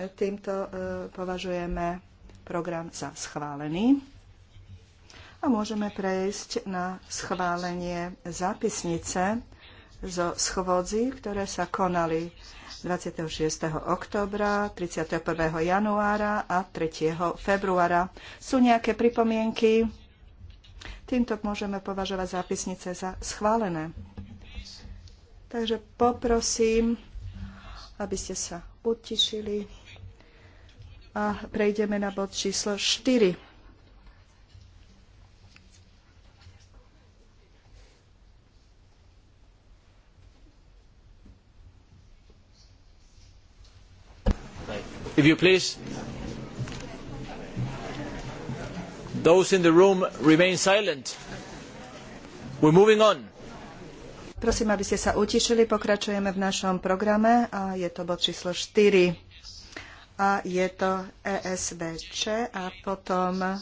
Týmto e, považujeme program za schválený. A môžeme prejsť na schválenie zápisnice zo schôdzi, ktoré sa konali 26. oktobra, 31. januára a 3. februára. Sú nejaké pripomienky? Týmto môžeme považovať zápisnice za schválené. Takže poprosím, aby ste sa utišili a prejdeme na bod číslo 4. If you please, those in the room remain silent. We're moving on. Prosím, aby ste sa utišili. Pokračujeme v našom programe a je to bod číslo 4 a je to ESVČ a potom e,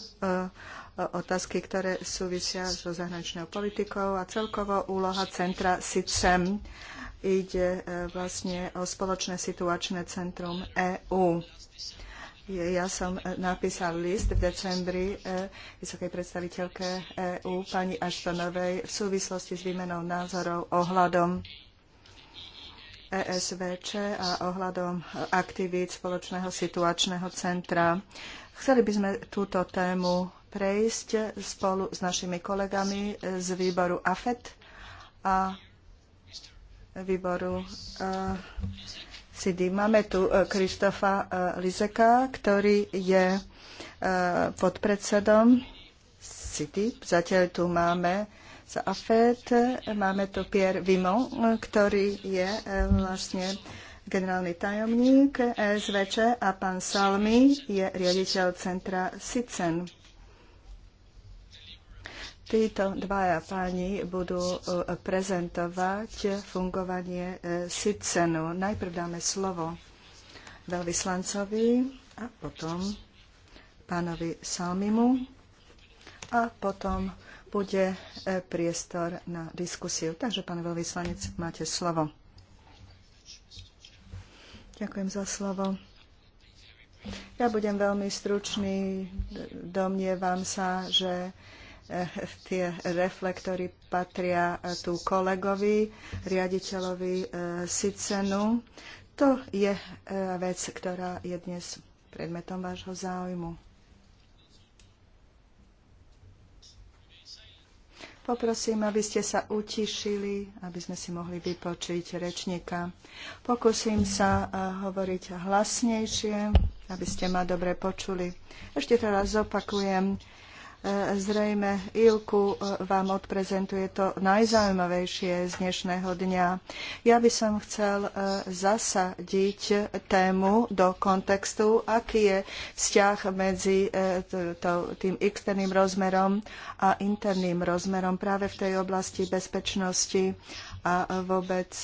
otázky, ktoré súvisia so zahraničnou politikou a celkovo úloha centra SICEM. Ide e, vlastne o spoločné situačné centrum EÚ. Ja som e, napísal list v decembri vysokej predstaviteľke EÚ pani Aštonovej v súvislosti s výmenou názorov ohľadom ESVČ a ohľadom aktivít spoločného situačného centra. Chceli by sme túto tému prejsť spolu s našimi kolegami z výboru AFET a výboru CD. E, máme tu e, Kristofa e, Lizeka, ktorý je podpredsedom CD. Zatiaľ tu máme z AFED. Máme tu Pierre Vimon, ktorý je eh, vlastne generálny tajomník eh, SVČ a pán Salmi je riaditeľ centra SICEN. Títo dvaja páni budú eh, prezentovať fungovanie SICENu. Najprv dáme slovo veľvyslancovi a potom pánovi Salmimu a potom bude e, priestor na diskusiu. Takže, pán veľvyslanec, máte slovo. Ďakujem za slovo. Ja budem veľmi stručný. Domnievam sa, že e, tie reflektory patria e, tu kolegovi, riaditeľovi Sicenu. To je vec, ktorá je dnes predmetom vášho záujmu. Poprosím, aby ste sa utišili, aby sme si mohli vypočiť rečníka. Pokúsim sa eh, hovoriť hlasnejšie, aby ste ma dobre počuli. Ešte teraz zopakujem Zrejme Ilku e, vám odprezentuje to najzaujímavejšie z dnešného dňa. Ja by som chcel e, zasadiť tému do kontextu, aký je vzťah medzi e, tým externým rozmerom a interným rozmerom práve v tej oblasti bezpečnosti a vôbec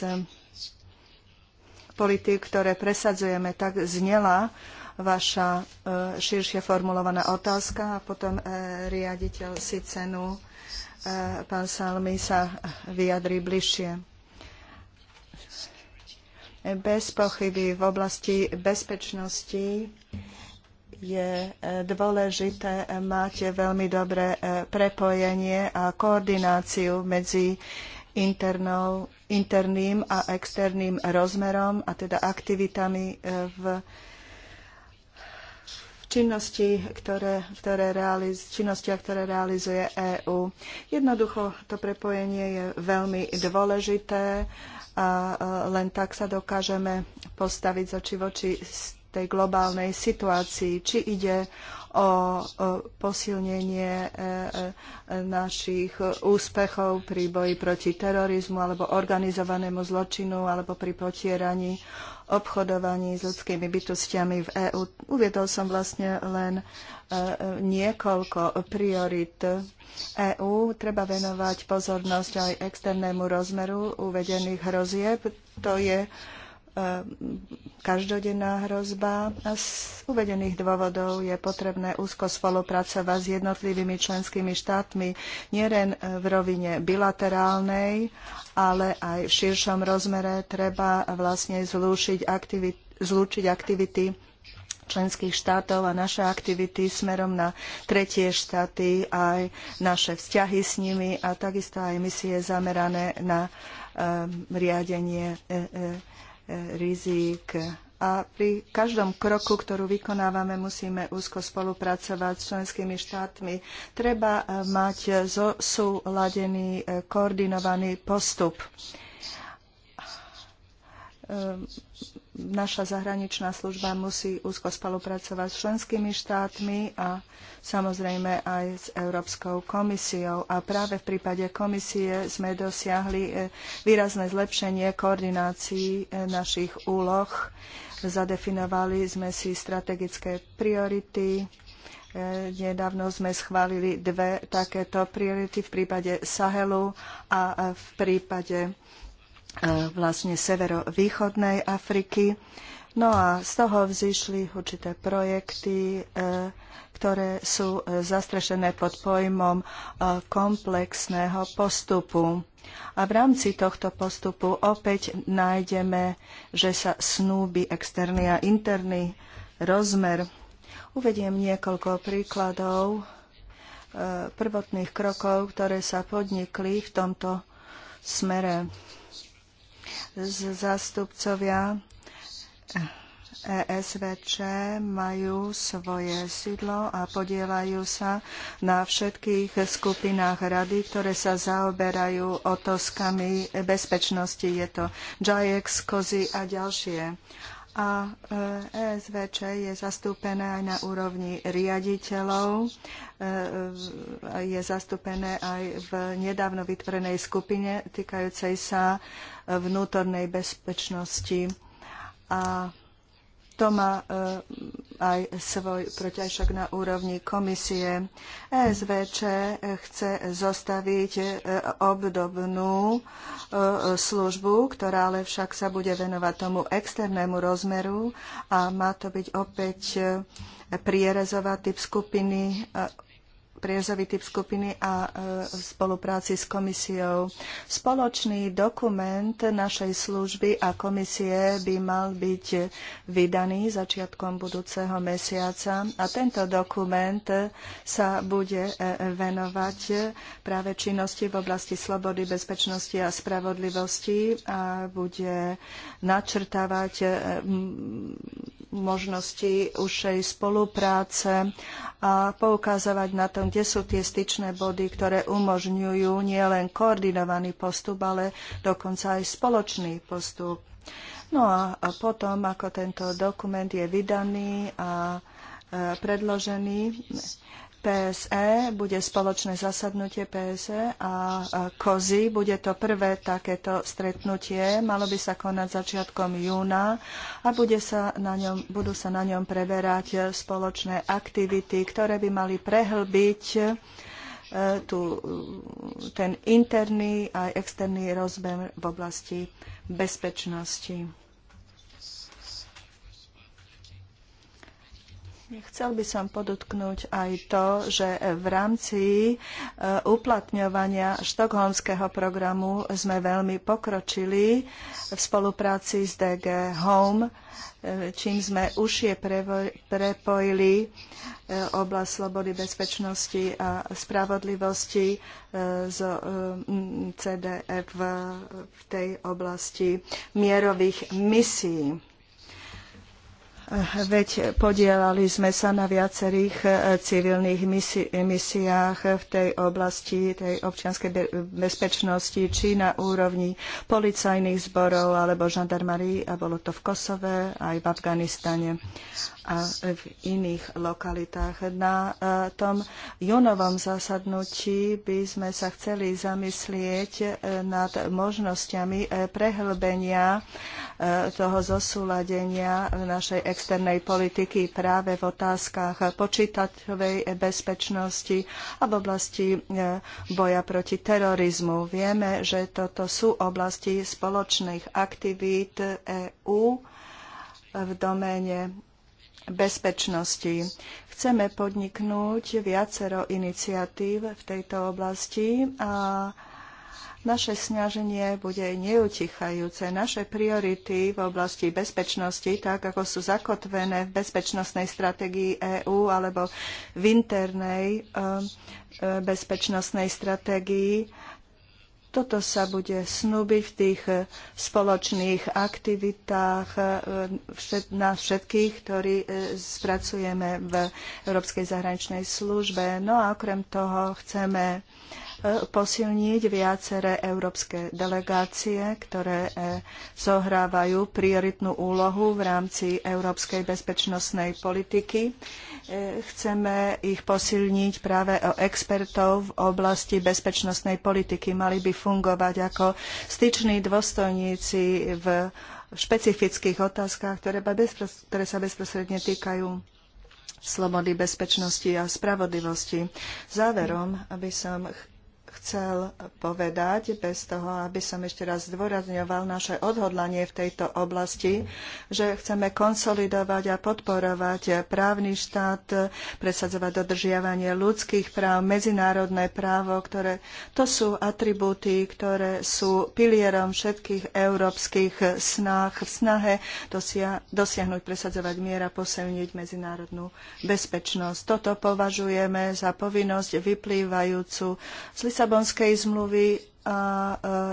politik, ktoré presadzujeme, tak znela vaša e, širšie formulovaná otázka a potom e, riaditeľ Sicenu, e, pán Salmi, sa vyjadrí bližšie. Bez pochyby v oblasti bezpečnosti je dôležité mať veľmi dobré prepojenie a koordináciu medzi internou, interným a externým rozmerom a teda aktivitami v činnosti, ktoré, ktoré realiz, činnostiach, ktoré realizuje EÚ. Jednoducho to prepojenie je veľmi dôležité a len tak sa dokážeme postaviť zoči voči tej globálnej situácii, či ide o posilnenie e, e, našich úspechov pri boji proti terorizmu alebo organizovanému zločinu alebo pri potieraní obchodovaní s ľudskými bytostiami v EÚ. Uviedol som vlastne len e, e, niekoľko priorit EÚ. Treba venovať pozornosť aj externému rozmeru uvedených hrozieb. To je E, každodenná hrozba. A z uvedených dôvodov je potrebné úzko spolupracovať s jednotlivými členskými štátmi nielen v rovine bilaterálnej, ale aj v širšom rozmere treba vlastne zlúčiť aktivity, zlúčiť aktivity členských štátov a naše aktivity smerom na tretie štáty, aj naše vzťahy s nimi a takisto aj misie zamerané na um, riadenie e, e, rizík a pri každom kroku, ktorú vykonávame, musíme úzko spolupracovať s členskými štátmi. Treba mať zosúladený, e, koordinovaný postup. Ehm, naša zahraničná služba musí úzko spolupracovať s členskými štátmi a samozrejme aj s Európskou komisiou. A práve v prípade komisie sme dosiahli e, výrazné zlepšenie koordinácií e, našich úloh. Zadefinovali sme si strategické priority, e, Nedávno sme schválili dve takéto priority v prípade Sahelu a v prípade E, vlastne severovýchodnej Afriky. No a z toho vzýšli určité projekty, e, ktoré sú e, zastrešené pod pojmom komplexného postupu. A v rámci tohto postupu opäť nájdeme, že sa snúbi externý a interný rozmer. Uvediem niekoľko príkladov prvotných krokov, ktoré sa podnikli v tomto smere. Zástupcovia ESVČ majú svoje sídlo a podielajú sa na všetkých skupinách rady, ktoré sa zaoberajú otázkami bezpečnosti. Je to JAX, COZY a ďalšie a ESVČ e je zastúpené aj na úrovni riaditeľov, e, e, je zastúpené aj v nedávno vytvorenej skupine týkajúcej sa vnútornej bezpečnosti a to má e, aj svoj protiažok na úrovni komisie. ESVČ chce zostaviť e, obdobnú e, službu, ktorá ale však sa bude venovať tomu externému rozmeru a má to byť opäť prierezová typ skupiny prierezový typ skupiny a v e, spolupráci s komisiou. Spoločný dokument našej služby a komisie by mal byť vydaný začiatkom budúceho mesiaca a tento dokument sa bude e, venovať práve činnosti v oblasti slobody, bezpečnosti a spravodlivosti a bude načrtávať e, možnosti užšej spolupráce a poukazovať na tom, kde sú tie styčné body, ktoré umožňujú nielen koordinovaný postup, ale dokonca aj spoločný postup. No a, a potom, ako tento dokument je vydaný a predložený, PSE, bude spoločné zasadnutie PSE a COZY, bude to prvé takéto stretnutie, malo by sa konať začiatkom júna a bude sa na ňom, budú sa na ňom preberať spoločné aktivity, ktoré by mali prehlbiť e, ten interný aj externý rozmer v oblasti bezpečnosti. Vlastne chcel by som podotknúť aj to, že v rámci eh, uplatňovania štokholmského programu sme veľmi pokročili v spolupráci s DG Home, eh, čím sme užšie prepojili eh, oblasť slobody, bezpečnosti a spravodlivosti z CDF v tej oblasti mierových misií. Veď podielali sme sa na viacerých e, civilných misi- misiách v tej oblasti tej občianskej be- bezpečnosti, či na úrovni policajných zborov alebo žandarmarí, a bolo to v Kosove aj v Afganistane a v iných lokalitách. Na e, tom junovom zasadnutí by sme sa chceli zamyslieť e, nad možnosťami e, prehlbenia toho zosúladenia našej externej politiky práve v otázkach počítačovej bezpečnosti a v oblasti boja proti terorizmu. Vieme, že toto sú oblasti spoločných aktivít EÚ v doméne bezpečnosti. Chceme podniknúť viacero iniciatív v tejto oblasti a naše snaženie bude neutichajúce. Naše priority v oblasti bezpečnosti, tak ako sú zakotvené v bezpečnostnej stratégii EÚ alebo v internej eh, eh, bezpečnostnej stratégii, toto sa bude snúbiť v tých e, spoločných aktivitách e, nás všetkých, ktorí e, spracujeme v Európskej zahraničnej službe. No a okrem toho chceme posilniť viaceré európske delegácie, ktoré e, zohrávajú prioritnú úlohu v rámci európskej bezpečnostnej politiky. E, chceme ich posilniť práve o expertov v oblasti bezpečnostnej politiky. Mali by fungovať ako styční dôstojníci v špecifických otázkach, ktoré, sa bezprostredne týkajú slobody, bezpečnosti a spravodlivosti. Záverom, aby som chcel povedať, bez toho, aby som ešte raz zdôrazňoval naše odhodlanie v tejto oblasti, že chceme konsolidovať a podporovať právny štát, presadzovať dodržiavanie ľudských práv, medzinárodné právo, ktoré to sú atribúty, ktoré sú pilierom všetkých európskych snah, v snahe dosia, dosiahnuť, presadzovať mier a posilniť medzinárodnú bezpečnosť. Toto považujeme za povinnosť vyplývajúcu z Lisabonskej zmluvy a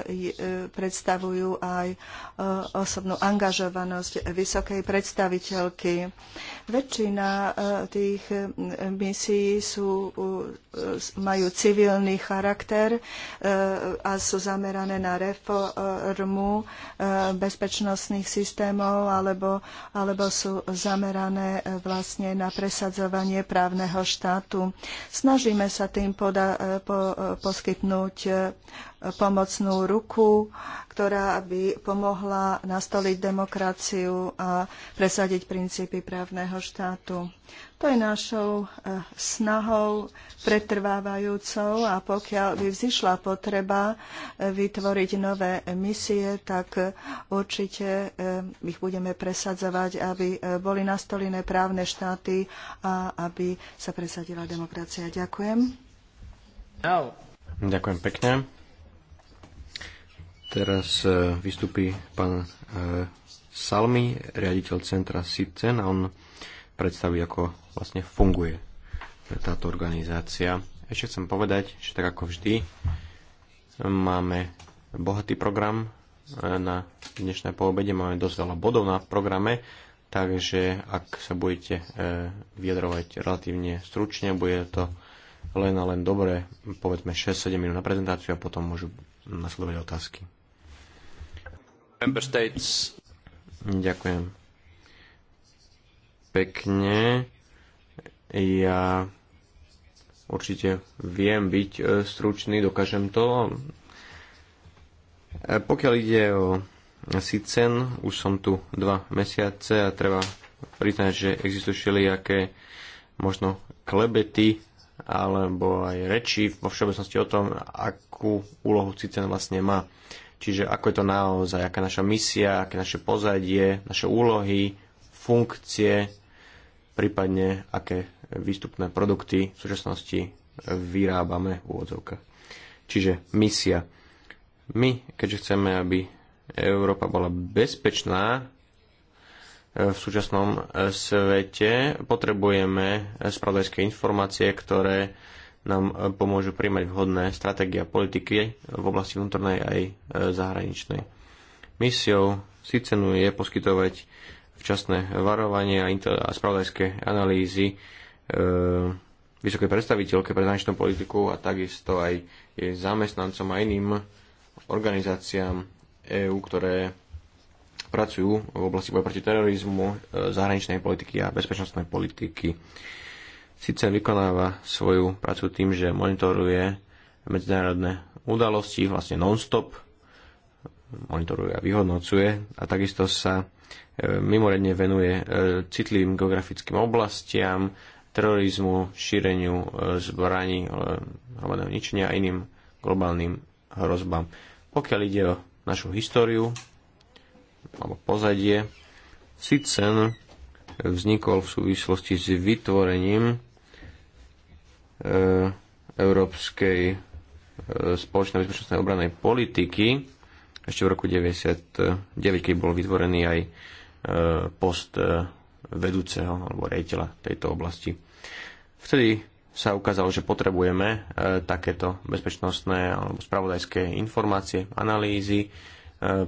e, e, predstavujú aj e, osobnú angažovanosť vysokej predstaviteľky. Väčšina tých misií sú, majú civilný charakter a sú zamerané na reformu bezpečnostných systémov alebo, alebo sú zamerané vlastne na presadzovanie právneho štátu. Snažíme sa tým poda, po, poskytnúť pomocnú ruku, ktorá by pomohla nastoliť demokraciu a presadiť princípy právneho štátu. To je našou eh, snahou pretrvávajúcou a pokiaľ by vzýšla potreba eh, vytvoriť nové misie, tak eh, určite ich budeme presadzovať, aby boli nastolené právne štáty a aby sa presadila demokracia. Ďakujem. Ďakujem pekne. Teraz e, vystupí pán e, Salmi, riaditeľ centra SITCEN a on predstaví, ako vlastne funguje táto organizácia. Ešte chcem povedať, že tak ako vždy máme bohatý program e, na dnešné poobede, máme dosť veľa bodov na programe, takže ak sa budete vyjadrovať relatívne stručne, bude to len a len dobre, povedzme 6-7 minút na prezentáciu a potom môžu nasledovať otázky. Ďakujem. Pekne. Ja určite viem byť e, stručný, dokážem to. E, pokiaľ ide o SICEN, už som tu dva mesiace a treba priznať, že existujú všelijaké možno klebety alebo aj reči vo všeobecnosti o tom, akú úlohu CICEN vlastne má. Čiže ako je to naozaj, aká naša misia, aké naše pozadie, naše úlohy, funkcie, prípadne aké výstupné produkty v súčasnosti vyrábame v úvodzovkách. Čiže misia. My, keďže chceme, aby Európa bola bezpečná e, v súčasnom e, svete, potrebujeme spravodajské informácie, ktoré nám e, pomôžu príjmať vhodné stratégie a politiky v oblasti vnútornej aj e, zahraničnej. Misiou SICENu je poskytovať včasné varovanie a, spravodajské analýzy e, vysokej predstaviteľke pre zahraničnú politiku a takisto aj jej zamestnancom a iným organizáciám EÚ, ktoré pracujú v oblasti boja proti terorizmu, zahraničnej politiky a bezpečnostnej politiky síce vykonáva svoju prácu tým, že monitoruje medzinárodné udalosti vlastne non-stop, monitoruje a vyhodnocuje a takisto sa e, mimoriadne venuje e, citlivým geografickým oblastiam, terorizmu, šíreniu e, zbraní hromadného ničenia a iným globálnym hrozbám. Pokiaľ ide o našu históriu alebo pozadie, SICEN vznikol v súvislosti s vytvorením E, európskej e, spoločnej bezpečnostnej obranej politiky ešte v roku 1999, keď bol vytvorený aj e, post vedúceho alebo rejiteľa tejto oblasti. Vtedy sa ukázalo, že potrebujeme takéto bezpečnostné alebo spravodajské informácie, analýzy,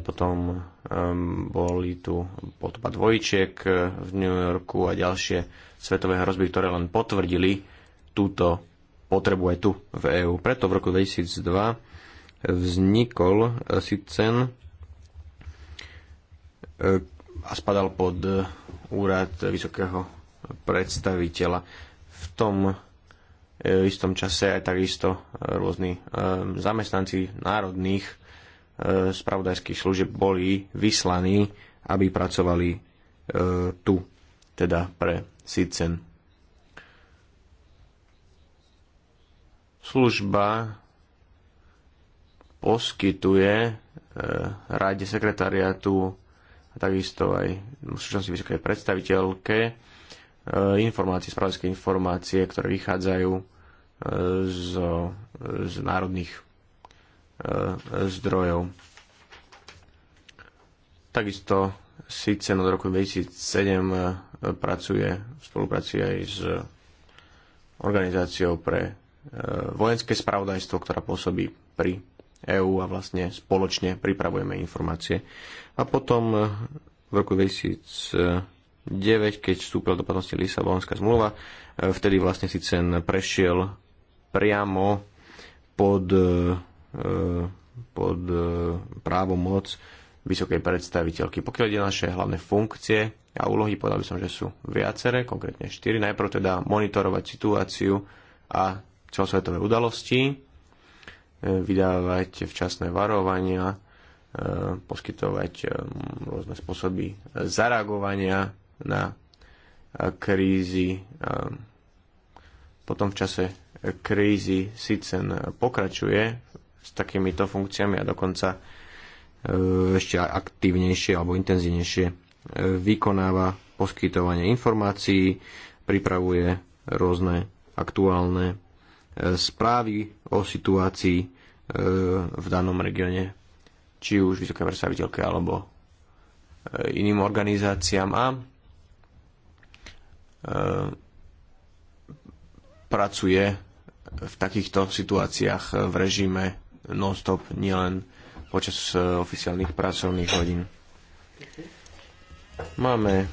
potom boli tu potopa dvojčiek v New Yorku a ďalšie svetové hrozby, ktoré len potvrdili túto potrebu aj tu v EÚ. Preto v roku 2002 vznikol e, SICEN e, a spadal pod úrad vysokého predstaviteľa. V tom e, istom čase aj takisto rôzni zamestnanci národných spravodajských služieb boli vyslaní, aby pracovali tu, teda pre SICEN. Služba poskytuje e, rade sekretariatu a takisto aj v súčasnosti vysokej predstaviteľke e, informácie, spravodajské informácie, ktoré vychádzajú e, z, z národných e, zdrojov. Takisto síce od roku 2007 e, pracuje v spolupráci aj s organizáciou pre E, vojenské spravodajstvo, ktorá pôsobí pri EÚ a vlastne spoločne pripravujeme informácie. A potom e, v roku 2009, keď vstúpila do platnosti Lisabonská zmluva, e, vtedy vlastne si cen prešiel priamo pod, pod právo moc vysokej predstaviteľky. Pokiaľ ide naše hlavné funkcie a úlohy, povedal by som, že sú viaceré, konkrétne štyri. Najprv teda monitorovať situáciu a celosvetové udalosti, e, vydávať včasné varovania, e, poskytovať e, rôzne spôsoby zareagovania na krízy. Potom v čase krízy SICEN pokračuje s takýmito funkciami a dokonca ešte aktívnejšie alebo intenzívnejšie vykonáva poskytovanie informácií, pripravuje rôzne aktuálne správy o situácii e, v danom regióne, či už vysoké predstaviteľke alebo e, iným organizáciám a e, pracuje v takýchto situáciách v režime non-stop, nielen počas oficiálnych pracovných hodín. Máme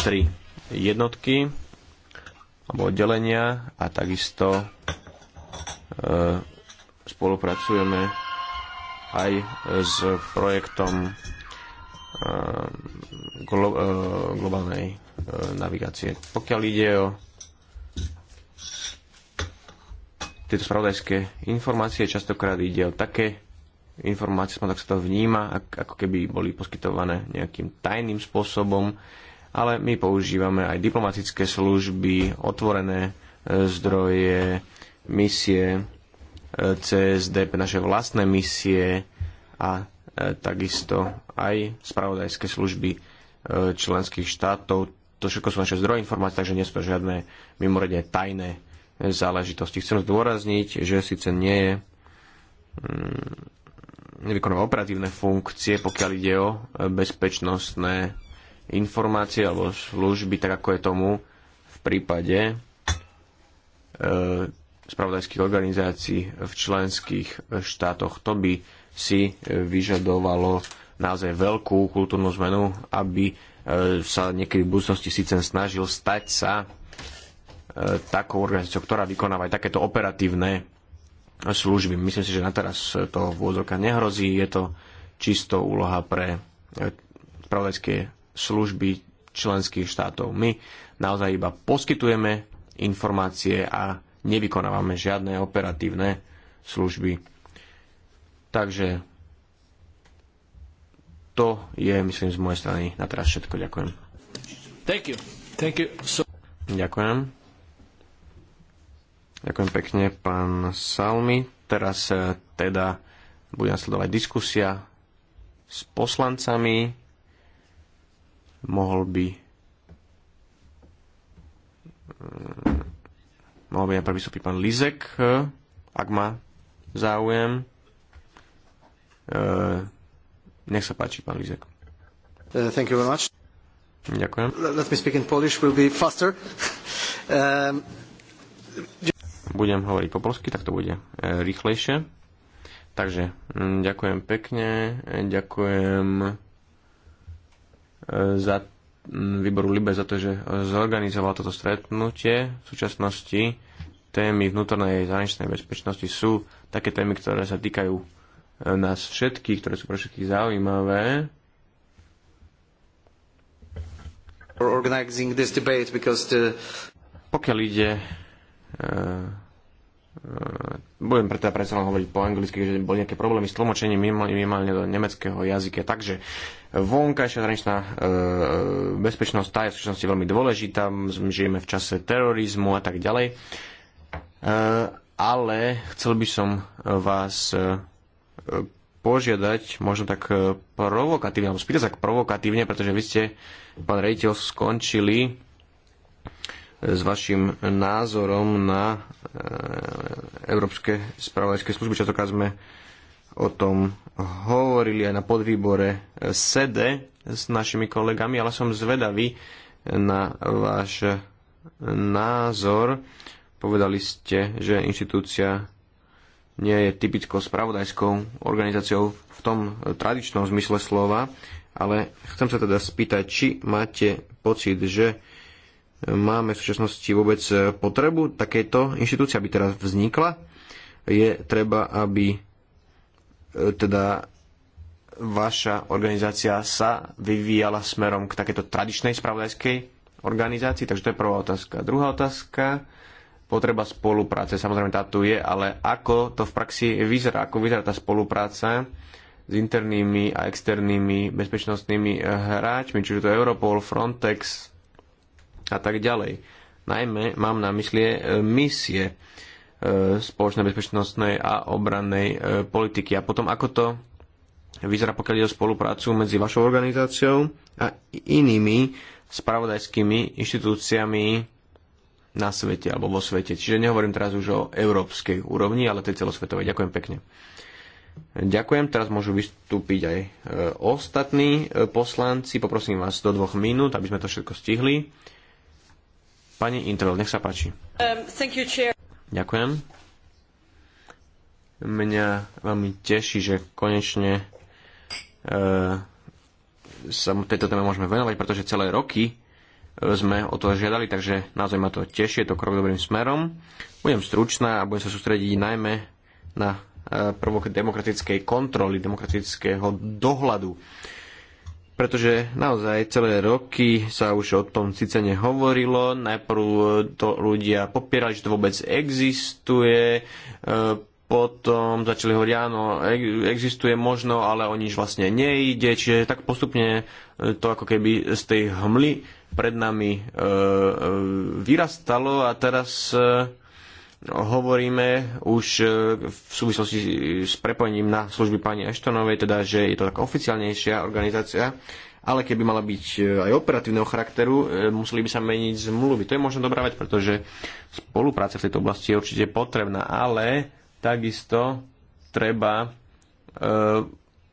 tri jednotky alebo oddelenia a takisto e, spolupracujeme aj s projektom e, glo- e, globálnej navigácie. Pokiaľ ide o tieto spravodajské informácie, častokrát ide o také informácie, tak sa to vníma, ako keby boli poskytované nejakým tajným spôsobom ale my používame aj diplomatické služby, otvorené e, zdroje, misie e, CSDP, naše vlastné misie a e, takisto aj spravodajské služby členských štátov. To všetko sú naše zdroje informácií, takže nie sú to žiadne mimoriadne tajné záležitosti. Chcem zdôrazniť, že síce nie je mm, nevykonáva operatívne funkcie, pokiaľ ide o bezpečnostné informácie alebo služby, tak ako je tomu v prípade e, spravodajských organizácií v členských štátoch. To by si e, vyžadovalo naozaj veľkú kultúrnu zmenu, aby e, sa niekedy v budúcnosti síce snažil stať sa takou organizáciou, ktorá vykonáva aj takéto operatívne služby. Myslím si, že na teraz to v nehrozí. Je to čisto úloha pre spravodajské služby členských štátov. My naozaj iba poskytujeme informácie a nevykonávame žiadne operatívne služby. Takže to je, myslím, z mojej strany na teraz všetko. Ďakujem. Thank you. Thank you so... Ďakujem. Ďakujem pekne, pán Salmi. Teraz eh, teda bude nasledovať diskusia s poslancami mohol by mm, mohol by najprv vystúpiť pán Lizek, eh, ak má záujem. Eh, nech sa páči, pán Lizek. Eh, thank you very much. Ďakujem. Let me speak in Polish, will be faster. Um, Budem hovoriť po polsky, tak to bude rýchlejšie. Takže, mm, ďakujem pekne, ďakujem E, za výboru Libe za to, že e, zorganizoval toto stretnutie. V súčasnosti témy vnútornej zahraničnej bezpečnosti sú také témy, ktoré sa týkajú e, nás všetkých, ktoré sú pre všetkých zaujímavé. Pokiaľ ide Eh, budem preto teda predsa len hovoriť po anglicky, že boli nejaké problémy s tlmočením minimálne do nemeckého jazyka. Takže vonkajšia zraničná e, eh, bezpečnosť, tá je v skutočnosti veľmi dôležitá, žijeme v čase terorizmu a tak ďalej. E, ale chcel by som vás e, požiadať, možno tak provokatívne, alebo spýtať sa provokatívne, pretože vy ste, pán rejiteľ, skončili s vašim názorom na eh, Európske spravodajské služby. Častokrát sme o tom hovorili aj na podvýbore eh, SEDE s našimi kolegami, ale som zvedavý eh, na váš názor. Povedali ste, že inštitúcia nie je typickou spravodajskou organizáciou v tom tradičnom zmysle slova, ale chcem sa teda spýtať, či máte pocit, že Máme v súčasnosti vôbec e, potrebu takéto inštitúcie, aby teraz vznikla? Je treba, aby e, teda vaša organizácia sa vyvíjala smerom k takéto tradičnej spravodajskej organizácii? Takže to je prvá otázka. Druhá otázka, potreba spolupráce. Samozrejme, tá tu je, ale ako to v praxi vyzerá? Ako vyzerá tá spolupráca s internými a externými bezpečnostnými hráčmi? Čiže to je Europol, Frontex, a tak ďalej. Najmä mám na mysli eh, misie eh, spoločnej bezpečnostnej a obrannej eh, politiky. A potom ako to vyzerá, pokiaľ ide o spoluprácu medzi vašou organizáciou a inými spravodajskými inštitúciami na svete alebo vo svete. Čiže nehovorím teraz už o európskej úrovni, ale tej celosvetovej. Ďakujem pekne. Ďakujem, teraz môžu vystúpiť aj ostatní poslanci. Poprosím vás do dvoch minút, aby sme to všetko stihli. Pani Introl, nech sa páči. Um, you, Ďakujem. Mňa veľmi teší, že konečne uh, sa tejto téme môžeme venovať, pretože celé roky e, sme o to žiadali, takže naozaj ma to teší, je to krok dobrým smerom. Budem stručná a budem sa sústrediť najmä na e, prvok demokratickej kontroly, demokratického dohľadu pretože naozaj celé roky sa už o tom síce nehovorilo, najprv e, to ľudia popierali, že to vôbec existuje, e, potom začali hovoriť, áno, e, existuje možno, ale o nič vlastne nejde, čiže tak postupne to ako keby z tej hmly pred nami vyrastalo a teraz hovoríme už e, v súvislosti s prepojením na služby pani Eštonovej, teda že je to taká oficiálnejšia organizácia, ale keby mala byť e, aj operatívneho charakteru, e, museli by sa meniť zmluvy. To je možno dobrá vec, pretože spolupráca v tejto oblasti je určite potrebná, ale takisto treba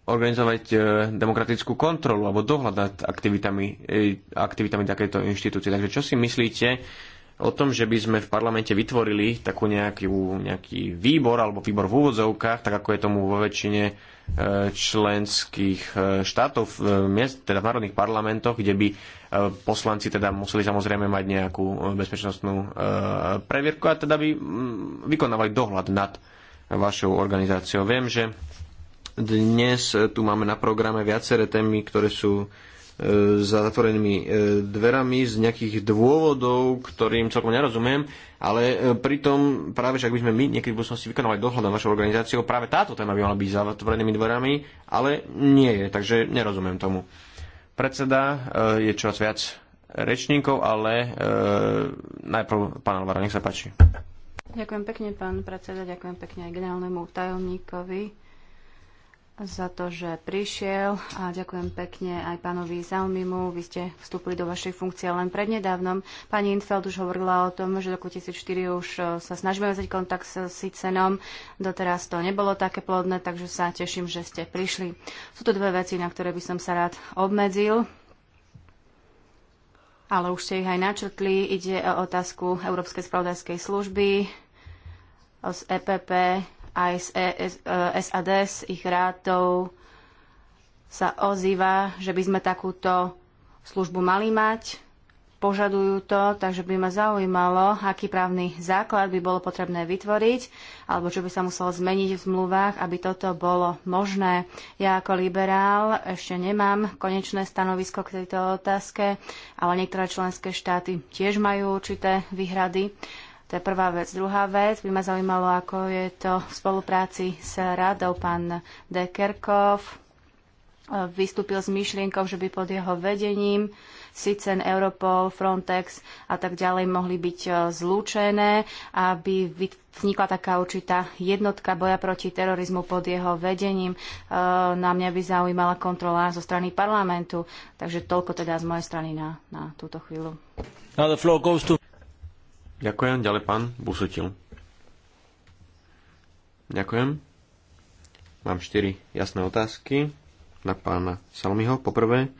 organizovať demokratickú kontrolu alebo dohľad nad aktivitami, aktivitami takéto inštitúcie. Takže čo si myslíte, o tom, že by sme v parlamente vytvorili takú nejakú, nejaký výbor alebo výbor v úvodzovkách, tak ako je tomu vo väčšine e, členských e, štátov, e, miest, teda v národných parlamentoch, kde by poslanci teda museli samozrejme mať nejakú bezpečnostnú previerku a teda by vykonávali dohľad nad vašou organizáciou. Viem, že dnes tu máme na programe viaceré témy, ktoré sú E, za zatvorenými e, dverami z nejakých dôvodov, ktorým celkom nerozumiem, ale e, pritom práve však by sme my niekedy v budúcnosti vykonali dohľad na vašou organizáciou, práve táto téma by mala byť za zatvorenými dverami, ale nie je, takže nerozumiem tomu. Predseda je čoraz viac rečníkov, ale najprv pán Alvaro, nech sa páči. Ďakujem pekne, pán predseda, ďakujem pekne aj generálnemu tajomníkovi za to, že prišiel a ďakujem pekne aj pánovi Zaumimu. Vy ste vstúpili do vašej funkcie len prednedávnom. Pani Infeld už hovorila o tom, že do roku 2004 už e, sa snažíme vzať kontakt s Sicenom. Doteraz to nebolo také plodné, takže sa teším, že ste prišli. Sú to dve veci, na ktoré by som sa rád obmedzil ale už ste ich aj načrtli. Ide o otázku Európskej spravodajskej služby z EPP aj z e, SAD, e, z ich rádov sa ozýva, že by sme takúto službu mali mať. Požadujú to, takže by ma zaujímalo, aký právny základ by bolo potrebné vytvoriť, alebo čo by sa muselo zmeniť v zmluvách, aby toto bolo možné. Ja ako liberál ešte nemám konečné stanovisko k tejto otázke, ale niektoré členské štáty tiež majú určité výhrady. To je prvá vec. Druhá vec, by ma zaujímalo, ako je to v spolupráci s radou pán Dekerkov. E, vystúpil s myšlienkou, že by pod jeho vedením SICEN, Europol, Frontex a tak ďalej mohli byť e, zlúčené, aby vznikla taká určitá jednotka boja proti terorizmu pod jeho vedením. E, na mňa by zaujímala kontrola zo strany parlamentu. Takže toľko teda z mojej strany na, na túto chvíľu. Now the floor goes to... Ďakujem. Ďalej pán Busutil. Ďakujem. Mám štyri jasné otázky na pána Salmiho. Poprvé,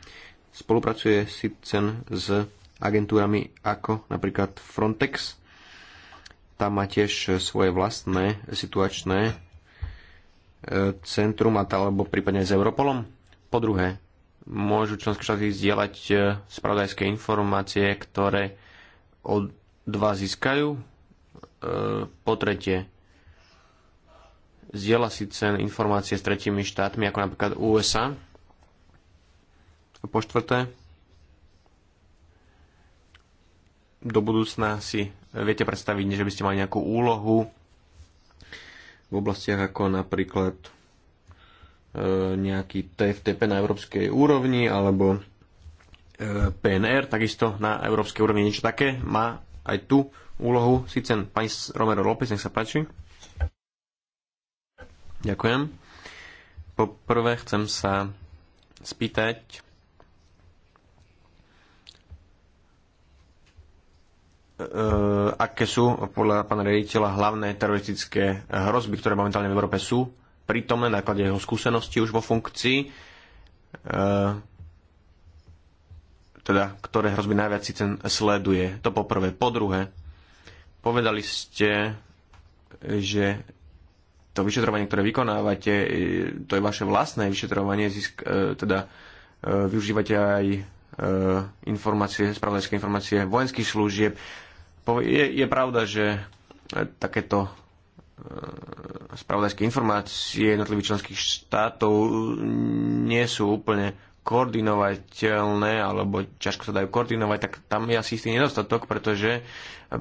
spolupracuje SITCEN s agentúrami ako napríklad Frontex. Tam má tiež svoje vlastné situačné e, centrum alebo prípadne s Europolom. Po druhé, môžu členské štáty zdieľať e, spravodajské informácie, ktoré od, dva získajú. E, po tretie, zdieľa si cen informácie s tretími štátmi, ako napríklad USA. A po štvrté, do budúcna si viete predstaviť, že by ste mali nejakú úlohu v oblastiach ako napríklad e, nejaký TFTP na európskej úrovni alebo e, PNR, takisto na európskej úrovni niečo také má aj tú úlohu. Sice pani Romero López, nech sa páči. Ďakujem. Poprvé chcem sa spýtať, eh, aké sú podľa pána rediteľa hlavné teroristické hrozby, ktoré momentálne v Európe sú, prítomné na jeho skúsenosti už vo funkcii. Eh, teda ktoré hrozby najviac ten sleduje. To poprvé. Po druhé, povedali ste, že to vyšetrovanie, ktoré vykonávate, e, to je vaše vlastné vyšetrovanie, zisk, e, teda e, využívate aj informácie, spravodajské informácie vojenských služieb. Je, je pravda, že takéto spravodajské informácie jednotlivých členských štátov nie sú úplne koordinovateľné alebo ťažko sa dajú koordinovať, tak tam je asi istý nedostatok, pretože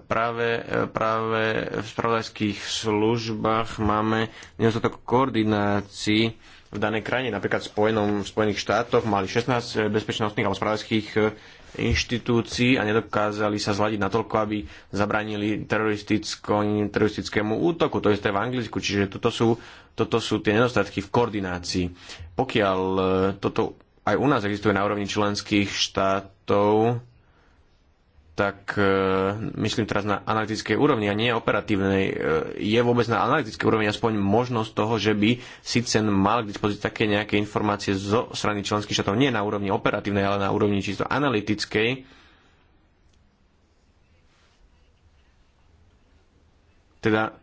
práve, práve v spravodajských službách máme nedostatok koordinácií v danej krajine, napríklad v, Spojenom, v Spojených štátoch mali 16 bezpečnostných alebo spravodajských inštitúcií a nedokázali sa zladiť natoľko, aby zabránili teroristickému útoku. To isté v Anglicku, čiže toto sú, toto sú tie nedostatky v koordinácii. Pokiaľ toto aj u nás existuje na úrovni členských štátov, tak e, myslím teraz na analytickej úrovni a nie operatívnej. E, je vôbec na analytickej úrovni aspoň možnosť toho, že by SICEN mal k dispozícii také nejaké informácie zo strany členských štátov, nie na úrovni operatívnej, ale na úrovni čisto analytickej. Teda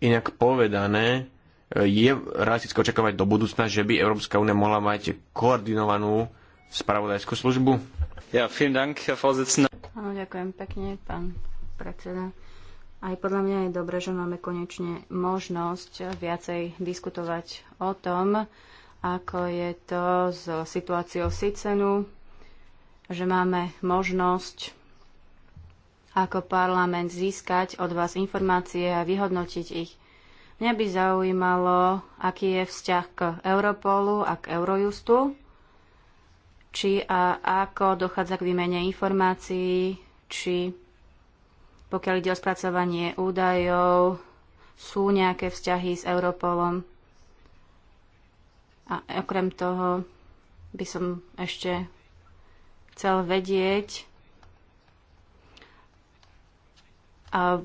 inak povedané, je realistické očakávať do budúcna, že by Európska únia mohla mať koordinovanú spravodajskú službu? Ja, vielen Dank, Herr Vorsitzender. Áno, ďakujem pekne, pán predseda. Aj podľa mňa je dobré, že máme konečne možnosť viacej diskutovať o tom, ako je to s situáciou Sicenu, že máme možnosť ako parlament získať od vás informácie a vyhodnotiť ich. Mňa by zaujímalo, aký je vzťah k Europolu a k Eurojustu, či a ako dochádza k výmene informácií, či pokiaľ ide o spracovanie údajov, sú nejaké vzťahy s Europolom. A okrem toho by som ešte chcel vedieť,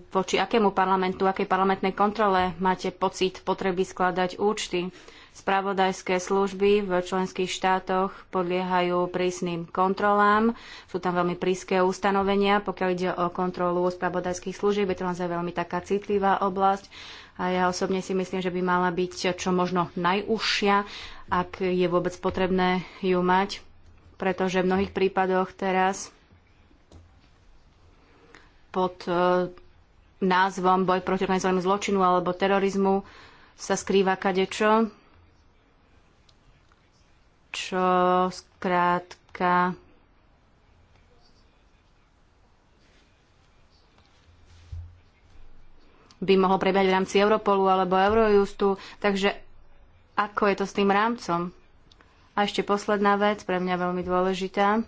voči akému parlamentu, akej parlamentnej kontrole máte pocit potreby skladať účty. Spravodajské služby v členských štátoch podliehajú prísnym kontrolám. Sú tam veľmi príske ustanovenia, pokiaľ ide o kontrolu spravodajských služieb. Je to naozaj veľmi taká citlivá oblasť. A ja osobne si myslím, že by mala byť čo možno najúžšia, ak je vôbec potrebné ju mať, pretože v mnohých prípadoch teraz pod e, názvom boj proti organizovanému zločinu alebo terorizmu sa skrýva kadečo, čo skrátka by mohlo prebiehať v rámci Europolu alebo Eurojustu. Takže ako je to s tým rámcom? A ešte posledná vec, pre mňa veľmi dôležitá.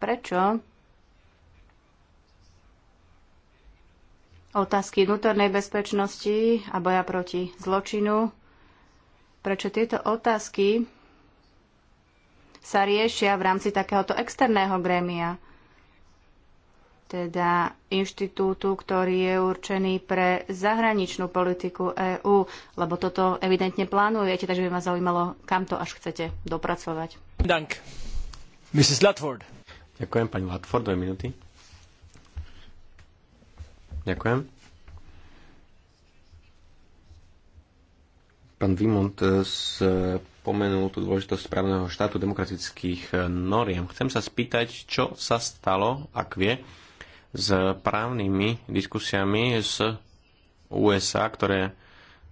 Prečo otázky vnútornej bezpečnosti a boja proti zločinu, prečo tieto otázky sa riešia v rámci takéhoto externého grémia, teda inštitútu, ktorý je určený pre zahraničnú politiku EÚ, lebo toto evidentne plánujete, takže by ma zaujímalo, kam to až chcete dopracovať. Dank. Mrs. Latford. Ďakujem, pani Latford, dve minúty. Ďakujem. Pán Vimont eh, spomenul tú dôležitosť správneho štátu demokratických eh, noriem. Chcem sa spýtať, čo sa stalo, ak vie, s právnymi diskusiami z USA, ktoré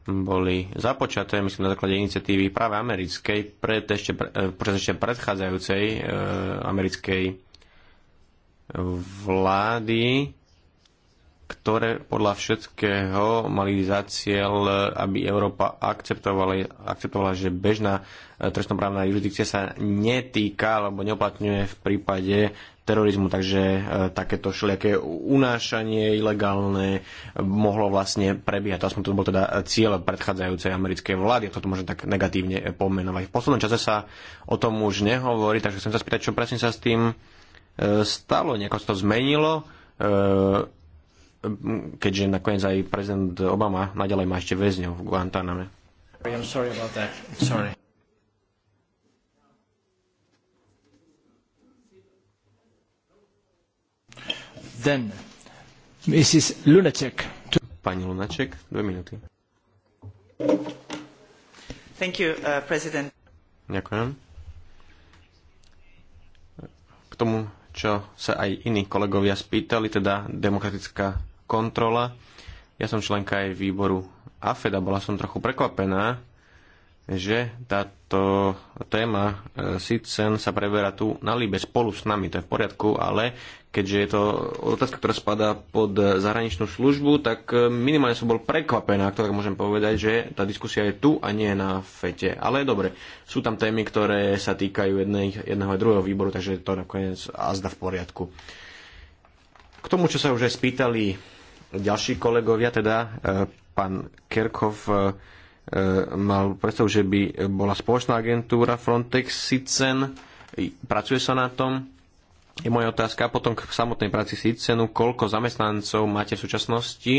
boli započaté, myslím, na základe iniciatívy práve americkej, pred ešte, pred eh, ešte predchádzajúcej e, americkej vlády ktoré podľa všetkého mali za cieľ, aby Európa akceptovala, akceptovala že bežná e, trestnoprávna jurisdikcia sa netýka alebo neoplatňuje v prípade terorizmu, takže e, takéto všelijaké unášanie ilegálne mohlo vlastne prebiehať. Aspoň to bol teda cieľ predchádzajúcej americkej vlády, ak to môžem tak negatívne pomenovať. V poslednom čase sa o tom už nehovorí, takže chcem sa spýtať, čo presne sa s tým e, stalo, nejako sa to zmenilo, keďže nakoniec aj prezident Obama naďalej má ešte väzňov v Guantaname. Then, Mrs. Lunacek. To... Pani Lunacek, dve minúty. Thank you, uh, President. Ďakujem. K tomu, čo sa aj iní kolegovia spýtali, teda demokratická kontrola. Ja som členka aj výboru AFED a bola som trochu prekvapená, že táto téma SITCEN e, sa preberá tu na Líbe spolu s nami, to je v poriadku, ale keďže je to otázka, ktorá spadá pod zahraničnú službu, tak e, minimálne som bol prekvapená, ak to tak môžem povedať, že tá diskusia je tu a nie na fete. Ale dobre, sú tam témy, ktoré sa týkajú jednej, jedného a druhého výboru, takže je to nakoniec azda v poriadku. K tomu, čo sa už aj spýtali ďalší kolegovia, teda e, pán Kerkov e, e, mal predstavu, že by bola spoločná agentúra Frontex SICEN, pracuje sa na tom. Je moja otázka potom k samotnej práci SICENu, koľko zamestnancov máte v súčasnosti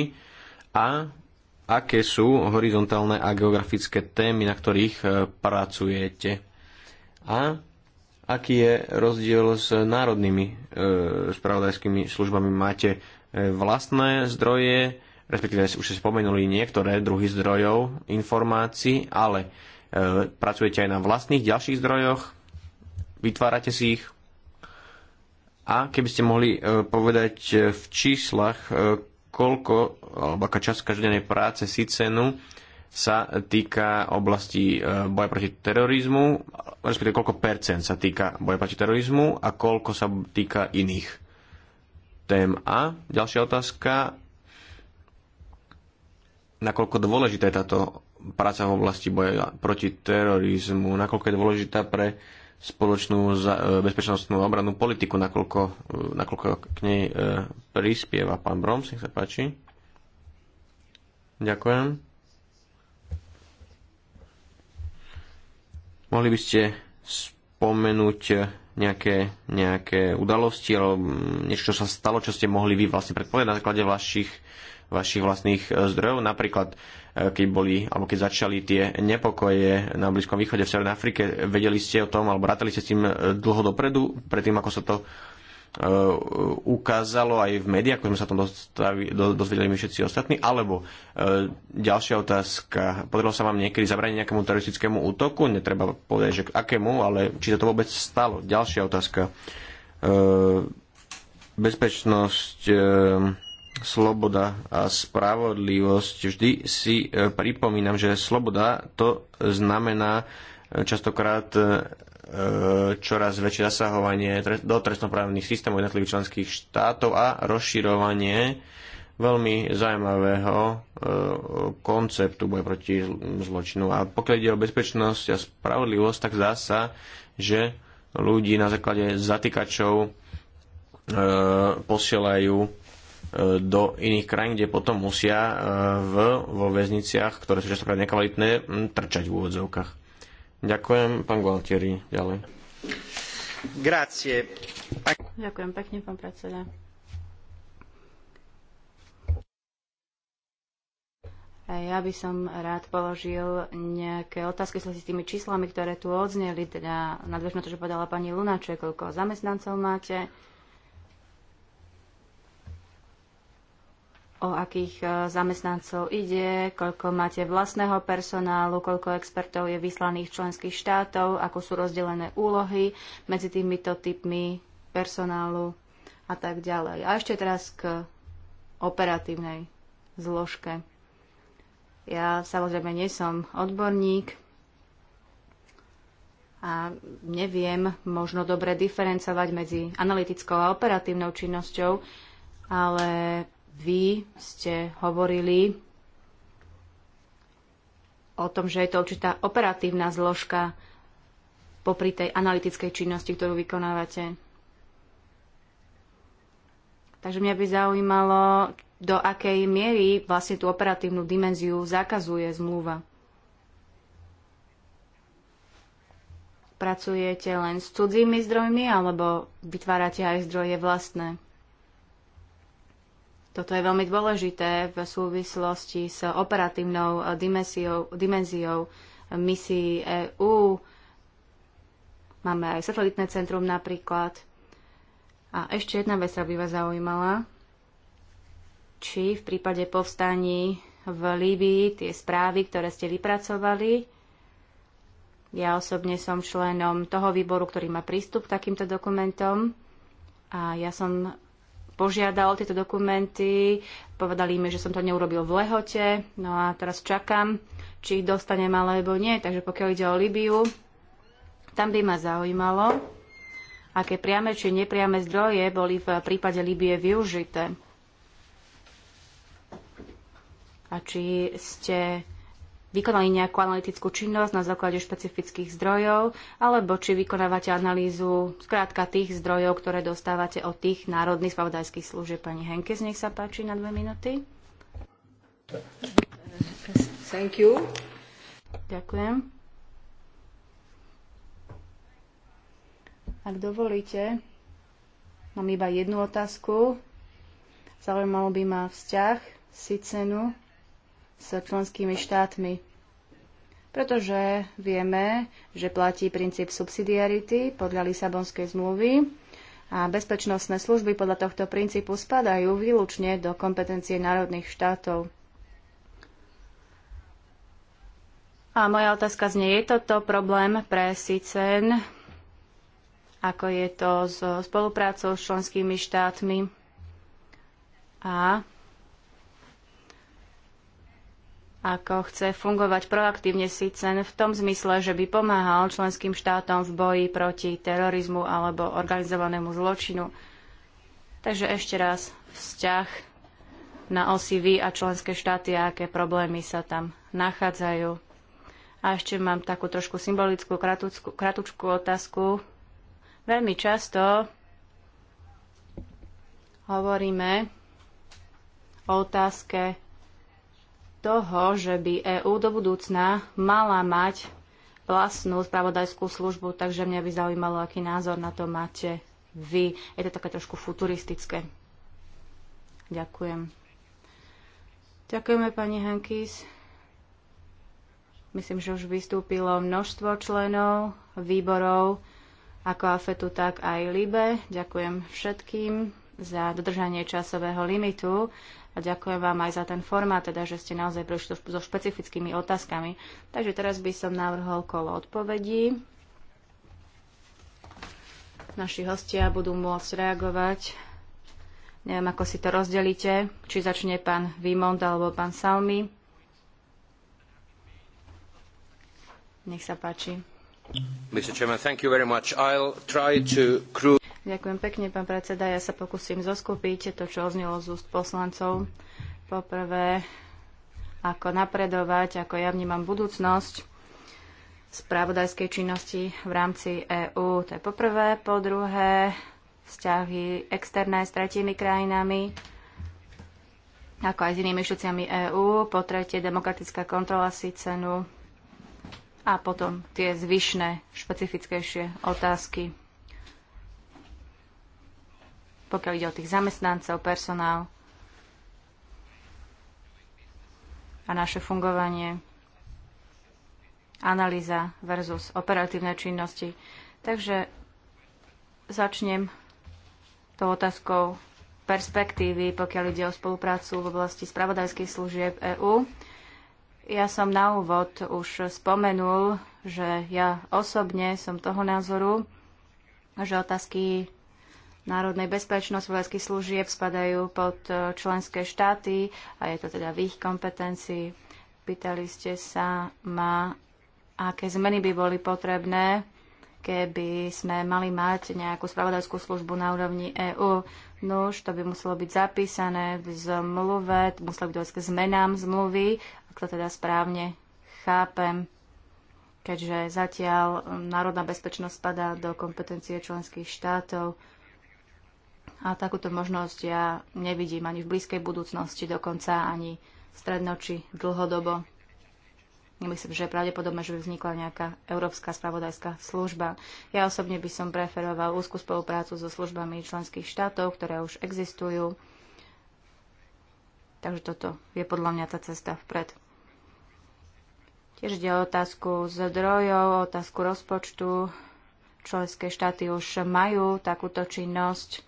a aké sú horizontálne a geografické témy, na ktorých pracujete. A aký je rozdiel s národnými e, spravodajskými službami? Máte E, vlastné zdroje, respektíve už ste spomenuli niektoré druhy zdrojov informácií, ale e, pracujete aj na vlastných ďalších zdrojoch, vytvárate si ich. A keby ste mohli e, povedať e, v číslach, e, koľko, alebo aká časť každodennej práce si cenu sa týka oblasti e, boja proti terorizmu, respektíve koľko percent sa týka boja proti terorizmu a koľko sa týka iných tém. A ďalšia otázka, nakoľko dôležitá je táto práca v oblasti boja proti terorizmu, nakoľko je dôležitá pre spoločnú e, bezpečnostnú obranú politiku, nakoľko, e, nakoľko k nej e, prispieva pán Broms, nech sa páči. Ďakujem. Mohli by ste spomenúť nejaké, nejaké udalosti alebo niečo, čo sa stalo, čo ste mohli vy vlastne predpovedať na základe vašich, vašich vlastných e, zdrojov. Napríklad, e, keď boli, alebo keď začali tie nepokoje na Blízkom východe v Severnej Afrike, vedeli ste o tom, alebo rátali ste s tým e, dlho dopredu, predtým ako sa to Eh, ukázalo aj v médiách, ako sme sa tom dozvedeli my všetci ostatní, alebo eh, ďalšia otázka, podarilo sa vám niekedy zabrániť nejakému teroristickému útoku? Netreba povedať, že akému, ale či sa to vôbec stalo? Ďalšia otázka. Eh, bezpečnosť, sloboda a spravodlivosť. Vždy si pripomínam, že sloboda to znamená častokrát E, čoraz väčšie zasahovanie do trestnoprávnych systémov jednotlivých členských štátov a rozširovanie veľmi zaujímavého e, konceptu boja proti zločinu. A pokiaľ ide o bezpečnosť a spravodlivosť, tak zdá sa, že ľudí na základe zatýkačov e, posielajú do iných krajín, kde potom musia v, vo väzniciach, ktoré sú častokrát nekvalitné, trčať v úvodzovkách. Ďakujem, pán Gualtieri, ďalej. Grazie. Ďakujem pekne, pán predseda. Ja by som rád položil nejaké otázky s tými číslami, ktoré tu odzneli, teda nadväžno to, čo povedala pani Lunaček, koľko zamestnancov máte, o akých e, zamestnancov ide, koľko máte vlastného personálu, koľko expertov je vyslaných členských štátov, ako sú rozdelené úlohy medzi týmito typmi personálu a tak ďalej. A ešte teraz k operatívnej zložke. Ja samozrejme nie som odborník a neviem možno dobre diferencovať medzi analytickou a operatívnou činnosťou, ale vy ste hovorili o tom, že je to určitá operatívna zložka popri tej analytickej činnosti, ktorú vykonávate. Takže mňa by zaujímalo, do akej miery vlastne tú operatívnu dimenziu zakazuje zmluva. Pracujete len s cudzími zdrojmi alebo vytvárate aj zdroje vlastné? Toto je veľmi dôležité v súvislosti s operatívnou eh, dimenziou, dimenziou eh, misií EÚ. Máme aj satelitné centrum napríklad. A ešte jedna vec aby by vás zaujímala. Či v prípade povstaní v Líbii tie správy, ktoré ste vypracovali, ja osobne som členom toho výboru, ktorý má prístup k takýmto dokumentom a ja som požiadal tieto dokumenty, povedali mi, že som to neurobil v lehote, no a teraz čakám, či ich dostanem alebo nie. Takže pokiaľ ide o Libiu, tam by ma zaujímalo, aké priame či nepriame zdroje boli v prípade Libie využité. A či ste vykonali nejakú analytickú činnosť na základe špecifických zdrojov, alebo či vykonávate analýzu zkrátka tých zdrojov, ktoré dostávate od tých národných spravodajských služieb. Pani z nech sa páči na dve minúty. Thank you. Ďakujem. Ak dovolíte, mám iba jednu otázku. Zaujímalo by ma vzťah Sicenu s členskými štátmi. Pretože vieme, že platí princíp subsidiarity podľa Lisabonskej zmluvy a bezpečnostné služby podľa tohto princípu spadajú výlučne do kompetencie národných štátov. A moja otázka znie, je toto problém pre SICEN, ako je to s spoluprácou s členskými štátmi a ako chce fungovať proaktívne SICEN v tom zmysle, že by pomáhal členským štátom v boji proti terorizmu alebo organizovanému zločinu. Takže ešte raz vzťah na osi vy a členské štáty a aké problémy sa tam nachádzajú. A ešte mám takú trošku symbolickú, kratučku otázku. Veľmi často hovoríme o otázke toho, že by EÚ do budúcna mala mať vlastnú spravodajskú službu, takže mňa by zaujímalo, aký názor na to máte vy. Je to také trošku futuristické. Ďakujem. Ďakujeme, pani Hankis. Myslím, že už vystúpilo množstvo členov, výborov, ako AFETu, tak aj LIBE. Ďakujem všetkým za dodržanie časového limitu. A ďakujem vám aj za ten formát, teda, že ste naozaj prešli so špecifickými otázkami. Takže teraz by som navrhol kolo odpovedí. Naši hostia budú môcť reagovať. Neviem, ako si to rozdelíte, či začne pán Vimond alebo pán Salmi. Nech sa páči. Mr. Chairman, thank you very much. I'll try to Ďakujem pekne, pán predseda. Ja sa pokúsim zoskupiť to, čo oznelo z úst poslancov. Poprvé, ako napredovať, ako ja vnímam budúcnosť spravodajskej činnosti v rámci EÚ. To je poprvé. Po druhé, vzťahy externé s tretími krajinami, ako aj s inými štúciami EÚ. Po tretie, demokratická kontrola si cenu a potom tie zvyšné špecifickejšie otázky pokiaľ ide o tých zamestnancov, personál a naše fungovanie, analýza versus operatívne činnosti. Takže začnem tou otázkou perspektívy, pokiaľ ide o spoluprácu v oblasti spravodajských služieb EÚ. Ja som na úvod už spomenul, že ja osobne som toho názoru, že otázky národnej bezpečnosť vojenských služieb spadajú pod e, členské štáty a je to teda v ich kompetencii. Pýtali ste sa ma, aké zmeny by boli potrebné, keby sme mali mať nejakú spravodajskú službu na úrovni EÚ. Nuž, to by muselo byť zapísané v zmluve, muselo byť dojsť k zmenám zmluvy, ak to teda správne chápem keďže zatiaľ národná bezpečnosť spadá do kompetencie členských štátov. A takúto možnosť ja nevidím ani v blízkej budúcnosti, dokonca ani stredno či dlhodobo. Nemyslím, že je pravdepodobné, že by vznikla nejaká európska spravodajská služba. Ja osobne by som preferoval úzku spoluprácu so službami členských štátov, ktoré už existujú. Takže toto je podľa mňa tá cesta vpred. Tiež ide o otázku zdrojov, otázku rozpočtu. Členské štáty už majú takúto činnosť.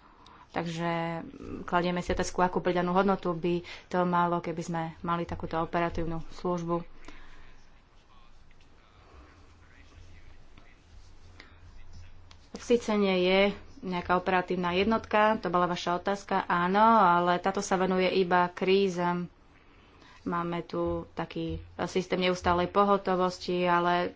Takže kladieme si otázku, akú pridanú hodnotu by to malo, keby sme mali takúto operatívnu službu. V Sicene je nejaká operatívna jednotka, to bola vaša otázka, áno, ale táto sa venuje iba krízam. Máme tu taký systém neustálej pohotovosti, ale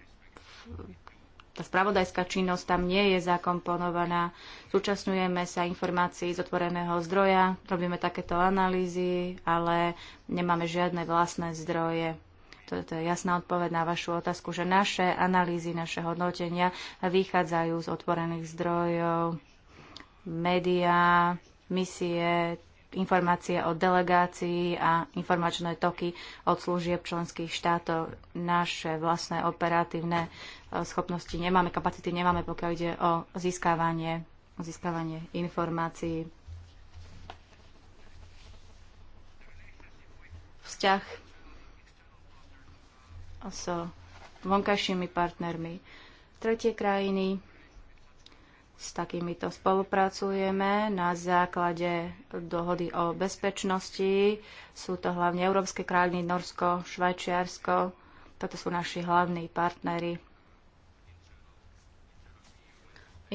tá spravodajská činnosť tam nie je zakomponovaná. Súčasňujeme sa informácií z otvoreného zdroja, robíme takéto analýzy, ale nemáme žiadne vlastné zdroje. To, to je jasná odpoveď na vašu otázku, že naše analýzy, naše hodnotenia vychádzajú z otvorených zdrojov, médiá, misie, informácie o delegácii a informačné toky od služieb členských štátov. Naše vlastné operatívne E, schopnosti nemáme, kapacity nemáme, pokiaľ ide o získávanie, o získávanie informácií. Vzťah s vonkajšími partnermi. Tretie krajiny, s takýmito spolupracujeme na základe dohody o bezpečnosti. Sú to hlavne európske krajiny Norsko, Švajčiarsko. Toto sú naši hlavní partnery.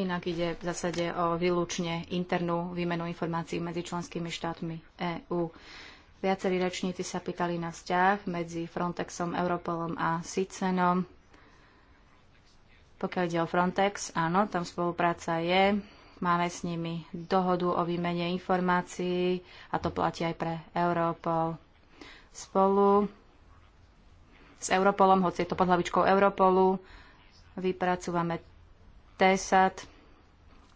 Inak ide v zásade o výlučne internú výmenu informácií medzi členskými štátmi EÚ. Viacerí rečníci sa pýtali na vzťah medzi Frontexom, Europolom a SICENom. Pokiaľ ide o Frontex, áno, tam spolupráca je. Máme s nimi dohodu o výmene informácií a to platí aj pre Europol. Spolu s Europolom, hoci je to pod hlavičkou Europolu, vypracúvame TESAT,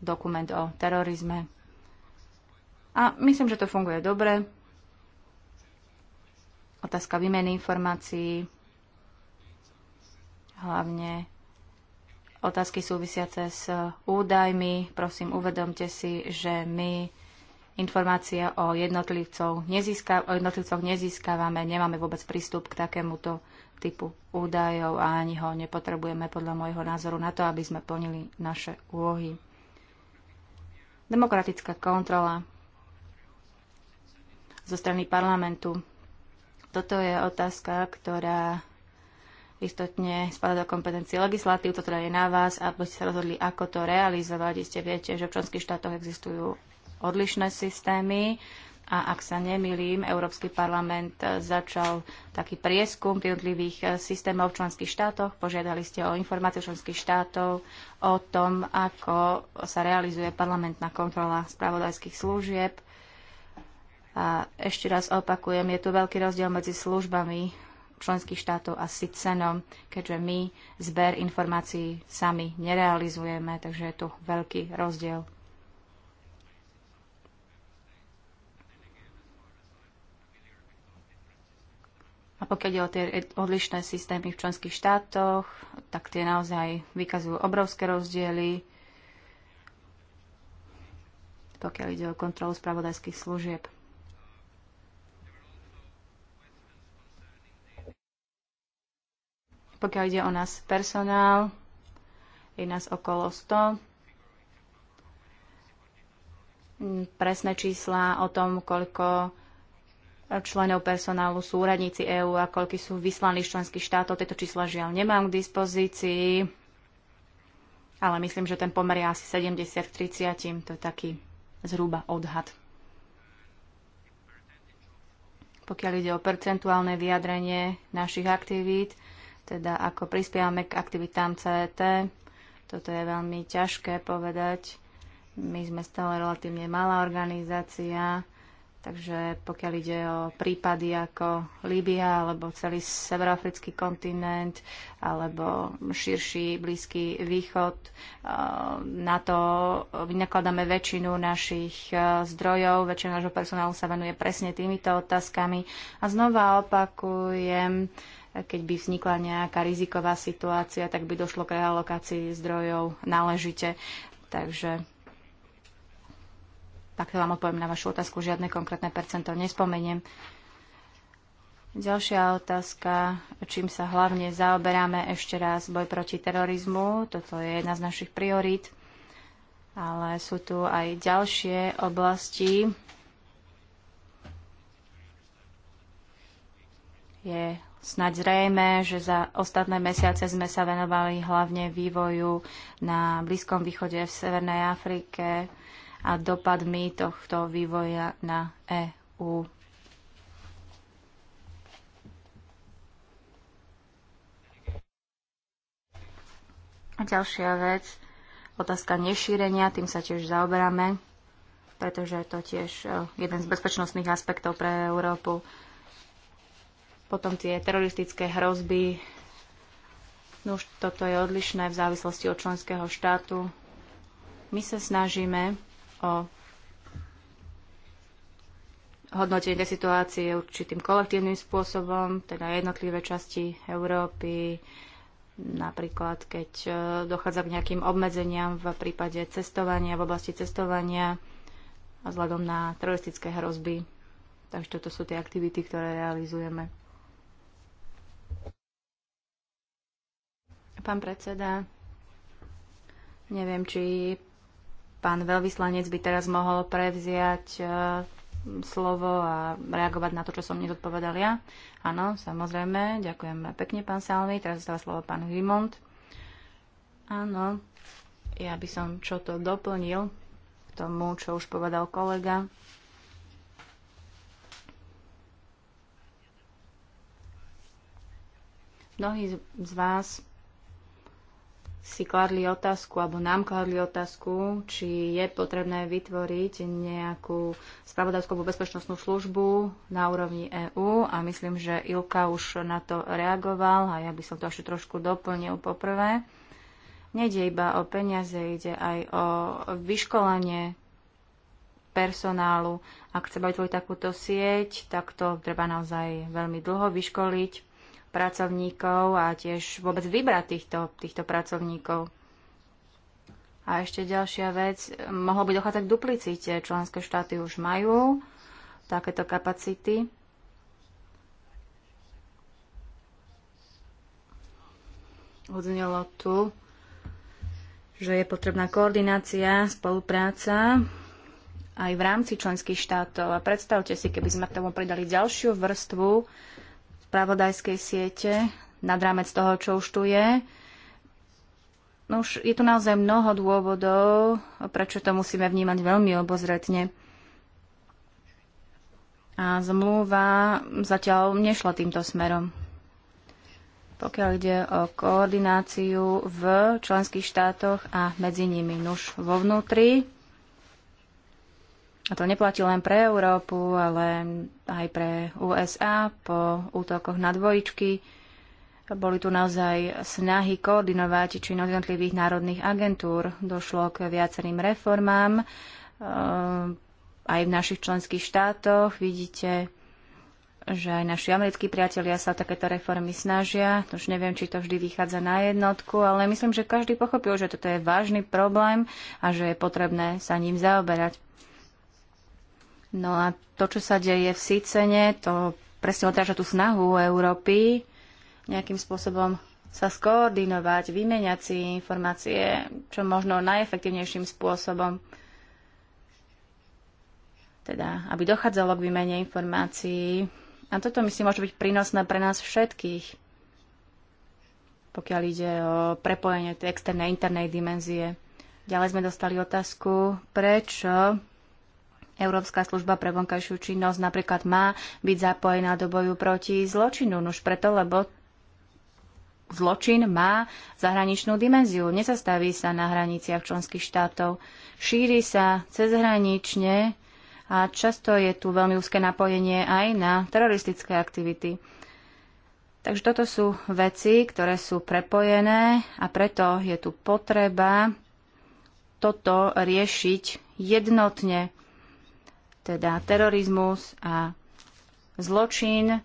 dokument o terorizme. A myslím, že to funguje dobre. Otázka výmeny informácií, hlavne otázky súvisiace s údajmi. Prosím, uvedomte si, že my informácie o jednotlivcoch, nezíska, o nezískavame, nemáme vôbec prístup k takémuto typu údajov a ani ho nepotrebujeme podľa môjho názoru na to, aby sme plnili naše úlohy demokratická kontrola zo strany parlamentu. Toto je otázka, ktorá istotne spada do kompetencie legislatív, to teda je na vás, aby ste sa rozhodli, ako to realizovať. Iste viete, že v členských štátoch existujú odlišné systémy, a ak sa nemilím, Európsky parlament eh, začal taký prieskum jednotlivých eh, systémov v členských štátoch. Požiadali ste o informáciu členských štátov o tom, ako sa realizuje parlamentná kontrola spravodajských služieb. A ešte raz opakujem, je tu veľký rozdiel medzi službami členských štátov a SITCENom, keďže my zber informácií sami nerealizujeme, takže je tu veľký rozdiel. A pokiaľ ide o tie odlišné systémy v členských štátoch, tak tie naozaj vykazujú obrovské rozdiely. Pokiaľ ide o kontrolu spravodajských služieb. Pokiaľ ide o nás personál, je nás okolo 100 presné čísla o tom, koľko členov personálu sú úradníci EÚ a koľky sú vyslaní z členských štátov. Tieto čísla žiaľ nemám k dispozícii, ale myslím, že ten pomer je asi 70 k 30. To je taký zhruba odhad. Pokiaľ ide o percentuálne vyjadrenie našich aktivít, teda ako prispievame k aktivitám CET, toto je veľmi ťažké povedať. My sme stále relatívne malá organizácia, Takže pokiaľ ide o prípady ako Líbia alebo celý severoafrický kontinent alebo širší Blízky východ, eh, na to vynakladáme väčšinu našich eh, zdrojov, väčšina nášho personálu sa venuje presne týmito otázkami. A znova opakujem, keď by vznikla nejaká riziková situácia, tak by došlo k realokácii zdrojov náležite. Takže Takto vám odpoviem na vašu otázku, žiadne konkrétne percento nespomeniem. Ďalšia otázka, čím sa hlavne zaoberáme ešte raz boj proti terorizmu. Toto je jedna z našich priorít, ale sú tu aj ďalšie oblasti. Je snaď zrejme, že za ostatné mesiace sme sa venovali hlavne vývoju na Blízkom východe, v Severnej Afrike, a dopadmi tohto vývoja na EÚ. A ďalšia vec, otázka nešírenia, tým sa tiež zaoberáme, pretože je to tiež e, jeden z bezpečnostných aspektov pre Európu. Potom tie teroristické hrozby, no už toto je odlišné v závislosti od členského štátu. My sa snažíme o hodnotenie tej situácie určitým kolektívnym spôsobom, teda jednotlivé časti Európy, napríklad keď e, dochádza k nejakým obmedzeniam v prípade cestovania, v oblasti cestovania a vzhľadom na teroristické hrozby. Takže toto sú tie aktivity, ktoré realizujeme. Pán predseda, neviem, či Pán veľvyslanec by teraz mohol prevziať e, slovo a reagovať na to, čo som nezodpovedal ja. Áno, samozrejme. Ďakujem pekne, pán Salmi. Teraz zostáva slovo pán Vimont. Áno, ja by som čo to doplnil k tomu, čo už povedal kolega. Mnohí z vás si kladli otázku, alebo nám kladli otázku, či je potrebné vytvoriť nejakú spravodajskú bezpečnostnú službu na úrovni EÚ a myslím, že Ilka už na to reagoval a ja by som to ešte trošku doplnil poprvé. Nejde iba o peniaze, ide aj o vyškolanie personálu. Ak chce vytvoriť takúto sieť, tak to treba naozaj veľmi dlho vyškoliť pracovníkov a tiež vôbec vybrať týchto, týchto pracovníkov. A ešte ďalšia vec, mohlo by dochádzať k duplicite. Členské štáty už majú takéto kapacity. Odznelo tu, že je potrebná koordinácia, spolupráca aj v rámci členských štátov. A predstavte si, keby sme k tomu pridali ďalšiu vrstvu, spravodajskej siete nad rámec toho, čo už tu je. No už je tu naozaj mnoho dôvodov, prečo to musíme vnímať veľmi obozretne. A zmluva zatiaľ nešla týmto smerom. Pokiaľ ide o koordináciu v členských štátoch a medzi nimi nuž vo vnútri, a to neplatí len pre Európu, ale aj pre USA po útokoch na dvojičky. Boli tu naozaj snahy koordinovať činnosť jednotlivých národných agentúr. Došlo k viacerým reformám. Eh, aj v našich členských štátoch vidíte, že aj naši americkí priatelia sa takéto reformy snažia. Už neviem, či to vždy vychádza na jednotku, ale myslím, že každý pochopil, že toto je vážny problém a že je potrebné sa ním zaoberať. No a to, čo sa deje v Sicene, to presne odráža tú snahu Európy nejakým spôsobom sa skoordinovať, vymeniať si informácie čo možno najefektívnejším spôsobom. Teda, aby dochádzalo k výmene informácií. A toto myslím môže byť prínosné pre nás všetkých, pokiaľ ide o prepojenie tej externej internej dimenzie. Ďalej sme dostali otázku, prečo Európska služba pre vonkajšiu činnosť napríklad má byť zapojená do boju proti zločinu. Nož preto, lebo zločin má zahraničnú dimenziu. Nezastaví sa na hraniciach členských štátov. Šíri sa cezhranične a často je tu veľmi úzke napojenie aj na teroristické aktivity. Takže toto sú veci, ktoré sú prepojené a preto je tu potreba toto riešiť jednotne teda terorizmus a zločin,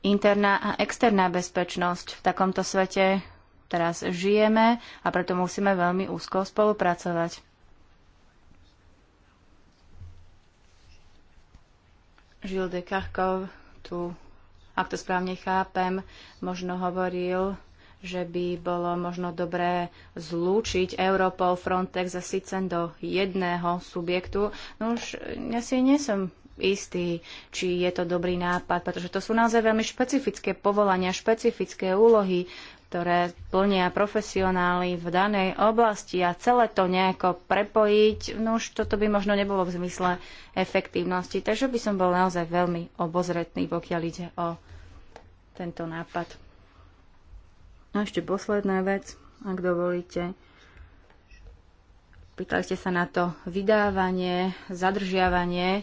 interná a externá bezpečnosť. V takomto svete teraz žijeme a preto musíme veľmi úzko spolupracovať. Žil de Karkov tu, ak to správne chápem, možno hovoril že by bolo možno dobré zlúčiť Europol, Frontex a SICEN do jedného subjektu. No už ja si nie som istý, či je to dobrý nápad, pretože to sú naozaj veľmi špecifické povolania, špecifické úlohy, ktoré plnia profesionáli v danej oblasti a celé to nejako prepojiť, no už toto by možno nebolo v zmysle efektívnosti. Takže by som bol naozaj veľmi obozretný, pokiaľ ide o tento nápad. No ešte posledná vec, ak dovolíte. Pýtali ste sa na to vydávanie, zadržiavanie. E,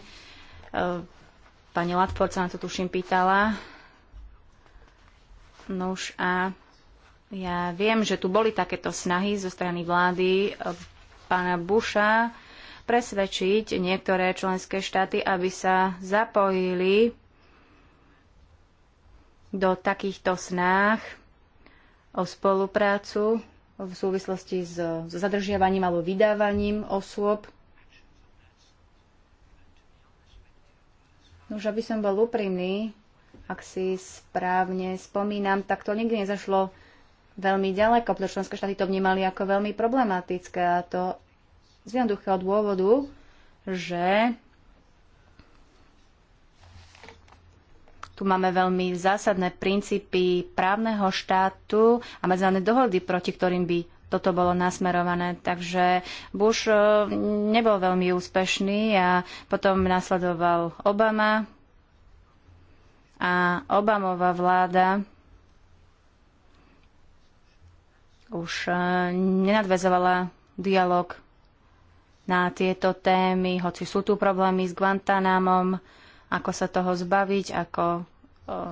pani Latford sa na to tuším pýtala. No už a ja viem, že tu boli takéto snahy zo strany vlády e, pána Buša presvedčiť niektoré členské štáty, aby sa zapojili do takýchto snách o spoluprácu v súvislosti s, zadržiavaním alebo vydávaním osôb. Už no, aby som bol úprimný, ak si správne spomínam, tak to nikdy nezašlo veľmi ďaleko, pretože členské štáty to vnímali ako veľmi problematické a to z jednoduchého dôvodu, že Tu máme veľmi zásadné princípy právneho štátu a medzinárodné dohody, proti ktorým by toto bolo nasmerované. Takže Bush e, nebol veľmi úspešný a potom nasledoval Obama a Obamová vláda už e, nenadvezovala dialog na tieto témy, hoci sú tu problémy s Guantanamom, ako sa toho zbaviť, ako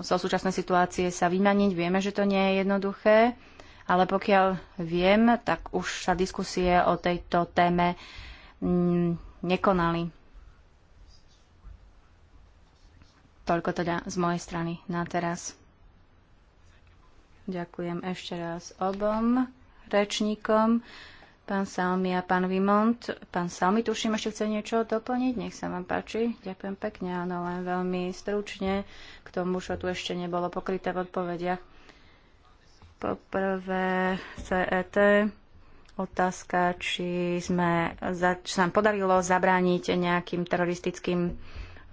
zo súčasnej situácie sa vymaniť. Vieme, že to nie je jednoduché, ale pokiaľ viem, tak už sa diskusie o tejto téme mm, nekonali. Toľko teda z mojej strany na teraz. Ďakujem ešte raz obom rečníkom. Pán Salmi a pán Vimont. Pán Salmi, tuším, ešte chce niečo doplniť. Nech sa vám páči. Ďakujem pekne, áno, len veľmi stručne k tomu, čo tu ešte nebolo pokryté v odpovediach. Poprvé CET. Otázka, či, sme, či sa nám podarilo zabrániť nejakým teroristickým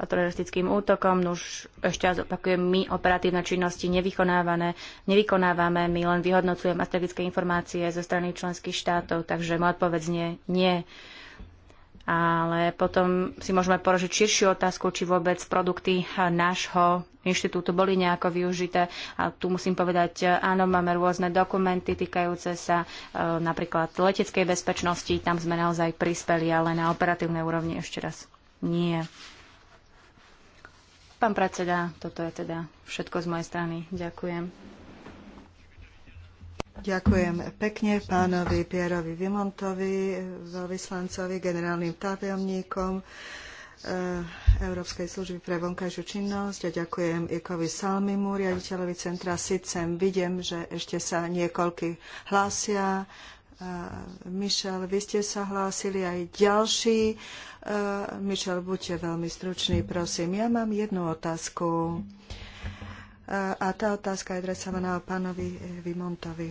a teroristickým útokom. Už ešte raz opakujem, my operatívne činnosti nevykonávame, nevykonávame, my len vyhodnocujeme strategické informácie zo strany členských štátov, takže moja odpoveď nie, nie. Ale potom si môžeme položiť širšiu otázku, či vôbec produkty nášho inštitútu boli nejako využité. A tu musím povedať, áno, máme rôzne dokumenty týkajúce sa e, napríklad leteckej bezpečnosti. Tam sme naozaj prispeli, ale na operatívnej úrovni ešte raz nie. Pán predseda, toto je teda všetko z mojej strany. Ďakujem. Ďakujem pekne pánovi Pierovi Vimontovi, veľvyslancovi, generálnym tajomníkom. Eh, Európskej služby pre vonkajšiu činnosť a ďakujem Ikovi Salmimu, riaditeľovi centra SICEM. Vidím, že ešte sa niekoľky hlásia. Michel, vy ste sa hlásili aj ďalší. E, Michel, buďte veľmi stručný, prosím. Ja mám jednu otázku. E, a tá otázka je adresovaná pánovi e, Vimontovi.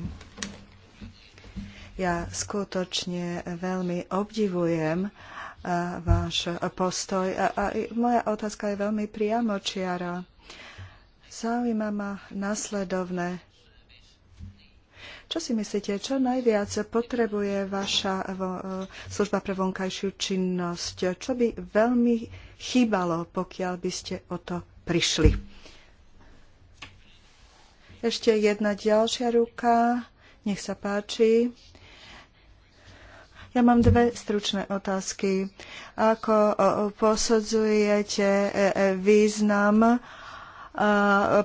Ja skutočne veľmi obdivujem váš postoj. A, a moja otázka je veľmi priamočiara. Zaujíma ma nasledovné čo si myslíte, čo najviac potrebuje vaša e, služba pre vonkajšiu činnosť? Čo by veľmi chýbalo, pokiaľ by ste o to prišli? Ešte jedna ďalšia ruka. Nech sa páči. Ja mám dve stručné otázky. Ako posudzujete e, e, význam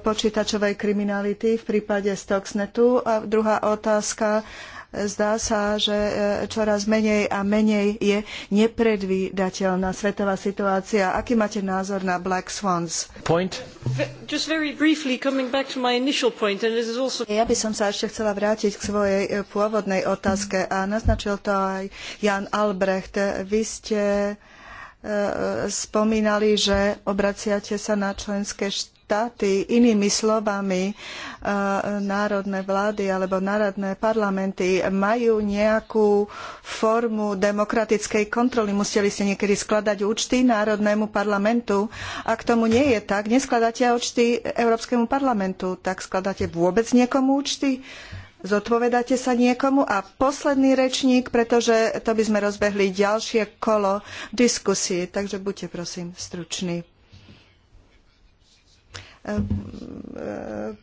počítačovej kriminality v prípade Stuxnetu. A druhá otázka, zdá sa, že e, čoraz menej a menej je nepredvídateľná svetová situácia. Aký máte názor na Black Swans? Briefly, point, also... Ja by som sa ešte chcela vrátiť k svojej e, pôvodnej otázke a naznačil to aj Jan Albrecht. Vy ste e, spomínali, že obraciate sa na členské štáty štáty, inými slovami e, národné vlády alebo národné parlamenty majú nejakú formu demokratickej kontroly. Museli ste niekedy skladať účty národnému parlamentu. Ak tomu nie je tak, neskladáte účty Európskemu parlamentu, tak skladáte vôbec niekomu účty? zodpovedáte sa niekomu a posledný rečník, pretože to by sme rozbehli ďalšie kolo diskusie, takže buďte prosím struční.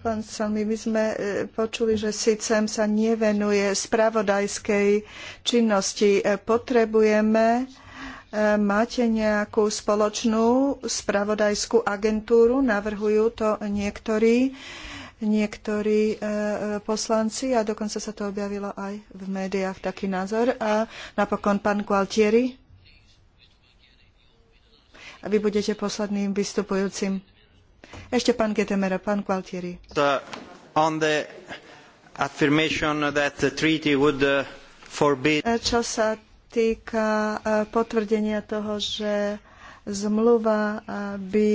Pán Salmi, my sme e, počuli, že SICEM sa nevenuje spravodajskej činnosti. E, potrebujeme e, Máte nejakú spoločnú spravodajskú agentúru? Navrhujú to niektorí, niektorí poslanci a dokonca sa to objavilo aj v médiách taký názor. A napokon pán Gualtieri. A vy budete posledným vystupujúcim. Ešte pán Getemera, pán Gualtieri. Uh, e, čo sa týka e, potvrdenia toho, že zmluva e, by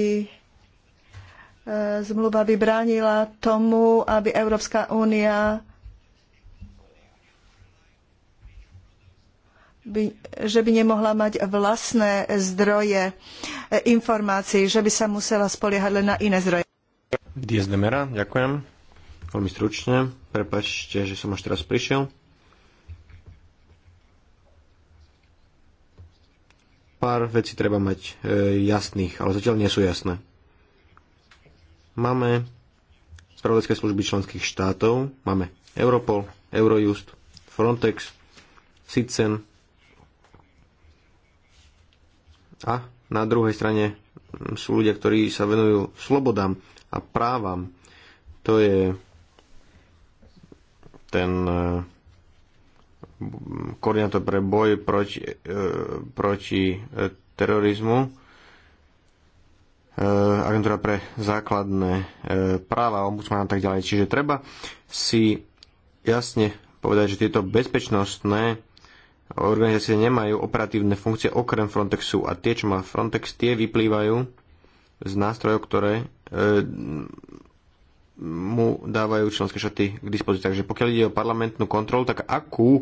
zmluva by bránila tomu, aby Európska únia by, že by nemohla mať vlastné zdroje eh, informácií, že by sa musela spoliehať len na iné zdroje. Diez ďakujem. Veľmi stručne. Prepačte, že som až teraz prišiel. Pár vecí treba mať e, jasných, ale zatiaľ nie sú jasné. Máme spravodajské služby členských štátov, máme Europol, Eurojust, Frontex, SICEN, A na druhej strane sú ľudia, ktorí sa venujú slobodám a právam. To je ten e, koordinátor pre boj proti, e, proti e, terorizmu, agentúra pre základné práva, ombudsman a tak ďalej. Čiže treba si jasne povedať, že tieto bezpečnostné organizácie nemajú operatívne funkcie okrem Frontexu a tie, čo má Frontex, tie vyplývajú z nástrojov, ktoré e, mu dávajú členské štáty k dispozícii. Takže pokiaľ ide o parlamentnú kontrolu, tak akú e,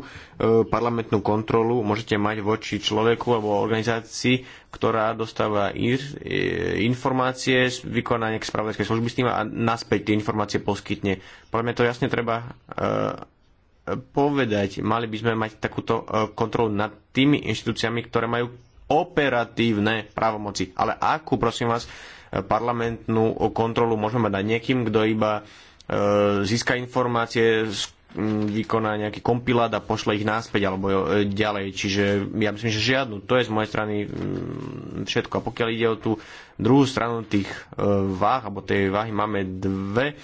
parlamentnú kontrolu môžete mať voči človeku alebo organizácii, ktorá dostáva ir, e, informácie, vykoná nejak spravodajskej služby s tým a naspäť tie informácie poskytne. Podľa mňa to jasne treba e, povedať. Mali by sme mať takúto e, kontrolu nad tými inštitúciami, ktoré majú operatívne právomoci. Ale akú, prosím vás, e, parlamentnú kontrolu môžeme mať nad niekým, kto iba e, získa informácie, vykoná nejaký kompilát a pošle ich náspäť alebo ďalej. Čiže ja myslím, že žiadnu. To je z mojej strany všetko. A pokiaľ ide o tú druhú stranu tých váh, alebo tej váhy máme dve,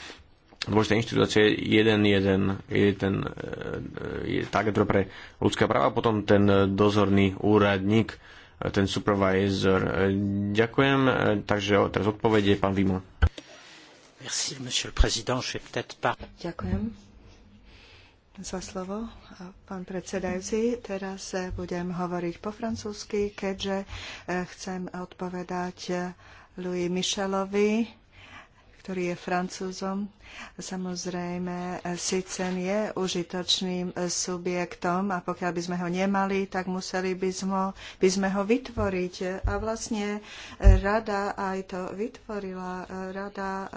dôležité inštitúcie. Jeden, jeden, jeden je e, takéto pre ľudské práva, potom ten dozorný úradník, e, ten supervisor. E, ďakujem, takže teraz odpovede pán Vimo. Merci, monsieur le président. Je peut-être pas... Ďakujem za slovo, pán predsedajúci. Teraz budem hovoriť po francúzsky, keďže chcem odpovedať Louis Michelovi ktorý je francúzom. Samozrejme, Sicen je užitočným eh, subjektom a pokiaľ by sme ho nemali, tak museli by sme, by sme ho vytvoriť. A vlastne eh, rada aj to vytvorila. Eh, rada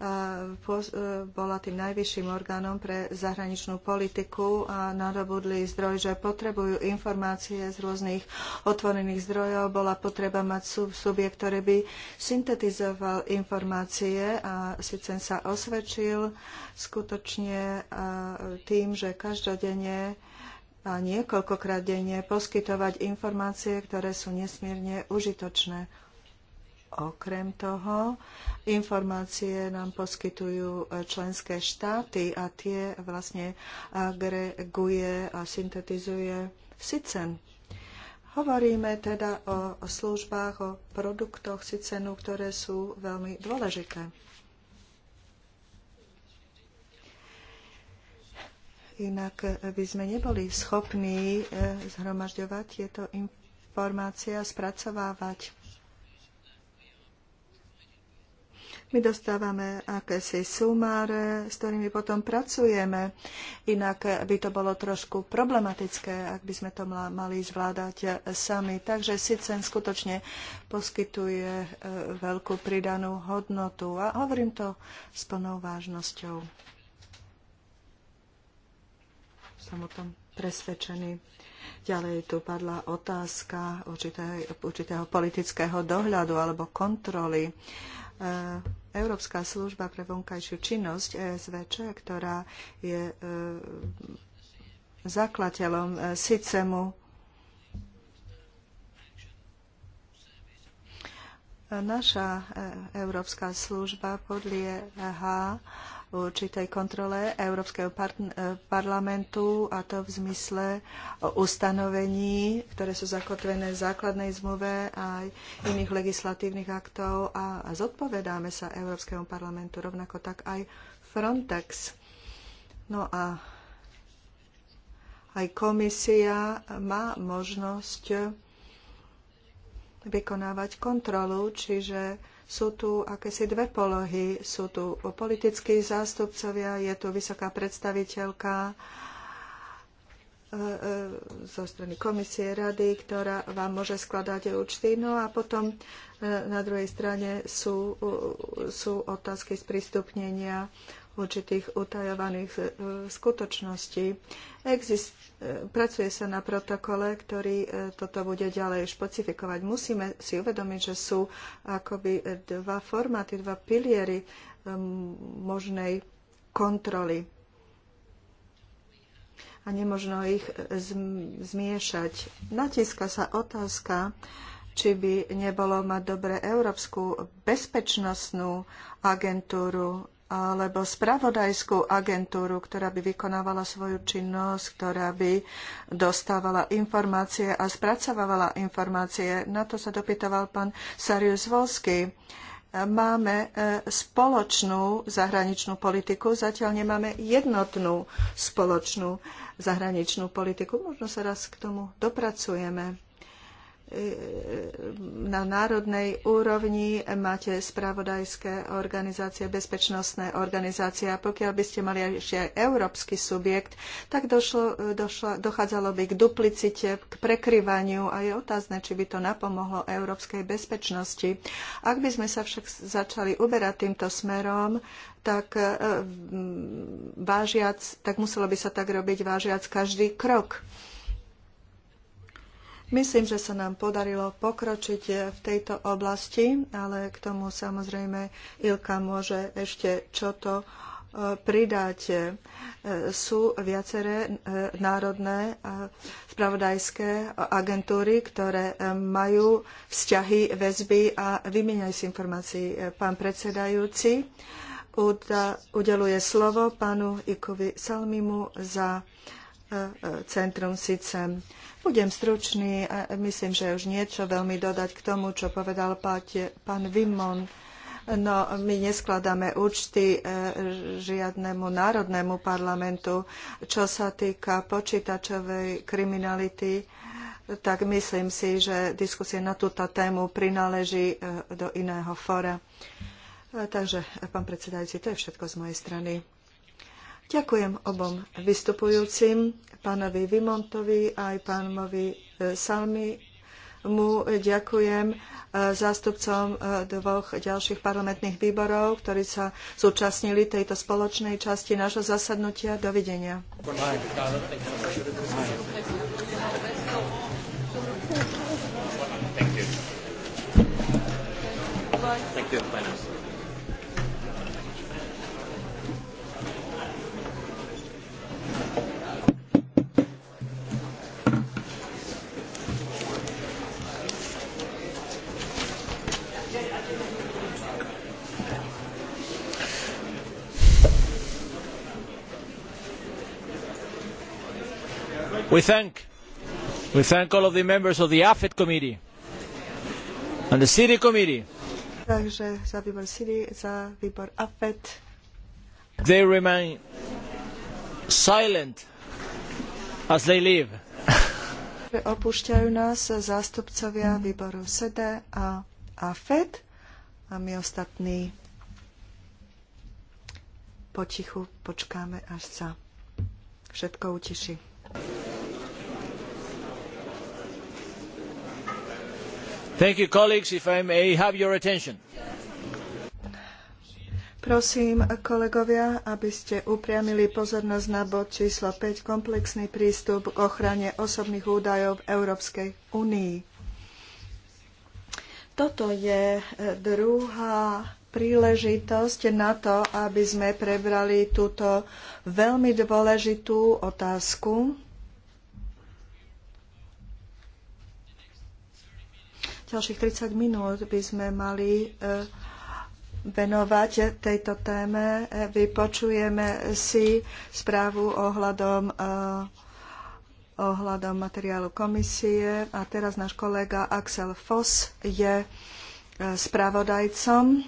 E, bola tým najvyšším orgánom pre zahraničnú politiku a nadobudli zdroj, že potrebujú informácie z rôznych otvorených zdrojov. Bola potreba mať subjekt, ktorý by syntetizoval informácie a síce sa osvedčil skutočne e, tým, že každodenne a niekoľkokrát denne poskytovať informácie, ktoré sú nesmierne užitočné Okrem toho, informácie nám poskytujú e, členské štáty a tie vlastne agreguje a syntetizuje SICEN. Hovoríme teda o službách, o produktoch SICENu, ktoré sú veľmi dôležité. Inak e, by sme neboli schopní e, zhromažďovať tieto informácie a spracovávať My dostávame akési sumáre, s ktorými potom pracujeme. Inak by to bolo trošku problematické, ak by sme to mali zvládať e, sami. Takže SICEN skutočne poskytuje e, veľkú pridanú hodnotu a hovorím to s plnou vážnosťou. Som o tom presvedčený. Ďalej tu padla otázka určitého, určitého politického dohľadu alebo kontroly. E Európska služba pre vonkajšiu činnosť ESVČ, ktorá je e, zakladateľom e, SICEMu, naša e, Európska služba podlieha určitej kontrole Európskeho eh, parlamentu a to v zmysle ustanovení, ktoré sú zakotvené v základnej zmluve a aj iných legislatívnych aktov a zodpovedáme sa Európskemu parlamentu, rovnako tak aj Frontex. No a aj komisia má možnosť vykonávať kontrolu, čiže sú tu akési dve polohy. Sú tu politickí zástupcovia, je tu vysoká predstaviteľka e, e, zo strany komisie rady, ktorá vám môže skladať účty. No a potom e, na druhej strane sú, sú otázky sprístupnenia určitých utajovaných e, skutočností. Exist, e, pracuje sa na protokole, ktorý e, toto bude ďalej špecifikovať. Musíme si uvedomiť, že sú akoby dva formáty, dva piliery možnej kontroly. A nemožno ich zmiešať. Natíska sa otázka, či by nebolo mať dobre Európsku bezpečnostnú agentúru alebo spravodajskú agentúru, ktorá by vykonávala svoju činnosť, ktorá by dostávala informácie a spracovávala informácie. Na to sa dopytoval pán Sarius Volsky. Máme e, spoločnú zahraničnú politiku, zatiaľ nemáme jednotnú spoločnú zahraničnú politiku. Možno sa raz k tomu dopracujeme na národnej úrovni máte spravodajské organizácie, bezpečnostné organizácie a pokiaľ by ste mali ešte aj európsky subjekt, tak došlo, došlo, dochádzalo by k duplicite, k prekryvaniu a je otázne, či by to napomohlo európskej bezpečnosti. Ak by sme sa však začali uberať týmto smerom, tak, e, vážiac, tak muselo by sa tak robiť vážiac každý krok Myslím, že sa nám podarilo pokročiť v tejto oblasti, ale k tomu samozrejme Ilka môže ešte čo to e, pridať. E, sú viaceré e, národné spravodajské agentúry, ktoré majú vzťahy, väzby a vymieňajú si informácií. Pán predsedajúci udeluje slovo pánu Ikovi Salmimu za centrum SICEM. Budem stručný a myslím, že už niečo veľmi dodať k tomu, čo povedal pán Vimon. No, my neskladáme účty e, žiadnemu národnému parlamentu. Čo sa týka počítačovej kriminality, tak myslím si, že diskusie na túto tému prináleží e, do iného fora. E, takže, pán predsedajúci, to je všetko z mojej strany. Ďakujem obom vystupujúcim, pánovi Vimontovi aj pánovi e, Salmi mu ďakujem e, zástupcom e, dvoch ďalších parlamentných výborov, ktorí sa zúčastnili tejto spoločnej časti nášho zasadnutia. Dovidenia. Thank you. We thank, we thank all of the members of the AFET committee and the city committee. Takže za výbor City, za výbor AFET. They remain silent as they leave. Opúšťajú nás zástupcovia výboru SEDE a AFET a my ostatní potichu počkáme, až sa všetko utiší. Prosím, kolegovia, aby ste upriamili pozornosť na bod číslo 5, komplexný prístup k ochrane osobných údajov v Európskej únii. Toto je e, druhá príležitosť na to, aby sme prebrali túto veľmi dôležitú otázku Ďalších 30 minút by sme mali eh, venovať tejto téme. Eh, vypočujeme si správu ohľadom eh, ohľadom materiálu komisie. A teraz náš kolega Axel Foss je spravodajcom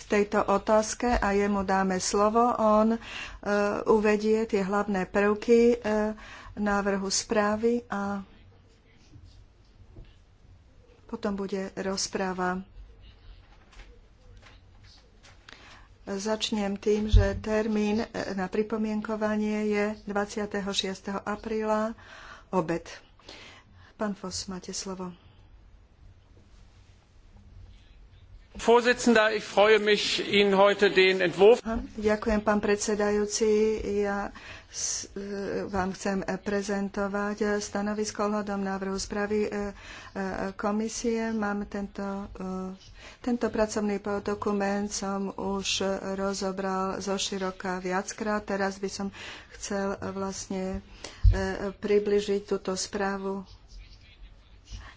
v tejto otázke a jemu dáme slovo. On uvedie tie hlavné prvky návrhu správy a potom bude rozpráva. Začnem tým, že termín na pripomienkovanie je 26. apríla obed. Pán Fos, máte slovo. Ďakujem, pán predsedajúci. Ja e, vám chcem e, prezentovať e, stanovisko ohľadom návrhu správy komisie. Mám tento, tento pracovný dokument, som už rozobral zo široka viackrát. Teraz by som chcel vlastne približiť túto správu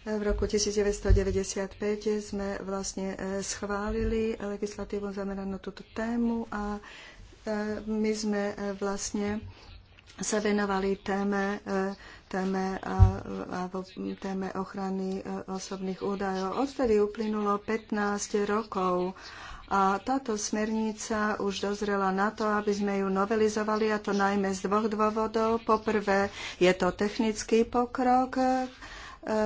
v roku 1995 sme vlastne e, schválili legislatívu zameranú túto tému a e, my sme e, vlastne sa venovali téme, téme, a, a, téme ochrany osobných údajov. Odtedy uplynulo 15 rokov a táto smernica už dozrela na to, aby sme ju novelizovali, a to najmä z dvoch dôvodov. Poprvé, je to technický pokrok, E,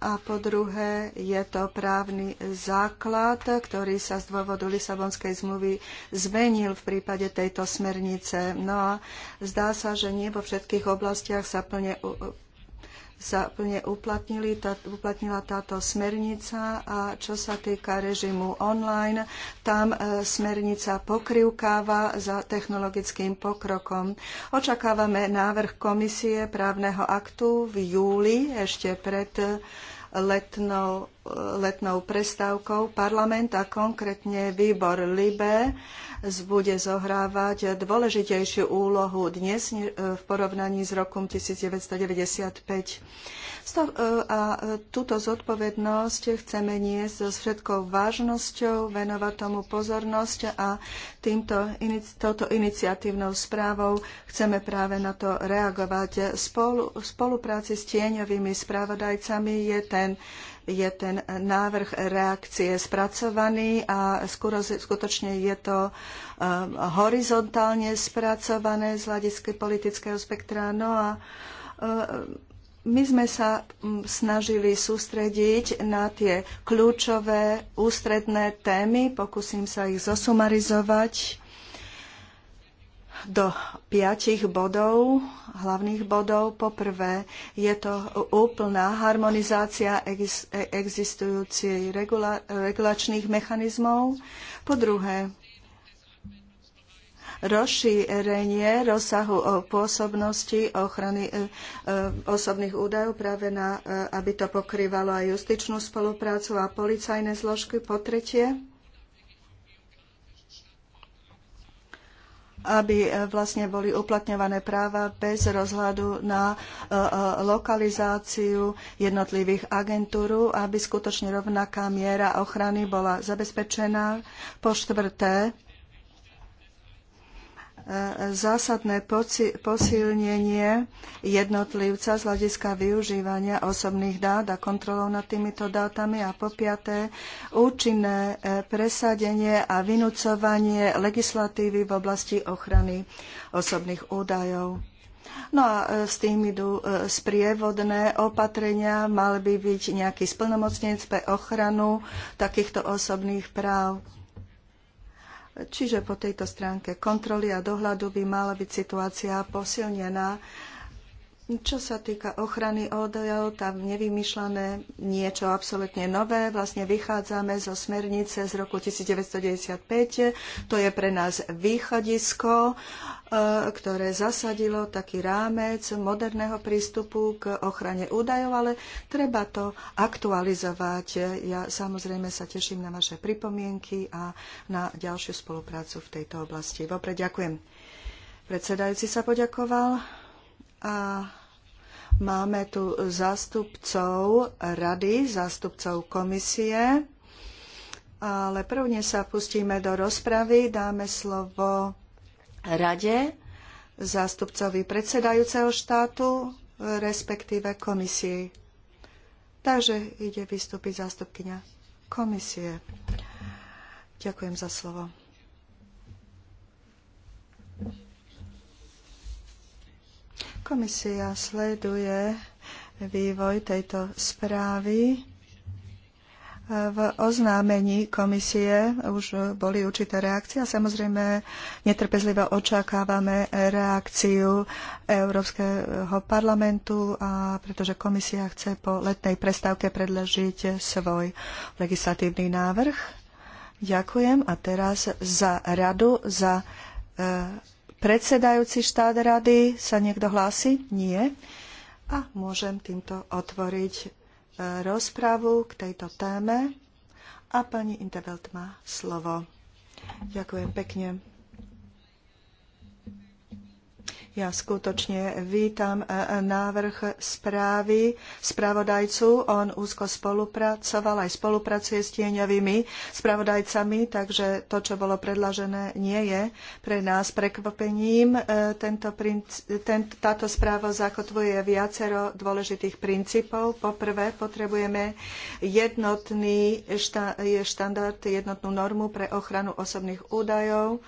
a po druhé je to právny základ, ktorý sa z dôvodu Lisabonskej zmluvy zmenil v prípade tejto smernice. No a zdá sa, že nie vo všetkých oblastiach sa plne sa plne uplatnili, tá, uplatnila táto smernica a čo sa týka režimu online, tam e, smernica pokrivkáva za technologickým pokrokom. Očakávame návrh komisie právneho aktu v júli, ešte pred e, letnou, e, letnou prestávkou parlament a konkrétne výbor LIBE bude zohrávať dôležitejšiu úlohu dnes eh, v porovnaní s rokom 1995. E, a e, túto zodpovednosť chceme niesť so všetkou vážnosťou, venovať tomu pozornosť a týmto, touto iniciatívnou správou chceme práve na to reagovať. Spolu, v spolupráci s tieňovými správodajcami je ten je ten návrh reakcie spracovaný a skutočne je to e, horizontálne spracované z hľadiska politického spektra. No a my sme sa mm, snažili sústrediť na tie kľúčové ústredné témy. Pokúsim sa ich zosumarizovať do piatich bodov, hlavných bodov. Poprvé je to úplná harmonizácia existujúcich regulačných mechanizmov. Po druhé, rozšírenie rozsahu eh, pôsobnosti ochrany eh, eh, osobných údajov práve na, aby to pokrývalo aj justičnú spoluprácu a policajné zložky. Po tretie, aby vlastne boli uplatňované práva bez rozhľadu na lokalizáciu jednotlivých agentúr, aby skutočne rovnaká miera ochrany bola zabezpečená. Po štvrté, zásadné posilnenie jednotlivca z hľadiska využívania osobných dát a kontrolou nad týmito dátami a po piaté účinné e, presadenie a vynúcovanie legislatívy v oblasti ochrany osobných údajov. No a e, s tým idú e, sprievodné opatrenia. Mal by byť nejaký splnomocnenec pre ochranu takýchto osobných práv Čiže po tejto stránke kontroly a dohľadu by mala byť situácia posilnená. Čo sa týka ochrany údajov, tam nevymýšľané niečo absolútne nové. Vlastne vychádzame zo smernice z roku 1995. To je pre nás východisko E, ktoré zasadilo taký rámec moderného prístupu k ochrane údajov, ale treba to aktualizovať. Ja samozrejme sa teším na vaše pripomienky a na ďalšiu spoluprácu v tejto oblasti. Vopred ďakujem. Predsedajúci sa poďakoval a máme tu zástupcov rady, zástupcov komisie. Ale prvne sa pustíme do rozpravy. Dáme slovo rade, zástupcovi predsedajúceho štátu, respektíve komisii. Takže ide vystúpiť zástupkynia komisie. Ďakujem za slovo. Komisia sleduje vývoj tejto správy v oznámení komisie už boli určité reakcie a samozrejme netrpezlivo očakávame reakciu Európskeho parlamentu, a pretože komisia chce po letnej prestávke predložiť svoj legislatívny návrh. Ďakujem a teraz za radu, za e, predsedajúci štát rady sa niekto hlási? Nie. A môžem týmto otvoriť rozpravu k tejto téme a pani Intervelt má slovo. Ďakujem pekne. Ja skutočne vítam e, e, návrh správy spravodajcu. On úzko spolupracoval, aj spolupracuje s tieňovými spravodajcami, takže to, čo bolo predlažené, nie je pre nás prekvapením. E, tento princ- ten, táto správa zakotvuje viacero dôležitých princípov. Poprvé, potrebujeme jednotný šta- štandard, jednotnú normu pre ochranu osobných údajov.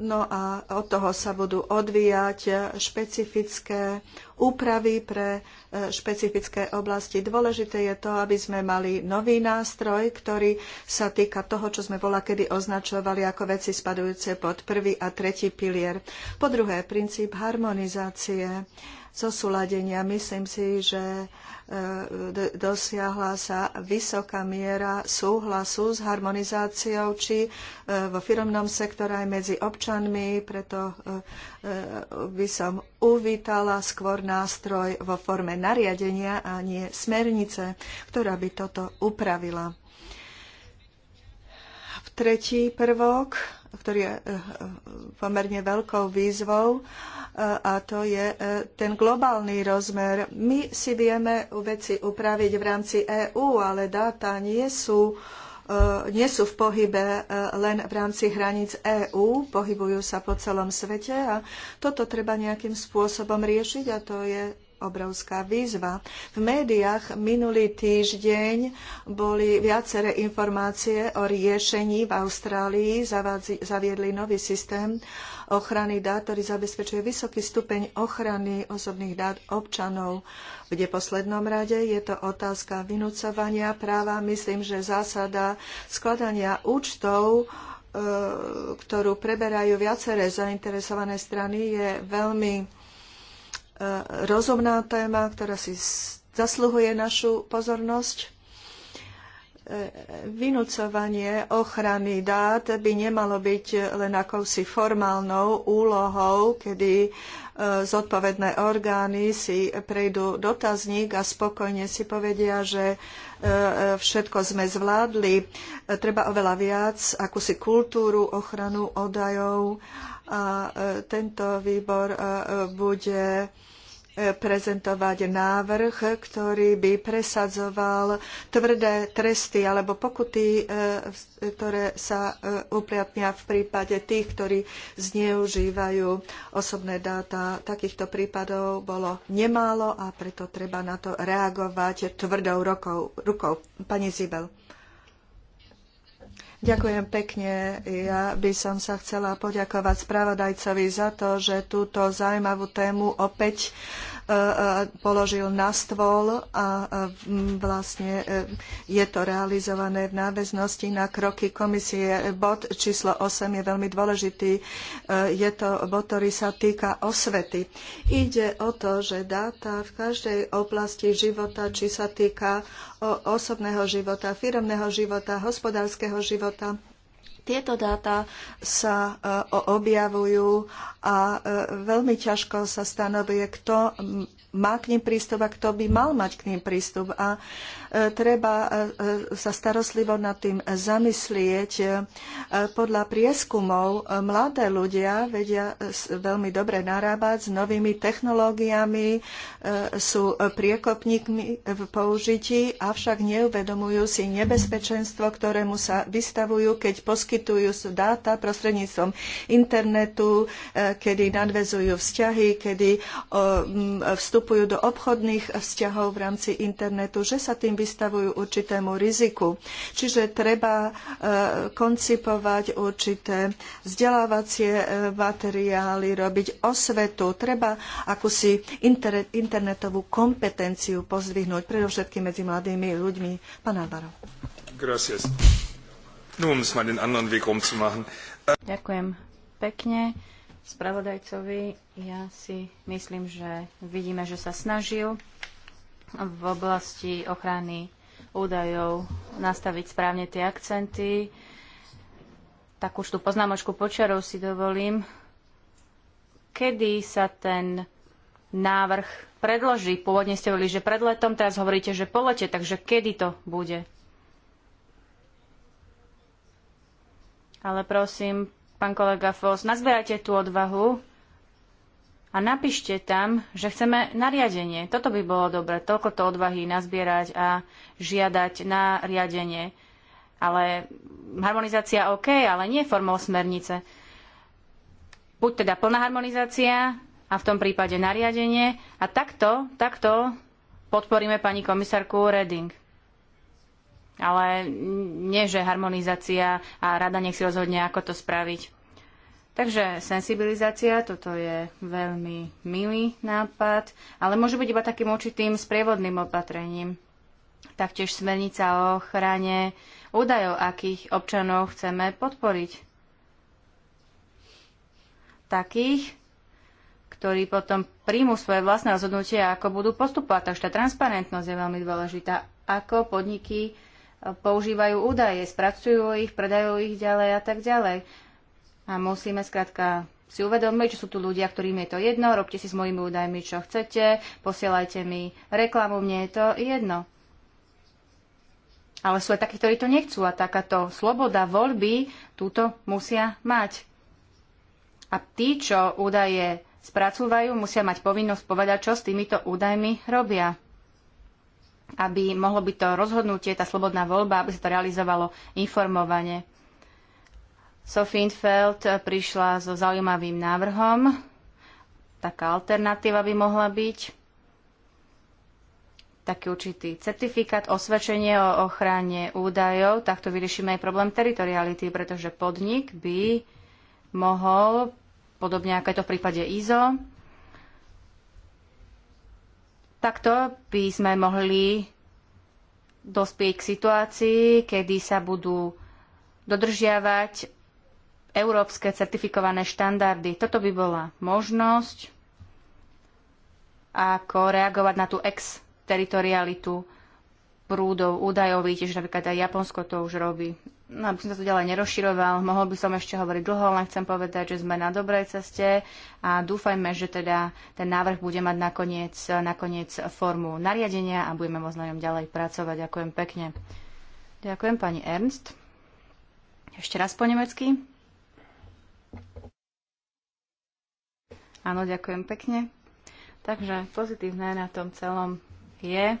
No a od toho sa budú odvíjať špecifické úpravy pre e, špecifické oblasti. Dôležité je to, aby sme mali nový nástroj, ktorý sa týka toho, čo sme bola kedy označovali ako veci spadujúce pod prvý a tretí pilier. Po druhé, princíp harmonizácie zosúladenia. Myslím si, že e, dosiahla sa vysoká miera súhlasu s harmonizáciou či e, vo firmnom sektore aj medzi občanmi, preto e, by som uvítala skôr nástroj vo forme nariadenia a nie smernice, ktorá by toto upravila. Tretí prvok ktorý je eh, eh, pomerne veľkou výzvou, eh, a to je ten globálny rozmer. My si vieme veci upraviť v rámci EÚ, ale dáta nie sú nie sú v pohybe len v rámci hraníc EÚ, pohybujú sa po celom svete a toto treba nejakým spôsobom riešiť a to je obrovská výzva. V médiách minulý týždeň boli viaceré informácie o riešení v Austrálii. Zaviedli nový systém ochrany dát, ktorý zabezpečuje vysoký stupeň ochrany osobných dát občanov, kde poslednom rade je to otázka vynúcovania práva. Myslím, že zásada skladania účtov e, ktorú preberajú viaceré zainteresované strany, je veľmi rozumná téma, ktorá si zasluhuje našu pozornosť. E, Vynúcovanie ochrany dát by nemalo byť len akousi formálnou úlohou, kedy e, zodpovedné orgány si prejdú dotazník a spokojne si povedia, že e, všetko sme zvládli. Treba oveľa viac, akúsi kultúru, ochranu odajov a tento výbor bude prezentovať návrh, ktorý by presadzoval tvrdé tresty alebo pokuty, e, ktoré sa e, uplatnia v prípade tých, ktorí zneužívajú osobné dáta. Takýchto prípadov bolo nemálo a preto treba na to reagovať tvrdou rukou. Pani Zibel. Ďakujem pekne. Ja by som sa chcela poďakovať spravodajcovi za to, že túto zaujímavú tému opäť uh, Eh, položil na stôl a eh, vlastne eh, je to realizované v náväznosti na kroky komisie. Bod číslo 8 je veľmi dôležitý. Je to bod, ktorý sa týka osvety. Ide o to, že dáta v každej oblasti života, či sa týka osobného života, firmného života, hospodárskeho života, tieto dáta sa e, objavujú a e, veľmi ťažko sa stanovuje, kto má k ním prístup a kto by mal mať k ním prístup. A treba e, e, sa starostlivo nad tým zamyslieť. E, podľa prieskumov mladé ľudia vedia veľmi dobre narábať s novými technológiami, sú priekopníkmi v použití, avšak neuvedomujú si nebezpečenstvo, ktorému sa vystavujú, keď poskytujú dáta prostredníctvom internetu, kedy nadvezujú vzťahy, kedy vstupujú do obchodných vzťahov v rámci internetu, že sa tým vystavujú určitému riziku. Čiže treba e, koncipovať určité vzdelávacie e, materiály, robiť osvetu, treba akúsi internetovú kompetenciu pozdvihnúť, predovšetkým medzi mladými ľuďmi. Pán Álvaro. Gracias. um es mal den anderen Weg rumzumachen. Ďakujem pekne spravodajcovi. Ja si myslím, že vidíme, že sa snažil v oblasti ochrany údajov nastaviť správne tie akcenty. už tú poznámočku počiarov si dovolím. Kedy sa ten návrh predloží? Pôvodne ste hovorili, že pred letom, teraz hovoríte, že po lete, takže kedy to bude? Ale prosím, pán kolega Fos, nazbierajte tú odvahu, a napíšte tam, že chceme nariadenie. Toto by bolo dobre, toľko to odvahy nazbierať a žiadať nariadenie. Ale harmonizácia OK, ale nie formou smernice. Buď teda plná harmonizácia a v tom prípade nariadenie a takto, takto podporíme pani komisárku Reding. Ale nie, že harmonizácia a rada nech si rozhodne, ako to spraviť. Takže sensibilizácia, toto je veľmi milý nápad, ale môže byť iba takým určitým sprievodným opatrením. Taktiež smernica o ochrane údajov, akých občanov chceme podporiť. Takých, ktorí potom príjmu svoje vlastné rozhodnutie, ako budú postupovať. Takže tá transparentnosť je veľmi dôležitá. Ako podniky používajú údaje, spracujú ich, predajú ich ďalej a tak ďalej. A musíme skrátka si uvedomiť, že sú tu ľudia, ktorým je to jedno, robte si s mojimi údajmi, čo chcete, posielajte mi reklamu, mne je to jedno. Ale sú aj takí, ktorí to nechcú a takáto sloboda voľby túto musia mať. A tí, čo údaje spracúvajú, musia mať povinnosť povedať, čo s týmito údajmi robia aby mohlo byť to rozhodnutie, tá slobodná voľba, aby sa to realizovalo informovane. Sophie Infeld prišla so zaujímavým návrhom. Taká alternatíva by mohla byť taký určitý certifikát, osvedčenie o ochrane údajov. Takto vyriešime aj problém teritoriality, pretože podnik by mohol, podobne ako je to v prípade ISO, takto by sme mohli dospieť k situácii, kedy sa budú dodržiavať európske certifikované štandardy. Toto by bola možnosť, ako reagovať na tú ex-teritorialitu prúdov údajových, tiež napríklad aj Japonsko to už robí. No, aby som sa to ďalej nerozširoval, mohol by som ešte hovoriť dlho, len chcem povedať, že sme na dobrej ceste a dúfajme, že teda ten návrh bude mať nakoniec, nakoniec formu nariadenia a budeme môcť na ňom ďalej pracovať. Ďakujem pekne. Ďakujem pani Ernst. Ešte raz po nemecky. Áno, ďakujem pekne. Takže pozitívne na tom celom je,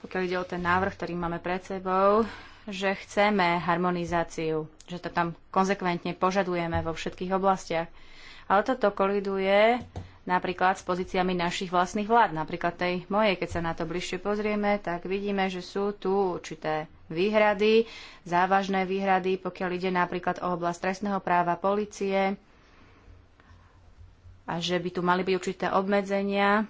pokiaľ ide o ten návrh, ktorý máme pred sebou, že chceme harmonizáciu, že to tam konzekventne požadujeme vo všetkých oblastiach. Ale toto koliduje napríklad s pozíciami našich vlastných vlád, napríklad tej mojej, keď sa na to bližšie pozrieme, tak vidíme, že sú tu určité výhrady, závažné výhrady, pokiaľ ide napríklad o oblasť trestného práva policie, a že by tu mali byť určité obmedzenia.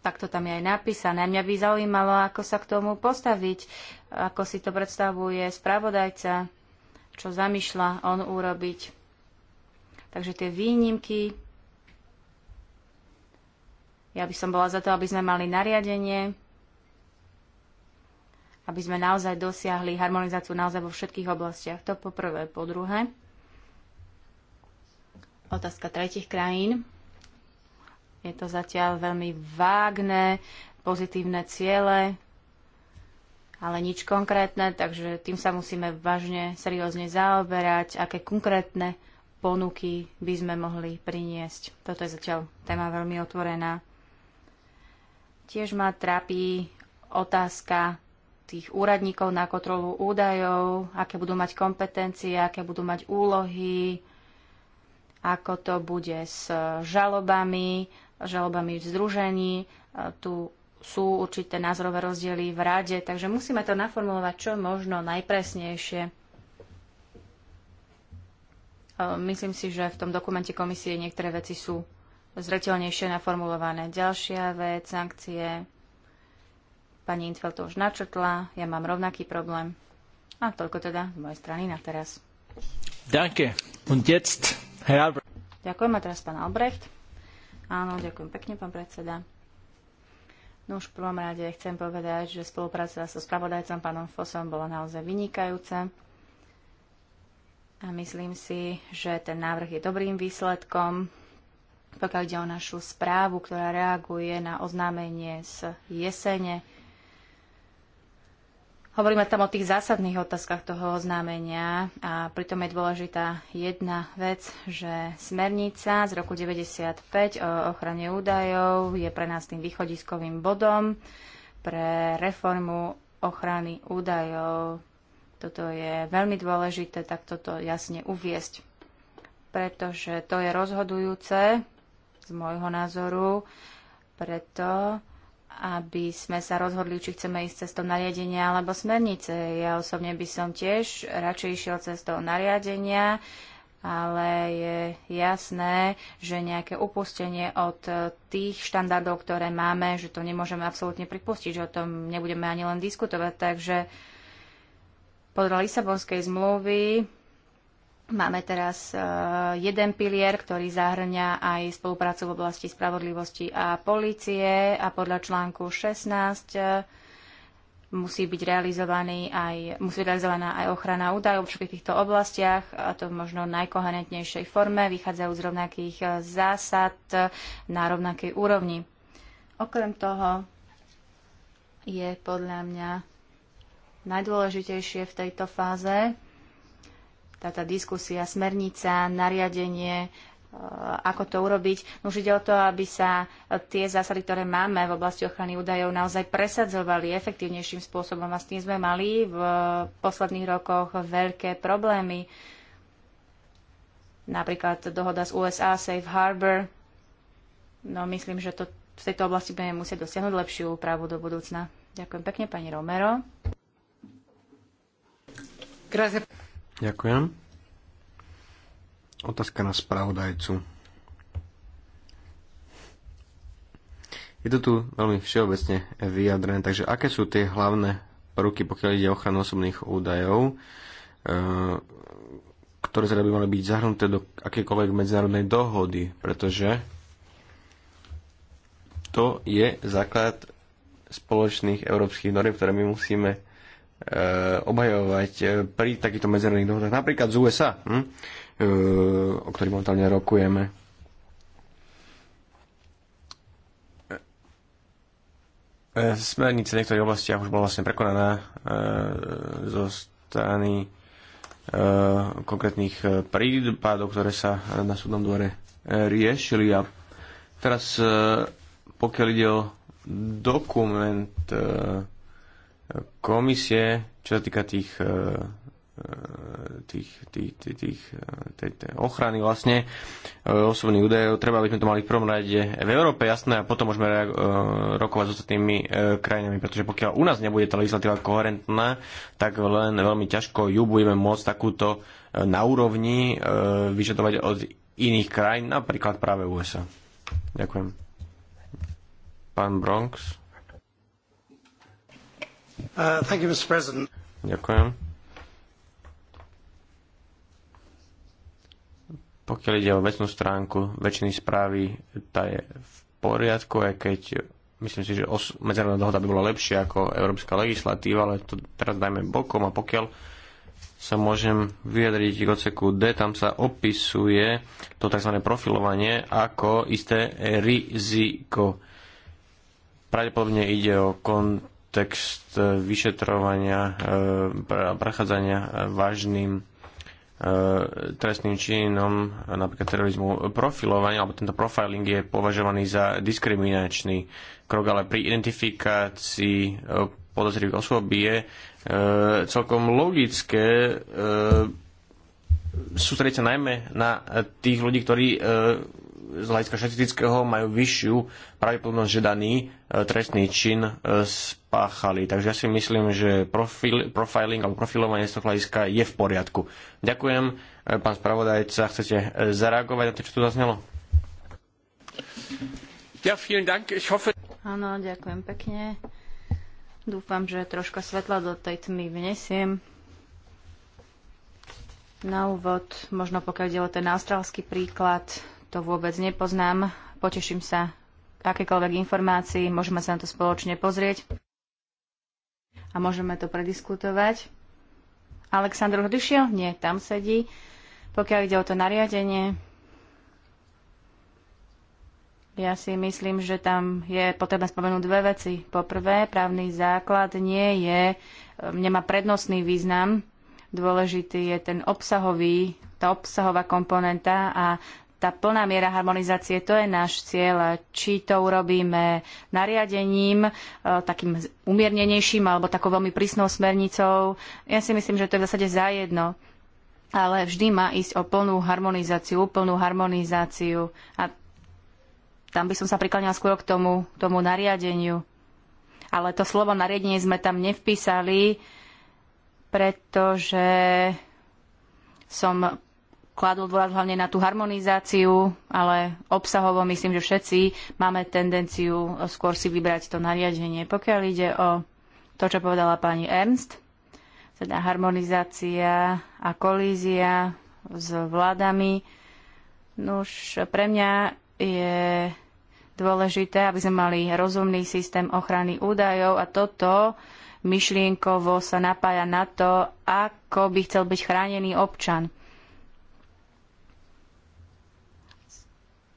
Tak to tam je aj napísané. Mňa by zaujímalo, ako sa k tomu postaviť, ako si to predstavuje spravodajca, čo zamýšľa on urobiť. Takže tie výnimky, ja by som bola za to, aby sme mali nariadenie, aby sme naozaj dosiahli harmonizáciu naozaj vo všetkých oblastiach. To poprvé, Po druhé, Otázka tretich krajín. Je to zatiaľ veľmi vágne, pozitívne ciele, ale nič konkrétne, takže tým sa musíme vážne, seriózne zaoberať, aké konkrétne ponuky by sme mohli priniesť. Toto je zatiaľ téma veľmi otvorená. Tiež ma trápi otázka tých úradníkov na kontrolu údajov, aké budú mať kompetencie, aké budú mať úlohy, ako to bude s žalobami, žalobami v združení. E, tu sú určité názorové rozdiely v rade, takže musíme to naformulovať čo možno najpresnejšie. E, myslím si, že v tom dokumente komisie niektoré veci sú zretelnejšie naformulované. Ďalšia vec, sankcie. Pani Intfeld to už načrtla, ja mám rovnaký problém. A toľko teda z mojej strany na teraz. Danke. Und jetzt Hey, Ďakujem a teraz pán Albrecht. Áno, ďakujem pekne, pán predseda. No už v prvom rade chcem povedať, že spolupráca so spravodajcom pánom Fosom bola naozaj vynikajúca. A myslím si, že ten návrh je dobrým výsledkom, pokiaľ ide o našu správu, ktorá reaguje na oznámenie z jesene Hovoríme tam o tých zásadných otázkach toho oznámenia a pritom je dôležitá jedna vec, že smernica z roku 95 o ochrane údajov je pre nás tým východiskovým bodom pre reformu ochrany údajov. Toto je veľmi dôležité, tak toto jasne uviesť, pretože to je rozhodujúce z môjho názoru, preto aby sme sa rozhodli, či chceme ísť cestou nariadenia alebo smernice. Ja osobne by som tiež radšej išiel cestou nariadenia, ale je jasné, že nejaké upustenie od tých štandardov, ktoré máme, že to nemôžeme absolútne pripustiť, že o tom nebudeme ani len diskutovať. Takže podľa Lisabonskej zmluvy Máme teraz e, jeden pilier, ktorý zahrňa aj spoluprácu v oblasti spravodlivosti a policie a podľa článku 16 e, musí byť realizovaný aj, musí byť realizovaná aj ochrana údajov v všetkých týchto oblastiach, a to v možno najkoherentnejšej forme, vychádzajú z rovnakých e, zásad na rovnakej úrovni. Okrem toho je podľa mňa najdôležitejšie v tejto fáze táto diskusia, smernica, nariadenie, e, ako to urobiť. Už ide o to, aby sa tie zásady, ktoré máme v oblasti ochrany údajov, naozaj presadzovali efektívnejším spôsobom. A s tým sme mali v posledných rokoch veľké problémy. Napríklad dohoda z USA, Safe Harbor. No myslím, že to v tejto oblasti budeme musieť dosiahnuť lepšiu úpravu do budúcna. Ďakujem pekne, pani Romero. Ďakujem. Otázka na spravodajcu. Je to tu veľmi všeobecne vyjadrené, takže aké sú tie hlavné prvky, pokiaľ ide o ochranu osobných údajov, eh, ktoré teda by mali byť zahrnuté do akékoľvek medzinárodnej dohody, pretože to je základ spoločných európskych noriem, ktoré my musíme Eh, obhajovať eh, pri takýchto medzerných dohodách, napríklad z USA, hm? Eh, o ktorých momentálne rokujeme. Smernice v niektorých oblastiach už bola vlastne prekonaná zo strany konkrétnych prípadov, ktoré sa na súdnom dvore riešili a teraz pokiaľ ide o dokument komisie, čo sa týka tých, e, e, tých, tých, tých, tých e, tej, tej ochrany vlastne osobných údajov, treba by sme to mali v prvom rade v Európe, jasné, a potom môžeme rokovať s ostatnými krajinami, pretože pokiaľ u nás nebude tá legislatíva koherentná, tak len veľmi ťažko ju budeme môcť takúto na úrovni vyžadovať od iných krajín, napríklad práve USA. Ďakujem. Pán Bronx. Uh, Ďakujem. Pokiaľ ide o vecnú stránku väčšiny správy, tá je v poriadku, aj keď myslím si, že os- medzinárodná dohoda by bola lepšia ako európska legislatíva, ale to teraz dajme bokom a pokiaľ sa môžem vyjadriť k oceku D, tam sa opisuje to tzv. profilovanie ako isté riziko. Pravdepodobne ide o kon- text e, vyšetrovania, e, prechádzania e, vážnym trestným činom, napríklad terorizmu, profilovanie, alebo tento profiling je považovaný za diskriminačný krok, ale pri identifikácii podozrivých osôb je celkom logické sústrediť sa najmä na tých ľudí, ktorí z hľadiska štatistického majú vyššiu pravdepodobnosť, že daný e, trestný čin e, spáchali. Takže ja si myslím, že profil, profiling alebo profilovanie z toho hľadiska je v poriadku. Ďakujem. E, pán spravodajca, chcete zareagovať na to, čo tu zaznelo? Ja, vielen Dank. Ich hoffe... Áno, ďakujem pekne. Dúfam, že troška svetla do tej tmy vnesiem. Na úvod, možno pokiaľ ide o ten australský príklad, to vôbec nepoznám. Poteším sa akékoľvek informácii, môžeme sa na to spoločne pozrieť a môžeme to prediskutovať. Aleksandr Hdyšiel? Nie, tam sedí. Pokiaľ ide o to nariadenie, ja si myslím, že tam je potrebné spomenúť dve veci. Poprvé, právny základ nie je, e, nemá prednostný význam. Dôležitý je ten obsahový, tá obsahová komponenta a tá plná miera harmonizácie, to je náš cieľ. Či to urobíme nariadením, e, takým umiernenejším alebo takou veľmi prísnou smernicou, ja si myslím, že to je v zásade zajedno. Ale vždy má ísť o plnú harmonizáciu, úplnú harmonizáciu. A tam by som sa prikláňala skôr k tomu, tomu nariadeniu. Ale to slovo nariadenie sme tam nevpísali, pretože som kladol dôraz hlavne na tú harmonizáciu, ale obsahovo myslím, že všetci máme tendenciu eh, skôr si vybrať to nariadenie. Pokiaľ ide o to, čo povedala pani Ernst, teda harmonizácia a kolízia s vládami, no už pre mňa je dôležité, aby sme mali rozumný systém ochrany údajov a toto myšlienkovo sa napája na to, ako by chcel byť chránený občan.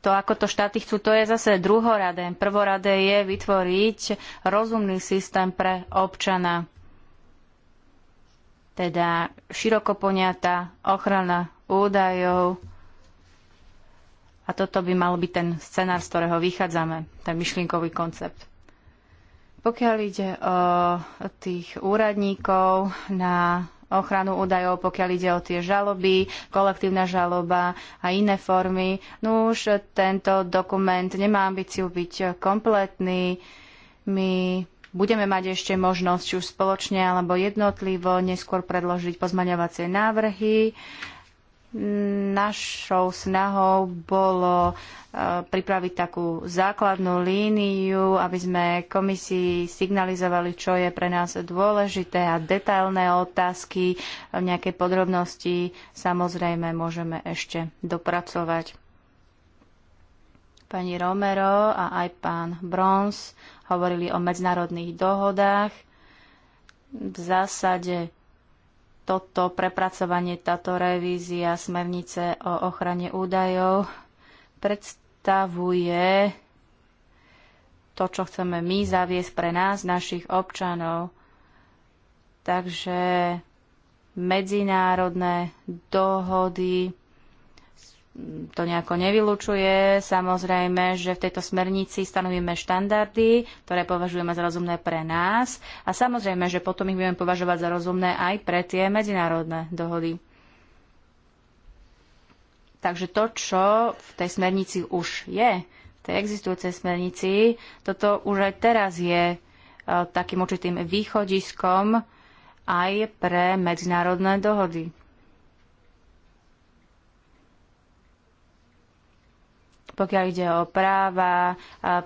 to, ako to štáty chcú, to je zase druhoradé. Prvoradé je vytvoriť rozumný systém pre občana. Teda široko poňatá ochrana údajov. A toto by mal byť ten scenár, z ktorého vychádzame, ten myšlienkový koncept. Pokiaľ ide o tých úradníkov na ochranu údajov, pokiaľ ide o tie žaloby, kolektívna žaloba a iné formy. No už tento dokument nemá ambíciu byť kompletný. My budeme mať ešte možnosť či už spoločne alebo jednotlivo neskôr predložiť pozmaňovacie návrhy Našou snahou bolo e, pripraviť takú základnú líniu, aby sme komisii signalizovali, čo je pre nás dôležité a detailné otázky. V nejakej podrobnosti samozrejme môžeme ešte dopracovať. Pani Romero a aj pán Brons hovorili o medzinárodných dohodách. V zásade toto prepracovanie, táto revízia smernice o ochrane údajov predstavuje to, čo chceme my zaviesť pre nás, našich občanov. Takže medzinárodné dohody to nejako nevylučuje. Samozrejme, že v tejto smernici stanovíme štandardy, ktoré považujeme za rozumné pre nás a samozrejme, že potom ich budeme považovať za rozumné aj pre tie medzinárodné dohody. Takže to, čo v tej smernici už je, v tej existujúcej smernici, toto už aj teraz je e, takým určitým východiskom aj pre medzinárodné dohody. pokiaľ ide o práva,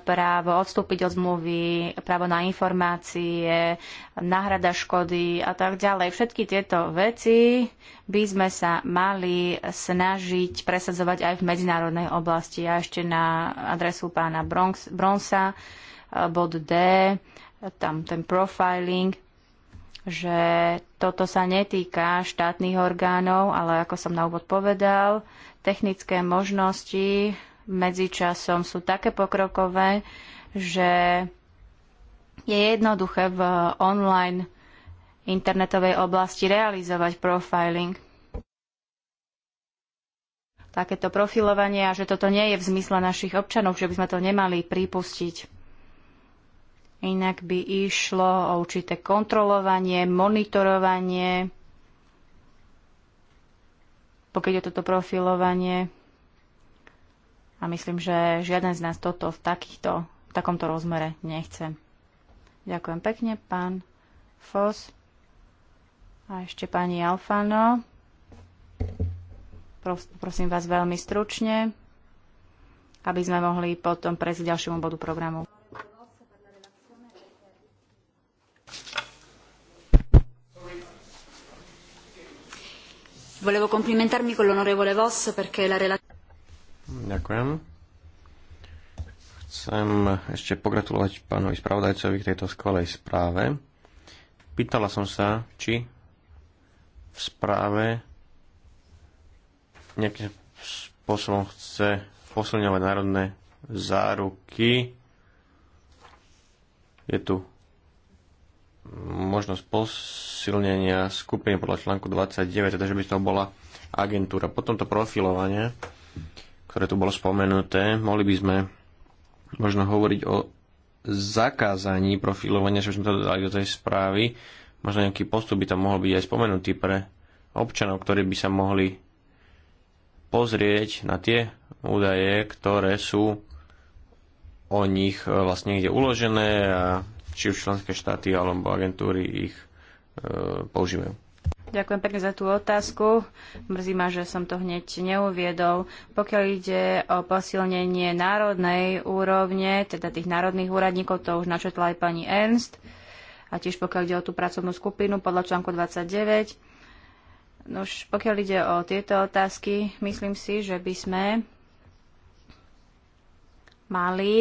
právo odstúpiť od zmluvy, právo na informácie, náhrada škody a tak ďalej. Všetky tieto veci by sme sa mali snažiť presadzovať aj v medzinárodnej oblasti. A ešte na adresu pána Bronx, Bronsa, bod D, tam ten profiling, že toto sa netýka štátnych orgánov, ale ako som na úvod povedal, technické možnosti medzičasom sú také pokrokové, že je jednoduché v online internetovej oblasti realizovať profiling takéto profilovanie a že toto nie je v zmysle našich občanov, že by sme to nemali pripustiť. Inak by išlo o určité kontrolovanie, monitorovanie, pokiaľ je toto profilovanie. A myslím, že žiaden z nás toto v, takýchto, v takomto rozmere nechce. Ďakujem pekne, pán Fos. A ešte pani Alfano. Prosím vás veľmi stručne, aby sme mohli potom prejsť k ďalšiemu bodu programu. Volevo complimentarmi con l'onorevole Voss perché la relazione Ďakujem. Chcem ešte pogratulovať pánovi spravodajcovi k tejto skvelej správe. Pýtala som sa, či v správe nejakým spôsobom chce posilňovať národné záruky. Je tu možnosť posilnenia skupiny podľa článku 29, teda že by to bola agentúra. Potom to profilovanie ktoré tu bolo spomenuté, mohli by sme možno hovoriť o zakázaní profilovania, že by sme to dodali do tej správy. Možno nejaký postup by tam mohol byť aj spomenutý pre občanov, ktorí by sa mohli pozrieť na tie údaje, ktoré sú o nich e, vlastne niekde uložené a či už členské štáty alebo agentúry ich e, používajú. Ďakujem pekne za tú otázku. Mrzí ma, že som to hneď neuviedol. Pokiaľ ide o posilnenie národnej úrovne, teda tých národných úradníkov, to už načetla aj pani Ernst, a tiež pokiaľ ide o tú pracovnú skupinu podľa článku 29. No už pokiaľ ide o tieto otázky, myslím si, že by sme mali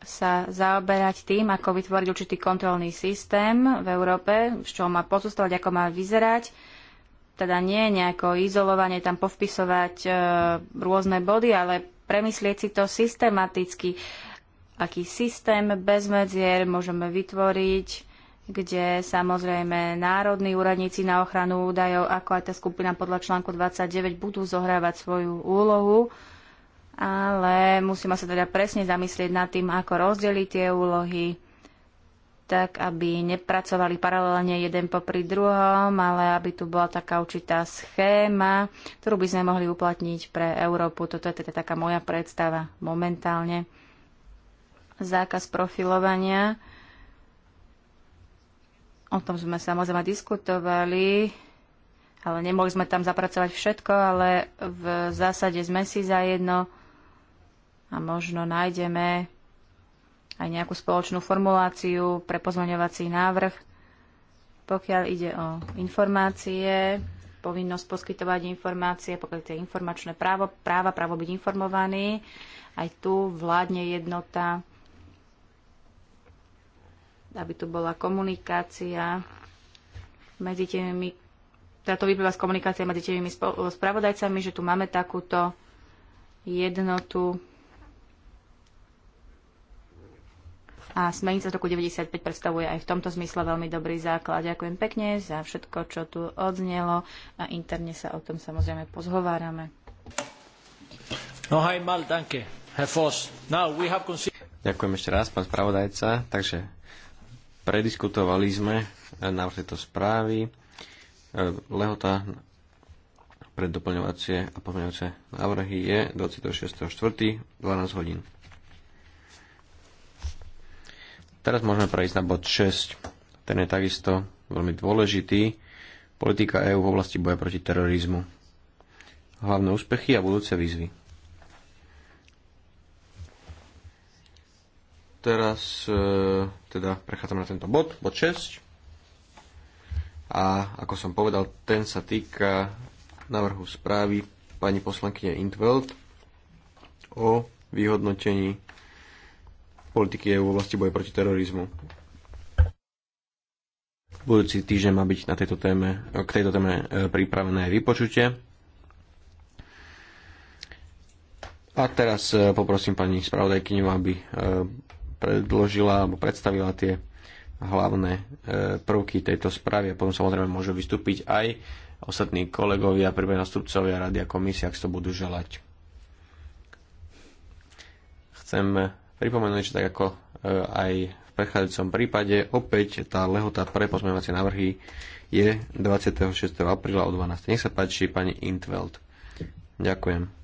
sa zaoberať tým, ako vytvoriť určitý kontrolný systém v Európe, z čoho má pozostať, ako má vyzerať. Teda nie nejako izolovanie tam povpisovať e, rôzne body, ale premyslieť si to systematicky, aký systém bez medzier môžeme vytvoriť, kde samozrejme národní úradníci na ochranu údajov, ako aj tá skupina podľa článku 29, budú zohrávať svoju úlohu ale musíme sa teda presne zamyslieť nad tým, ako rozdeliť tie úlohy, tak aby nepracovali paralelne jeden popri druhom, ale aby tu bola taká určitá schéma, ktorú by sme mohli uplatniť pre Európu. Toto je teda taká moja predstava momentálne. Zákaz profilovania. O tom sme samozrejme diskutovali, ale nemohli sme tam zapracovať všetko, ale v zásade sme si zajedno jedno a možno nájdeme aj nejakú spoločnú formuláciu pre pozmaňovací návrh. Pokiaľ ide o informácie, povinnosť poskytovať informácie, pokiaľ to je informačné právo, práva, právo byť informovaný, aj tu vládne jednota, aby tu bola komunikácia medzi tými, teda to vyplýva z komunikácie medzi tými spravodajcami, že tu máme takúto jednotu a smernica z roku 95 predstavuje aj v tomto zmysle veľmi dobrý základ. Ďakujem pekne za všetko, čo tu odznelo a interne sa o tom samozrejme pozhovárame. No hej, mal, danke, Now we have Ďakujem ešte raz, pán spravodajca. Takže prediskutovali sme eh, návrh tejto správy. Eh, lehota pre doplňovacie a pomňovacie návrhy je 26.4. 12 hodín. Teraz môžeme prejsť na bod 6. Ten je takisto veľmi dôležitý. Politika EÚ v oblasti boja proti terorizmu. Hlavné úspechy a budúce výzvy. Teraz e, teda prechádzame na tento bod, bod 6. A ako som povedal, ten sa týka navrhu správy pani poslankyne Intveld o vyhodnotení politiky EU v oblasti boja proti terorizmu. Budúci týždeň má byť na tejto téme, k tejto téme e, pripravené vypočutie. A teraz e, poprosím pani spravodajkyňu, aby e, predložila alebo predstavila tie hlavné prvky tejto správy a potom samozrejme môžu vystúpiť aj ostatní kolegovia, prvé nastupcovia rady a komisia, ak to budú želať. Chcem pripomenúť, že tak ako e, aj v prechádzajúcom prípade, opäť tá lehota pre pozmeňovacie návrhy je 26. apríla o 12. Nech sa páči, pani Intveld. Ďakujem.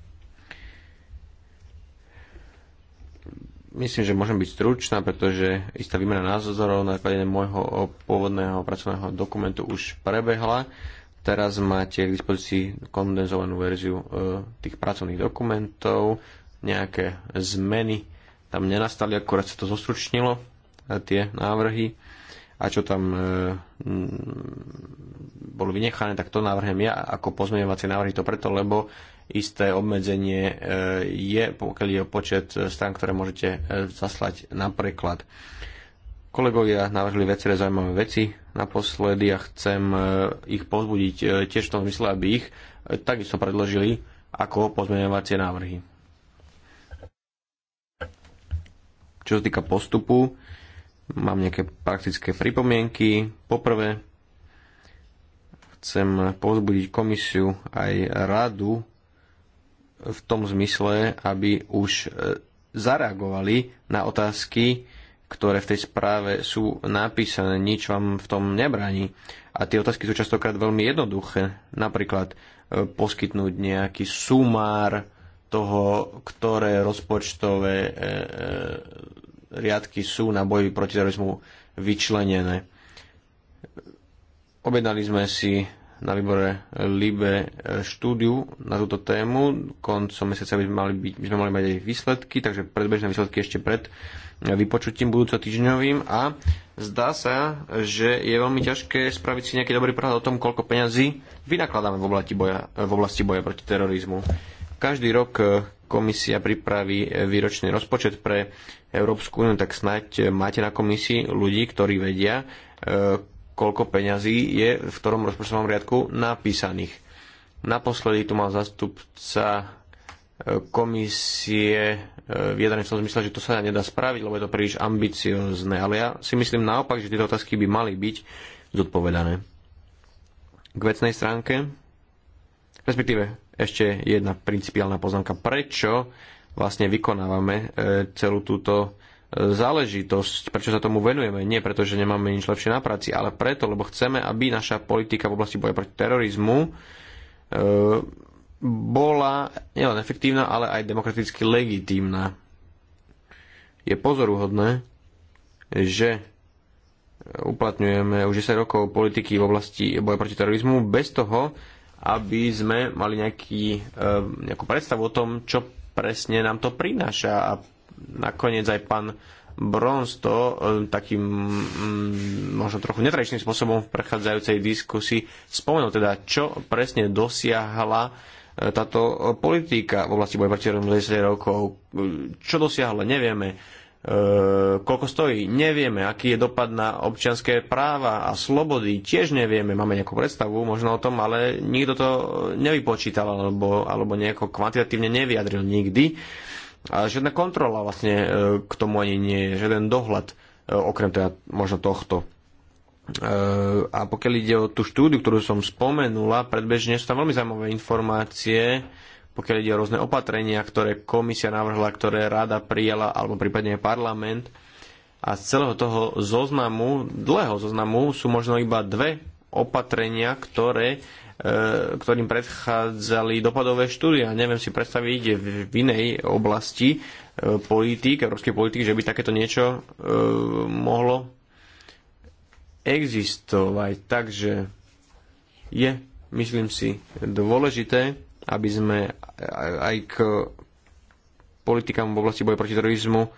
Myslím, že môžem byť stručná, pretože istá výmena názorov na základe môjho pôvodného pracovného dokumentu už prebehla. Teraz máte k dispozícii kondenzovanú verziu e, tých pracovných dokumentov, nejaké zmeny tam nenastali, akorát sa to zostručnilo, e, tie návrhy a čo tam e, bolo vynechané, tak to návrhem ja ako pozmeňovacie návrhy. To preto, lebo isté obmedzenie e, je, pokiaľ je počet strán, ktoré môžete e, zaslať na preklad. Kolegovia navrhli viaceré zaujímavé veci naposledy a chcem e, ich pozbudiť e, tiež v tom zmysle, aby ich e, takisto predložili ako pozmeňovacie návrhy. Čo sa týka postupu, mám nejaké praktické pripomienky. Poprvé, chcem povzbudiť komisiu aj radu v tom zmysle, aby už e, zareagovali na otázky, ktoré v tej správe sú napísané. Nič vám v tom nebráni. A tie otázky sú častokrát veľmi jednoduché. Napríklad e, poskytnúť nejaký sumár toho, ktoré rozpočtové e, e, riadky sú na boji proti terorizmu vyčlenené. Objednali sme si na výbore LIBE e, štúdiu na túto tému. Koncom mesiaca by sme mali, byť, by sme mali mať aj výsledky, takže predbežné výsledky ešte pred vypočutím budúco týždňovým a zdá sa, že je veľmi ťažké spraviť si nejaký dobrý prehľad o tom, koľko peňazí vynakladáme v oblasti boja, v oblasti boja proti terorizmu každý rok e, komisia pripraví e, výročný rozpočet pre Európsku úniu, tak snáď e, máte na komisii ľudí, ktorí vedia, koľko peňazí je v ktorom rozpočtovom riadku napísaných. Naposledy tu mal zastupca komisie vyjadrenie v tom zmysle, že to sa nedá spraviť, lebo je to príliš ambiciozne. Ale ja si myslím naopak, že tieto otázky by mali byť zodpovedané. K vecnej stránke, respektíve ešte jedna principiálna poznámka. Prečo vlastne vykonávame e, celú túto e, záležitosť, prečo sa tomu venujeme. Nie preto, že nemáme nič lepšie na práci, ale preto, lebo chceme, aby naša politika v oblasti boja proti terorizmu e, bola nielen efektívna, ale aj demokraticky legitímna. Je pozoruhodné, že uplatňujeme už 10 rokov politiky v oblasti boja proti terorizmu bez toho, aby sme mali nejaký, eh, nejakú predstavu o tom, čo presne nám to prináša. A nakoniec aj pán Bronz to eh, takým mm, možno trochu netradičným spôsobom v prechádzajúcej diskusii spomenul, teda čo presne dosiahla eh, táto politika v oblasti boja proti 10 rokov. Čo dosiahla, nevieme E, koľko stojí. Nevieme, aký je dopad na občianské práva a slobody. Tiež nevieme. Máme nejakú predstavu možno o tom, ale nikto to nevypočítal alebo, alebo nejako kvantitatívne nevyjadril nikdy. A žiadna kontrola vlastne e, k tomu ani nie je. Žiaden dohľad e, okrem teda možno tohto a pokiaľ ide o tú štúdiu, ktorú som spomenula, predbežne sú tam veľmi zaujímavé informácie pokiaľ ide o rôzne opatrenia, ktoré komisia navrhla, ktoré rada prijala, alebo prípadne parlament. A z celého toho zoznamu, dlhého zoznamu, sú možno iba dve opatrenia, ktoré, e, ktorým predchádzali dopadové štúdie. A neviem si predstaviť v inej oblasti e, politik, európskej politiky, že by takéto niečo e, mohlo existovať. Takže je, myslím si, dôležité aby sme aj k politikám v oblasti boja proti terorizmu e,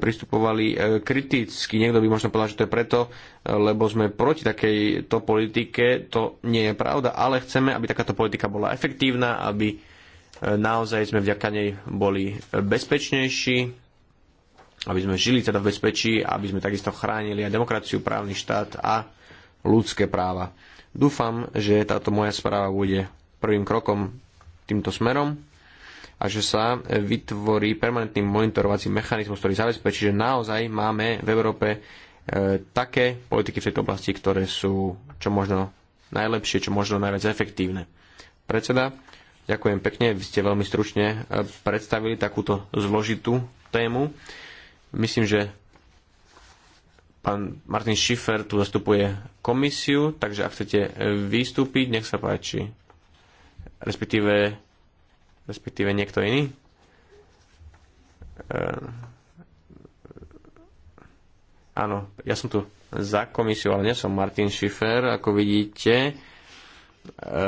pristupovali e, kriticky. Niekto by možno povedal, že to je preto, e, lebo sme proti takejto politike. To nie je pravda, ale chceme, aby takáto politika bola efektívna, aby naozaj sme vďaka nej boli bezpečnejší, aby sme žili teda v bezpečí, aby sme takisto chránili aj demokraciu, právny štát a ľudské práva. Dúfam, že táto moja správa bude prvým krokom týmto smerom a že sa vytvorí permanentný monitorovací mechanizmus, ktorý zabezpečí, že naozaj máme v Európe e, také politiky v tejto oblasti, ktoré sú čo možno najlepšie, čo možno najviac efektívne. Predseda, ďakujem pekne, vy ste veľmi stručne e, predstavili takúto zložitú tému. Myslím, že pán Martin Schiffer tu zastupuje komisiu, takže ak chcete vystúpiť, nech sa páči respektíve, respektíve niekto iný. E, áno, ja som tu za komisiu, ale nie som Martin Schiffer, ako vidíte. E,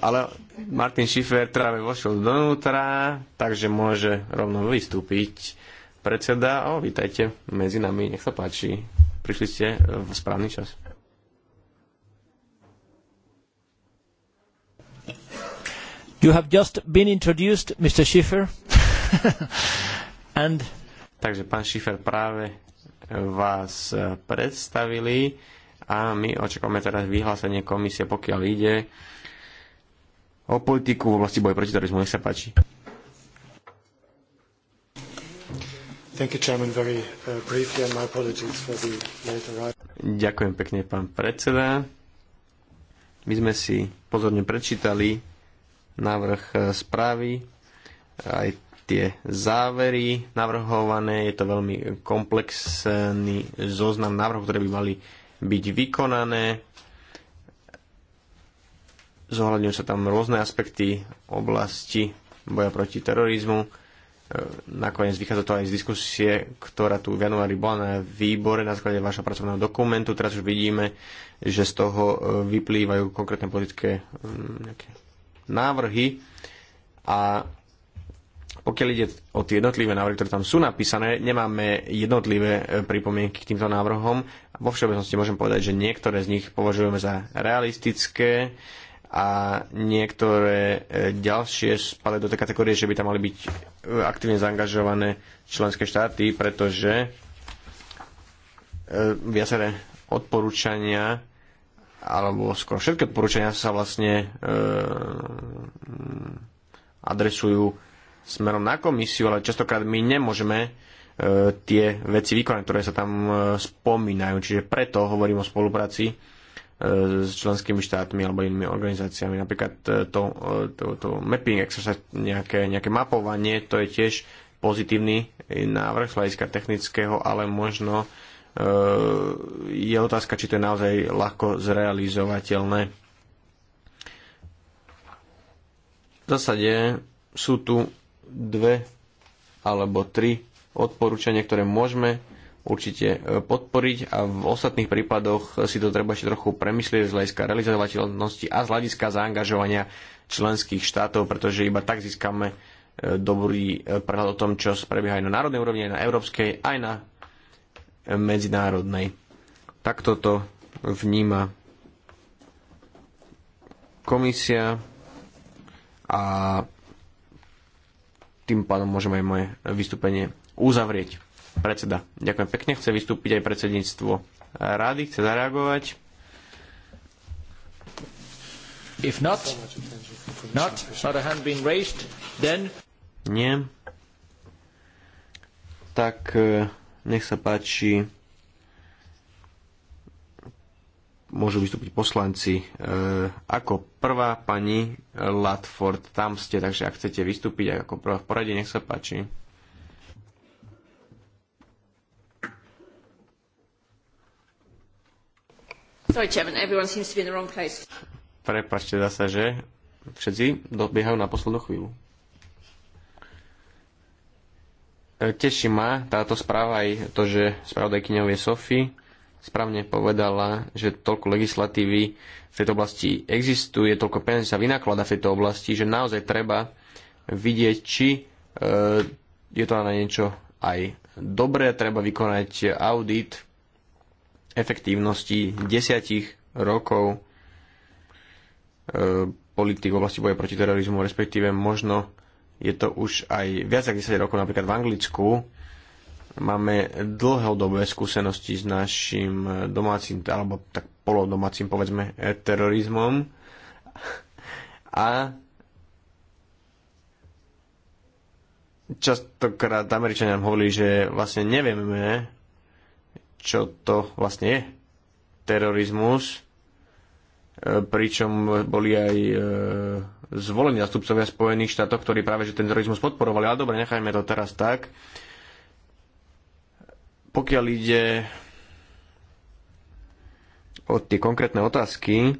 ale Martin Schiffer práve vošiel donútra, takže môže rovno vystúpiť predseda. O, vítajte medzi nami, nech sa páči. Prišli ste v správny čas. You have just been introduced, Mr. Schiffer. And... Takže pán Schiffer práve eh, vás eh, predstavili a my očakávame teraz vyhlásenie komisie, pokiaľ ide o politiku v oblasti boja proti terorizmu. Nech sa páči. Thank you, Chairman, very eh, briefly, and my apologies for the late arrival. Ďakujem pekne, pán predseda. My sme si pozorne prečítali návrh e, správy, aj tie závery navrhované. Je to veľmi komplexný zoznam návrhov, ktoré by mali byť vykonané. Zohľadňujú sa tam rôzne aspekty oblasti boja proti terorizmu. E, nakoniec vychádza to aj z diskusie, ktorá tu v januári bola na výbore na základe vášho pracovného dokumentu. Teraz už vidíme, že z toho e, vyplývajú konkrétne politické nejaké návrhy a pokiaľ ide o tie jednotlivé návrhy, ktoré tam sú napísané, nemáme jednotlivé e, pripomienky k týmto návrhom. Vo všeobecnosti môžem povedať, že niektoré z nich považujeme za realistické a niektoré e, ďalšie spadajú do tej kategórie, že by tam mali byť e, aktívne zaangažované členské štáty, pretože viaceré odporúčania alebo skoro všetky odporúčania sa vlastne e, adresujú smerom na komisiu, ale častokrát my nemôžeme e, tie veci vykonať, ktoré sa tam e, spomínajú. Čiže preto hovorím o spolupráci e, s členskými štátmi alebo inými organizáciami. Napríklad e, to, e, to, to mapping sa nejaké, nejaké mapovanie, to je tiež pozitívny návrh z hľadiska technického, ale možno e, Eh, je otázka, či to je naozaj ľahko zrealizovateľné. V zásade sú tu dve alebo tri odporúčania, ktoré môžeme určite eh, podporiť a v ostatných prípadoch si to treba ešte trochu premyslieť z hľadiska realizovateľnosti a z hľadiska zaangažovania členských štátov, pretože iba tak získame eh, dobrý prehľad o tom, čo prebieha aj na národnej úrovni, aj na európskej, aj na medzinárodnej. Takto to vníma komisia a tým pádom môžeme aj moje vystúpenie uzavrieť. Predseda, ďakujem pekne. Chce vystúpiť aj predsedníctvo rady, chce zareagovať. If not, not, not a hand being raised, then... Nie. Tak eh, nech sa páči, môžu vystúpiť poslanci. E, ako prvá pani Latford, tam ste, takže ak chcete vystúpiť ako prvá v poradí, nech sa páči. Sorry, Chairman, everyone seems to be in the wrong place. Prepačte zase, že všetci dobiehajú na poslednú chvíľu. E, teší ma táto správa aj to, že spravodajkyňou je Sofie. Správne povedala, že toľko legislatívy v tejto oblasti existuje, toľko peniazí sa vynaklada v tejto oblasti, že naozaj treba vidieť, či e, je to na niečo aj dobré. Treba vykonať audit efektívnosti desiatich rokov e, politik v oblasti boja proti terorizmu, respektíve možno je to už aj viac ako 10 rokov, napríklad v Anglicku máme dlhodobé skúsenosti s našim domácim, alebo tak polodomácim, povedzme, eh, terorizmom. A častokrát Američania nám hovorili, že vlastne nevieme, čo to vlastne je terorizmus, eh, pričom boli aj eh, zvolení zastupcovia Spojených štátov, ktorí práve že ten terorizmus podporovali. Ale dobre, nechajme to teraz tak. Pokiaľ ide o tie konkrétne otázky,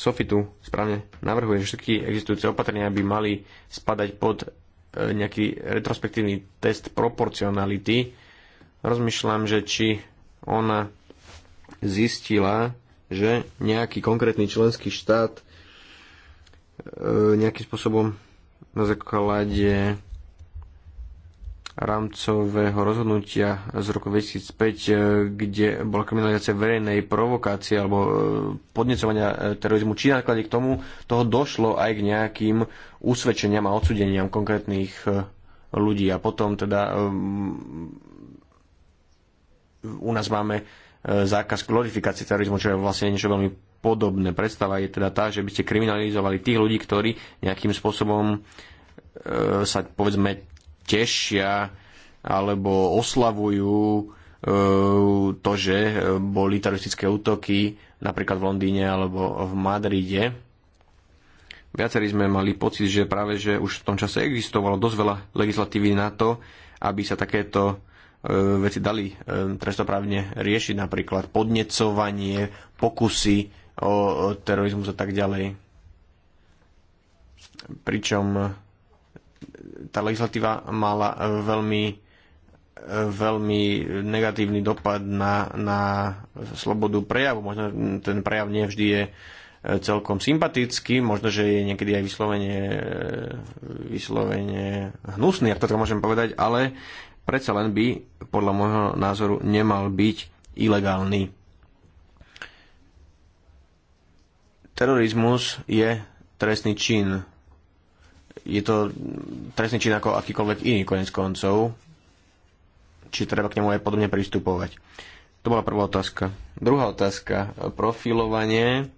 tu správne navrhuje, že všetky existujúce opatrenia by mali spadať pod e, nejaký retrospektívny test proporcionality. Rozmýšľam, že či ona zistila, že nejaký konkrétny členský štát E, nejakým spôsobom na základe rámcového rozhodnutia z roku 2005, e, kde bola kriminalizácia verejnej provokácie alebo e, podnecovania terorizmu, či náklade k tomu toho došlo aj k nejakým usvedčeniam a odsudeniam konkrétnych ľudí. A potom teda um, u nás máme zákaz glorifikácie terorizmu, čo je vlastne niečo veľmi podobné. Predstava je teda tá, že by ste kriminalizovali tých ľudí, ktorí nejakým spôsobom e, sa povedzme tešia alebo oslavujú e, to, že boli teroristické útoky napríklad v Londýne alebo v Madride. Viacerí sme mali pocit, že práve že už v tom čase existovalo dosť veľa legislatívy na to, aby sa takéto e, veci dali e, trestoprávne riešiť, napríklad podnecovanie, pokusy o terorizmus a tak ďalej. Pričom e, tá legislatíva mala veľmi veľmi negatívny dopad na, na slobodu prejavu. Možno ten prejav nevždy je e, celkom sympatický, možno, že je niekedy aj vyslovene, e, vyslovene hnusný, ak to tak môžem povedať, ale predsa len by, podľa môjho názoru, nemal byť ilegálny. Terorizmus je trestný čin. Je to trestný čin ako akýkoľvek iný, konec koncov. Či treba k nemu aj podobne pristupovať. To bola prvá otázka. Druhá otázka. Profilovanie.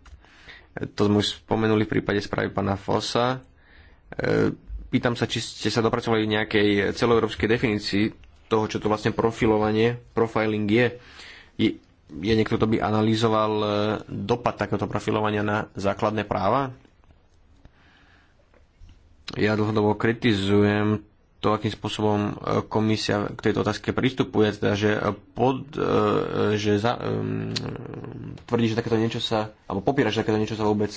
To sme už spomenuli v prípade správy pána Fosa. E, pýtam sa, či ste sa dopracovali v nejakej celoeurópskej definícii toho, čo to vlastne profilovanie, profiling je je niekto, kto by analyzoval e, dopad takéhoto profilovania na základné práva? Ja dlhodobo kritizujem to, akým spôsobom e, komisia k tejto otázke pristupuje, teda, že, e, pod, že za, tvrdí, že takéto niečo sa, alebo popiera, že takéto niečo sa vôbec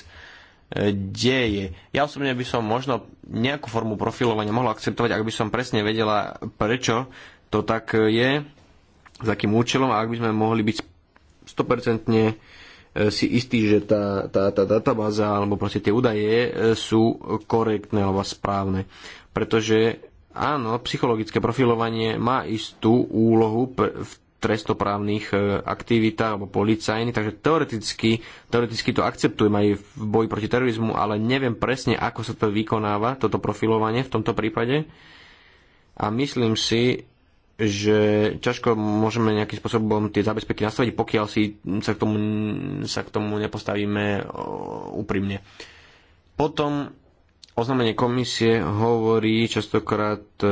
deje. Ja osobne by som možno nejakú formu profilovania mohla akceptovať, ak by som presne vedela, prečo to tak je, Za akým účelom a ak by sme mohli byť 100% e, si istý, že tá, tá, tá databáza alebo proste tie údaje e, sú korektné alebo správne. Pretože áno, psychologické profilovanie má istú úlohu v trestoprávnych e, aktivitách alebo policajných, takže teoreticky, teoreticky to akceptujem aj v boji proti terorizmu, ale neviem presne, ako sa to vykonáva, toto profilovanie v tomto prípade. A myslím si, že ťažko môžeme nejakým spôsobom tie zábezpeky nastaviť, pokiaľ si sa k tomu, sa k tomu nepostavíme úprimne. Potom oznámenie komisie hovorí častokrát e,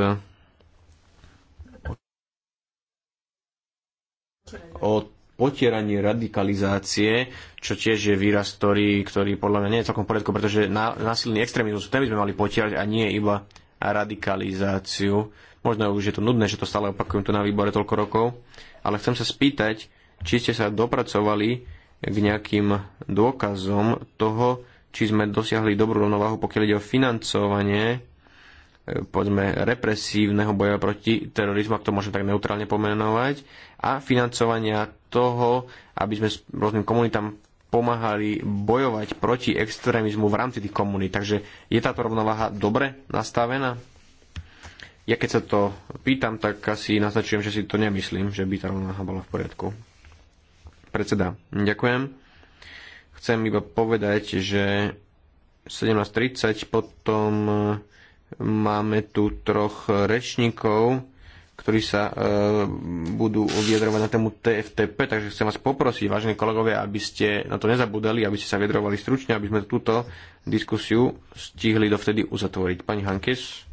o potieraní radikalizácie, čo tiež je výraz, ktorý, ktorý podľa mňa nie je celkom poriadku, pretože násilný extrémizmus, ten by sme mali potierať a nie iba radikalizáciu Možno už je to nudné, že to stále opakujem tu na výbore toľko rokov, ale chcem sa spýtať, či ste sa dopracovali k nejakým dôkazom toho, či sme dosiahli dobrú rovnováhu, pokiaľ ide o financovanie e, povedzme, represívneho boja proti terorizmu, ak to môžem tak neutrálne pomenovať, a financovania toho, aby sme rôznym komunitám pomáhali bojovať proti extrémizmu v rámci tých komunít. Takže je táto rovnováha dobre nastavená? Ja keď sa to pýtam, tak asi naznačujem, že si to nemyslím, že by tá rovnováha bola v poriadku. Predseda, ďakujem. Chcem iba povedať, že 17.30 potom e, máme tu troch rečníkov, ktorí sa e, budú vyjadrovať na tému TFTP, takže chcem vás poprosiť, vážení kolegovia, aby ste na to nezabudali, aby ste sa vyjadrovali stručne, aby sme túto diskusiu stihli dovtedy uzatvoriť. Pani Hankis.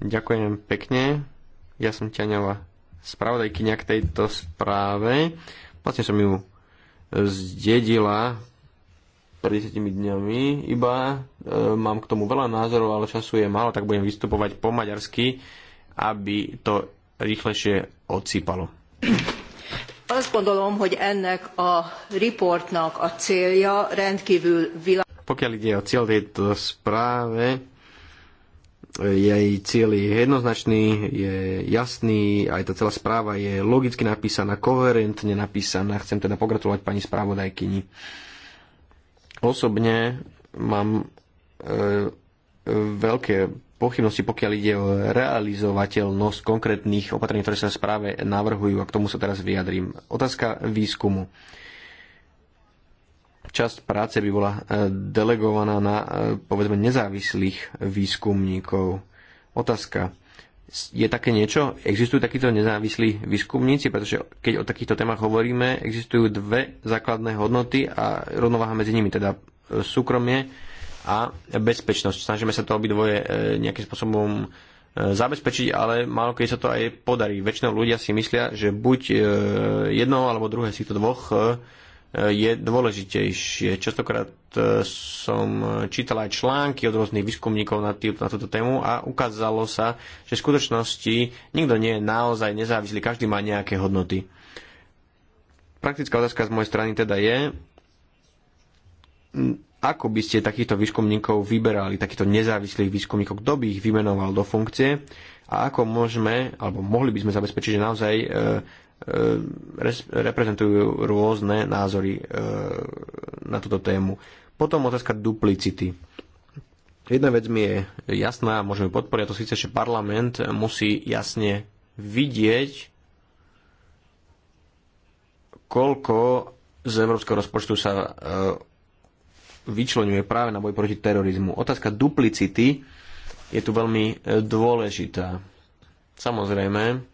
Ďakujem pekne. Ja som ťaňová spravodajkyňa k tejto správe. Vlastne som ju zdedila pred 10 dňami. Iba e, mám k tomu veľa názorov, ale času je málo, tak budem vystupovať po maďarsky, aby to rýchlejšie odsýpalo. Azt gondolom, hogy ennek a riportnak a célja rendkívül világ... Pokiaľ ide o cieľ tejto správe, jej cieľ je jednoznačný, je jasný, aj tá celá správa je logicky napísaná, koherentne napísaná. Chcem teda pogratulovať pani správodajkyni. Osobne mám e, e veľké pochybnosti, pokiaľ ide o realizovateľnosť konkrétnych opatrení, ktoré sa v správe navrhujú a k tomu sa teraz vyjadrím. Otázka výskumu. E, časť práce by bola e, delegovaná na e, povedzme nezávislých výskumníkov. Otázka. Je také niečo? Existujú takíto nezávislí výskumníci? Pretože keď o takýchto témach hovoríme, existujú dve základné hodnoty a rovnováha medzi nimi, teda e, súkromie a bezpečnosť. Snažíme sa to obidvoje nejakým spôsobom zabezpečiť, ale málo keď sa to aj podarí. Väčšinou ľudia si myslia, že buď jedno alebo druhé z týchto dvoch je dôležitejšie. Častokrát e, som čítal aj články od rôznych výskumníkov na, na túto tému a ukázalo sa, že v skutočnosti nikto nie je naozaj nezávislý, každý má nejaké hodnoty. Praktická otázka z mojej strany teda je, ako by ste takýchto výskumníkov vyberali, takýchto nezávislých výskumníkov, kto by ich vymenoval do funkcie a ako môžeme, alebo mohli by sme zabezpečiť, že naozaj e, E, reprezentujú rôzne názory e, na túto tému. Potom otázka duplicity. Jedna vec mi je jasná, môžeme podporiť, a to síce, že parlament musí jasne vidieť, koľko z európskeho rozpočtu sa e, vyčlenuje práve na boj proti terorizmu. Otázka duplicity je tu veľmi dôležitá. Samozrejme,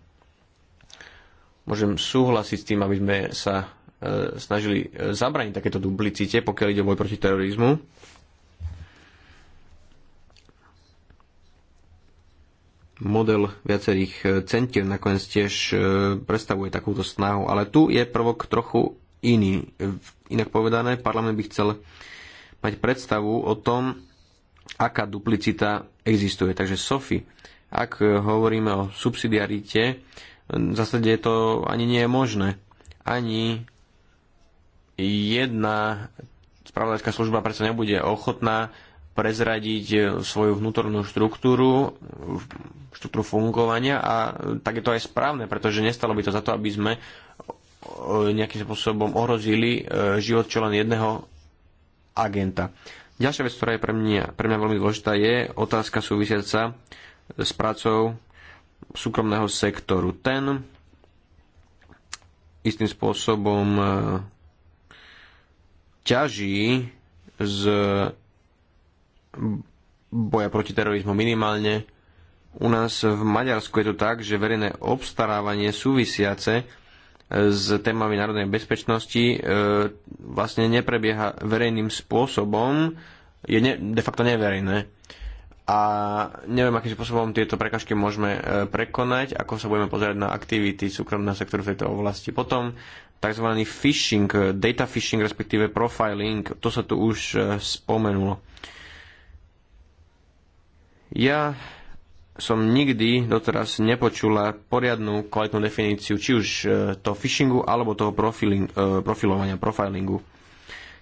Môžem súhlasiť s tým, aby sme sa e, snažili e, zabraniť takéto duplicite, pokiaľ ide o boj proti terorizmu. Model viacerých e, centier nakoniec tiež e, predstavuje takúto snahu, ale tu je prvok trochu iný. E, inak povedané, parlament by chcel mať predstavu o tom, aká duplicita existuje. Takže Sofi, ak hovoríme o subsidiarite, v zásade to ani nie je možné. Ani jedna spravodajská služba predsa nebude ochotná prezradiť eh, svoju vnútornú štruktúru, štruktúru fungovania a tak je to aj správne, pretože nestalo by to za to, aby sme eh, nejakým spôsobom ohrozili eh, život čo len jedného agenta. Ďalšia vec, ktorá je pre mňa, pre mňa veľmi dôležitá, je otázka súvisiaca s prácou súkromného sektoru. Ten istým spôsobom e, ťaží z boja proti terorizmu minimálne. U nás v Maďarsku je to tak, že verejné obstarávanie súvisiace s témami národnej bezpečnosti e, vlastne neprebieha verejným spôsobom, je ne, de facto neverejné a neviem, akým spôsobom tieto prekažky môžeme e, prekonať, ako sa budeme pozerať na aktivity súkromného sektoru v tejto oblasti. Potom tzv. phishing, data phishing, respektíve profiling, to sa tu už e, spomenulo. Ja som nikdy doteraz nepočula poriadnu kvalitnú definíciu či už e, toho phishingu alebo toho profiling, profilovania, profilingu.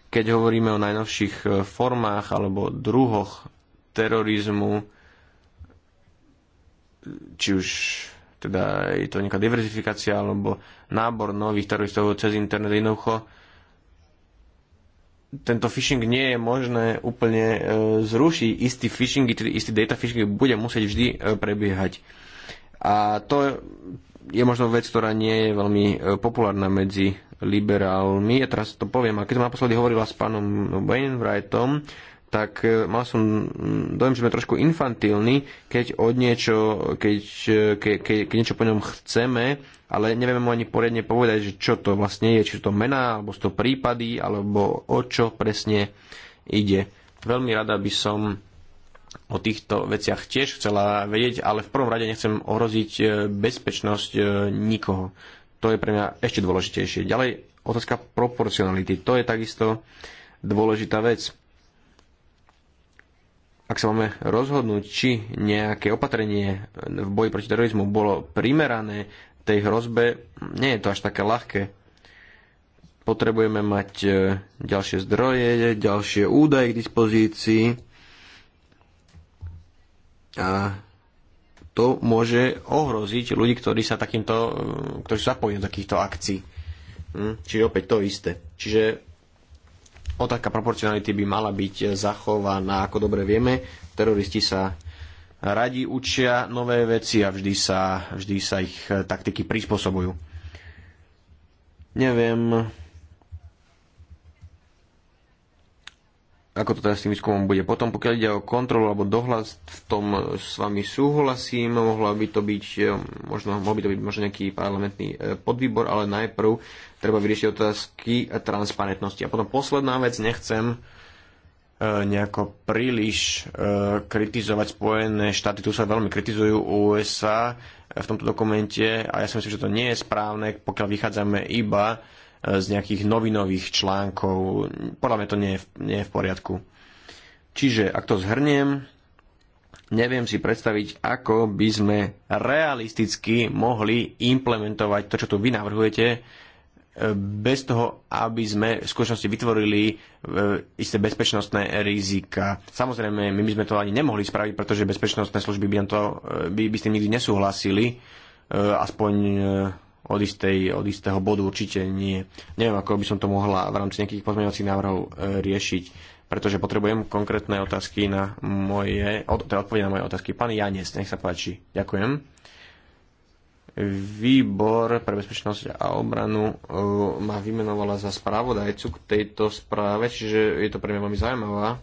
Keď hovoríme o najnovších formách alebo druhoch terorizmu, či už teda je to nejaká diverzifikácia alebo nábor nových teroristov cez internet. Jednoducho tento phishing nie je možné úplne e, zrušiť. Istý phishing, istý data phishing bude musieť vždy e, prebiehať. A to je možno vec, ktorá nie je veľmi e, populárna medzi liberálmi. Ja teraz to poviem. A keď som naposledy hovorila s pánom Wainwrightom, tak e, mal som mm, dojem, že sme trošku infantilní, keď od niečo, keď, e, ke, ke, keď niečo po ňom chceme, ale nevieme mu ani poriadne povedať, že čo to vlastne je, či to mená, alebo sú to prípady, alebo o čo presne ide. Veľmi rada by som o týchto veciach tiež chcela vedieť, ale v prvom rade nechcem ohroziť e, bezpečnosť nikoho. To je pre mňa ešte dôležitejšie. Ďalej otázka proporcionality. To je takisto dôležitá vec ak sa máme rozhodnúť, či nejaké opatrenie v boji proti terorizmu bolo primerané tej hrozbe, nie je to až také ľahké. Potrebujeme mať e, ďalšie zdroje, ďalšie údaje k dispozícii a to môže ohroziť ľudí, ktorí sa takýmto, e, ktorí sa zapojí do takýchto akcií. Hm? Čiže opäť to isté. Čiže otázka proporcionality by mala byť eh, zachovaná, ako dobre vieme. Teroristi sa radi učia nové veci a vždy sa, vždy sa ich eh, taktiky prispôsobujú. Neviem, ako to teraz s tým výskumom bude. Potom, pokiaľ ide o kontrolu alebo dohľad, v tom e, s vami súhlasím, mohlo by to byť, e, možno, mohol by to byť možno nejaký parlamentný e, podvýbor, ale najprv treba vyriešiť otázky transparentnosti. A potom posledná vec, nechcem nejako príliš kritizovať Spojené štáty, tu sa veľmi kritizujú USA v tomto dokumente a ja si myslím, že to nie je správne, pokiaľ vychádzame iba z nejakých novinových článkov. Podľa mňa to nie je, nie je v poriadku. Čiže, ak to zhrniem, neviem si predstaviť, ako by sme realisticky mohli implementovať to, čo tu vy navrhujete, e, bez toho, aby sme v skutočnosti vytvorili e, isté bezpečnostné rizika. Samozrejme, my by sme to ani nemohli spraviť, pretože bezpečnostné služby by, to, e, by, by s tým nikdy nesúhlasili, aspoň od, istej, od istého bodu určite nie. Neviem, ako by som to mohla v rámci nejakých pozmeňovacích návrhov e, riešiť, pretože potrebujem konkrétne otázky na moje, od, teda odpovede na moje otázky. Pán Janes, nech sa páči. Ďakujem. Výbor pre bezpečnosť a obranu e, ma vymenovala za správodajcu k tejto správe, čiže je to pre mňa veľmi zaujímavá e,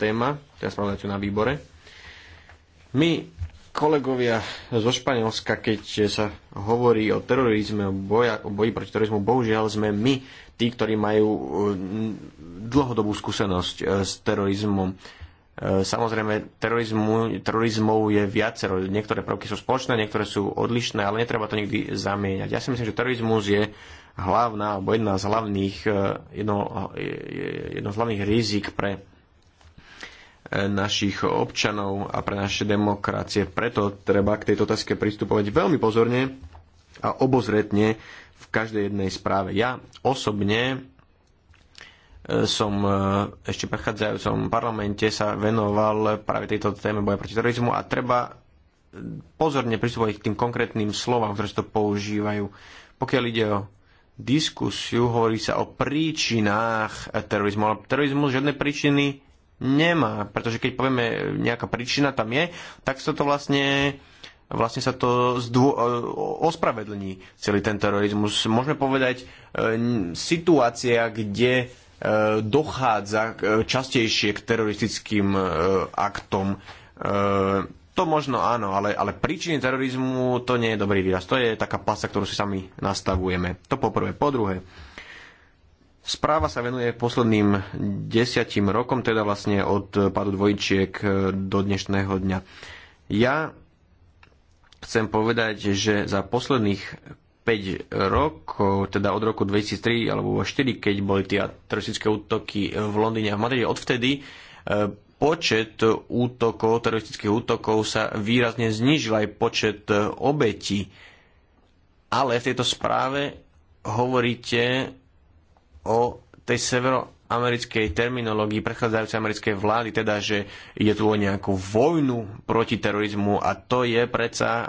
téma, teda správodajcu na výbore. My kolegovia zo Španielska, keď sa hovorí o terorizme, o, boja, o boji proti terorizmu, bohužiaľ sme my tí, ktorí majú eh, dlhodobú skúsenosť eh, s terorizmom. Eh, samozrejme, terorizmu, terorizmov je viacero. Niektoré prvky sú spoločné, niektoré sú odlišné, ale netreba to nikdy zamieňať. Ja si myslím, že terorizmus je hlavná, alebo jedna z hlavných, jedno, jedno z hlavných rizik pre našich občanov a pre naše demokracie. Preto treba k tejto otázke pristupovať veľmi pozorne a obozretne v každej jednej správe. Ja osobne e, som e, ešte predchádzajúcom parlamente sa venoval práve tejto téme boja proti terorizmu a treba pozorne pristupovať k tým konkrétnym slovám, ktoré sa to používajú. Pokiaľ ide o diskusiu, hovorí sa o príčinách terorizmu, ale terorizmus žiadne príčiny nemá. Pretože keď povieme, e, nejaká príčina tam je, tak sa to vlastne vlastne sa to zdô, e, ospravedlní celý ten terorizmus. Môžeme povedať, e, situácia, kde dochádza častejšie k teroristickým aktom, to možno áno, ale, ale príčiny terorizmu to nie je dobrý výraz. To je taká pasa, ktorú si sami nastavujeme. To po prvé. Po druhé, Správa sa venuje posledným desiatim rokom, teda vlastne od pádu dvojčiek do dnešného dňa. Ja chcem povedať, že za posledných 5 rokov, teda od roku 2003 alebo 2004, keď boli tie teroristické útoky v Londýne a v Madride, odvtedy e, počet útokov, teroristických útokov sa výrazne znižil aj počet e, obetí. Ale v tejto správe hovoríte o tej severoamerickej terminológii prechádzajúcej americkej vlády, teda že je tu o nejakú vojnu proti terorizmu a to je predsa e,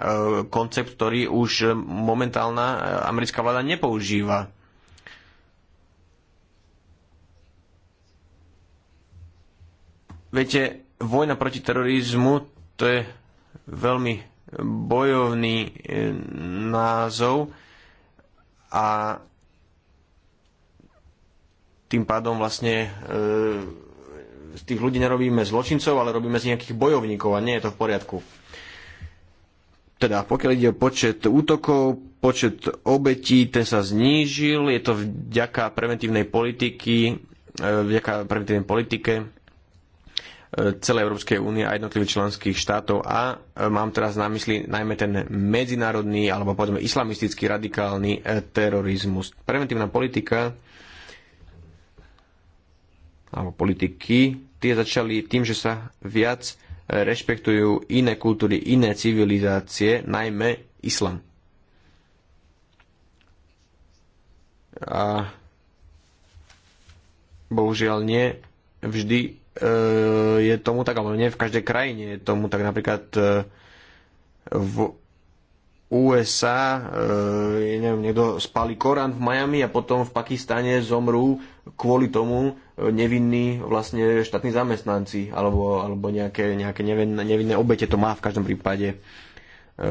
koncept, ktorý už momentálna e, americká vláda nepoužíva. Viete, vojna proti terorizmu to je veľmi bojovný e, názov a tým pádom vlastne z e, tých ľudí nerobíme zločincov, ale robíme z nejakých bojovníkov a nie je to v poriadku. Teda pokiaľ ide o počet útokov, počet obetí, ten sa znížil, je to vďaka preventívnej politiky, e, vďaka preventívnej politike e, celej Európskej únie a jednotlivých členských štátov a mám teraz na mysli najmä ten medzinárodný alebo povedzme islamistický radikálny terorizmus. Preventívna politika alebo politiky, tie začali tým, že sa viac rešpektujú iné kultúry, iné civilizácie, najmä islam. A bohužiaľ nie vždy e, je tomu tak, alebo nie v každej krajine je tomu tak. Napríklad e, v USA, e, neviem, niekto spálí Korán v Miami a potom v Pakistane zomrú kvôli tomu nevinní vlastne štátni zamestnanci alebo, alebo nejaké, nejaké nevinné, nevinné obete to má v každom prípade eh,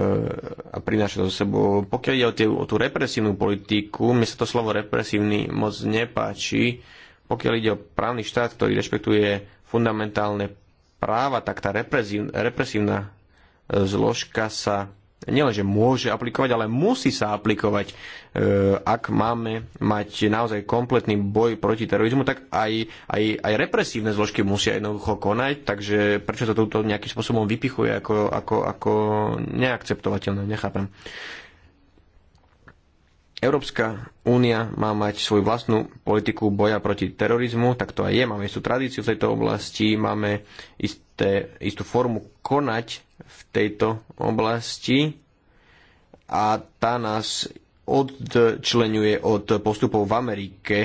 a prináša to sebou. Pokiaľ ide o, tie, o tú represívnu politiku, mi sa to slovo represívny moc nepáči. Pokiaľ ide o právny štát, ktorý rešpektuje fundamentálne práva, tak tá represív, represívna eh, zložka sa nielenže môže aplikovať, ale musí sa aplikovať, e, ak máme mať naozaj kompletný boj proti terorizmu, tak aj, aj, aj represívne zložky musia jednoducho konať, takže prečo sa toto nejakým spôsobom vypichuje ako, ako, ako neakceptovateľné, nechápem. Európska únia má mať svoju vlastnú politiku boja proti terorizmu, tak to aj je. Máme istú tradíciu v tejto oblasti, máme isté, istú formu konať v tejto oblasti a tá nás odčlenuje od postupov v Amerike.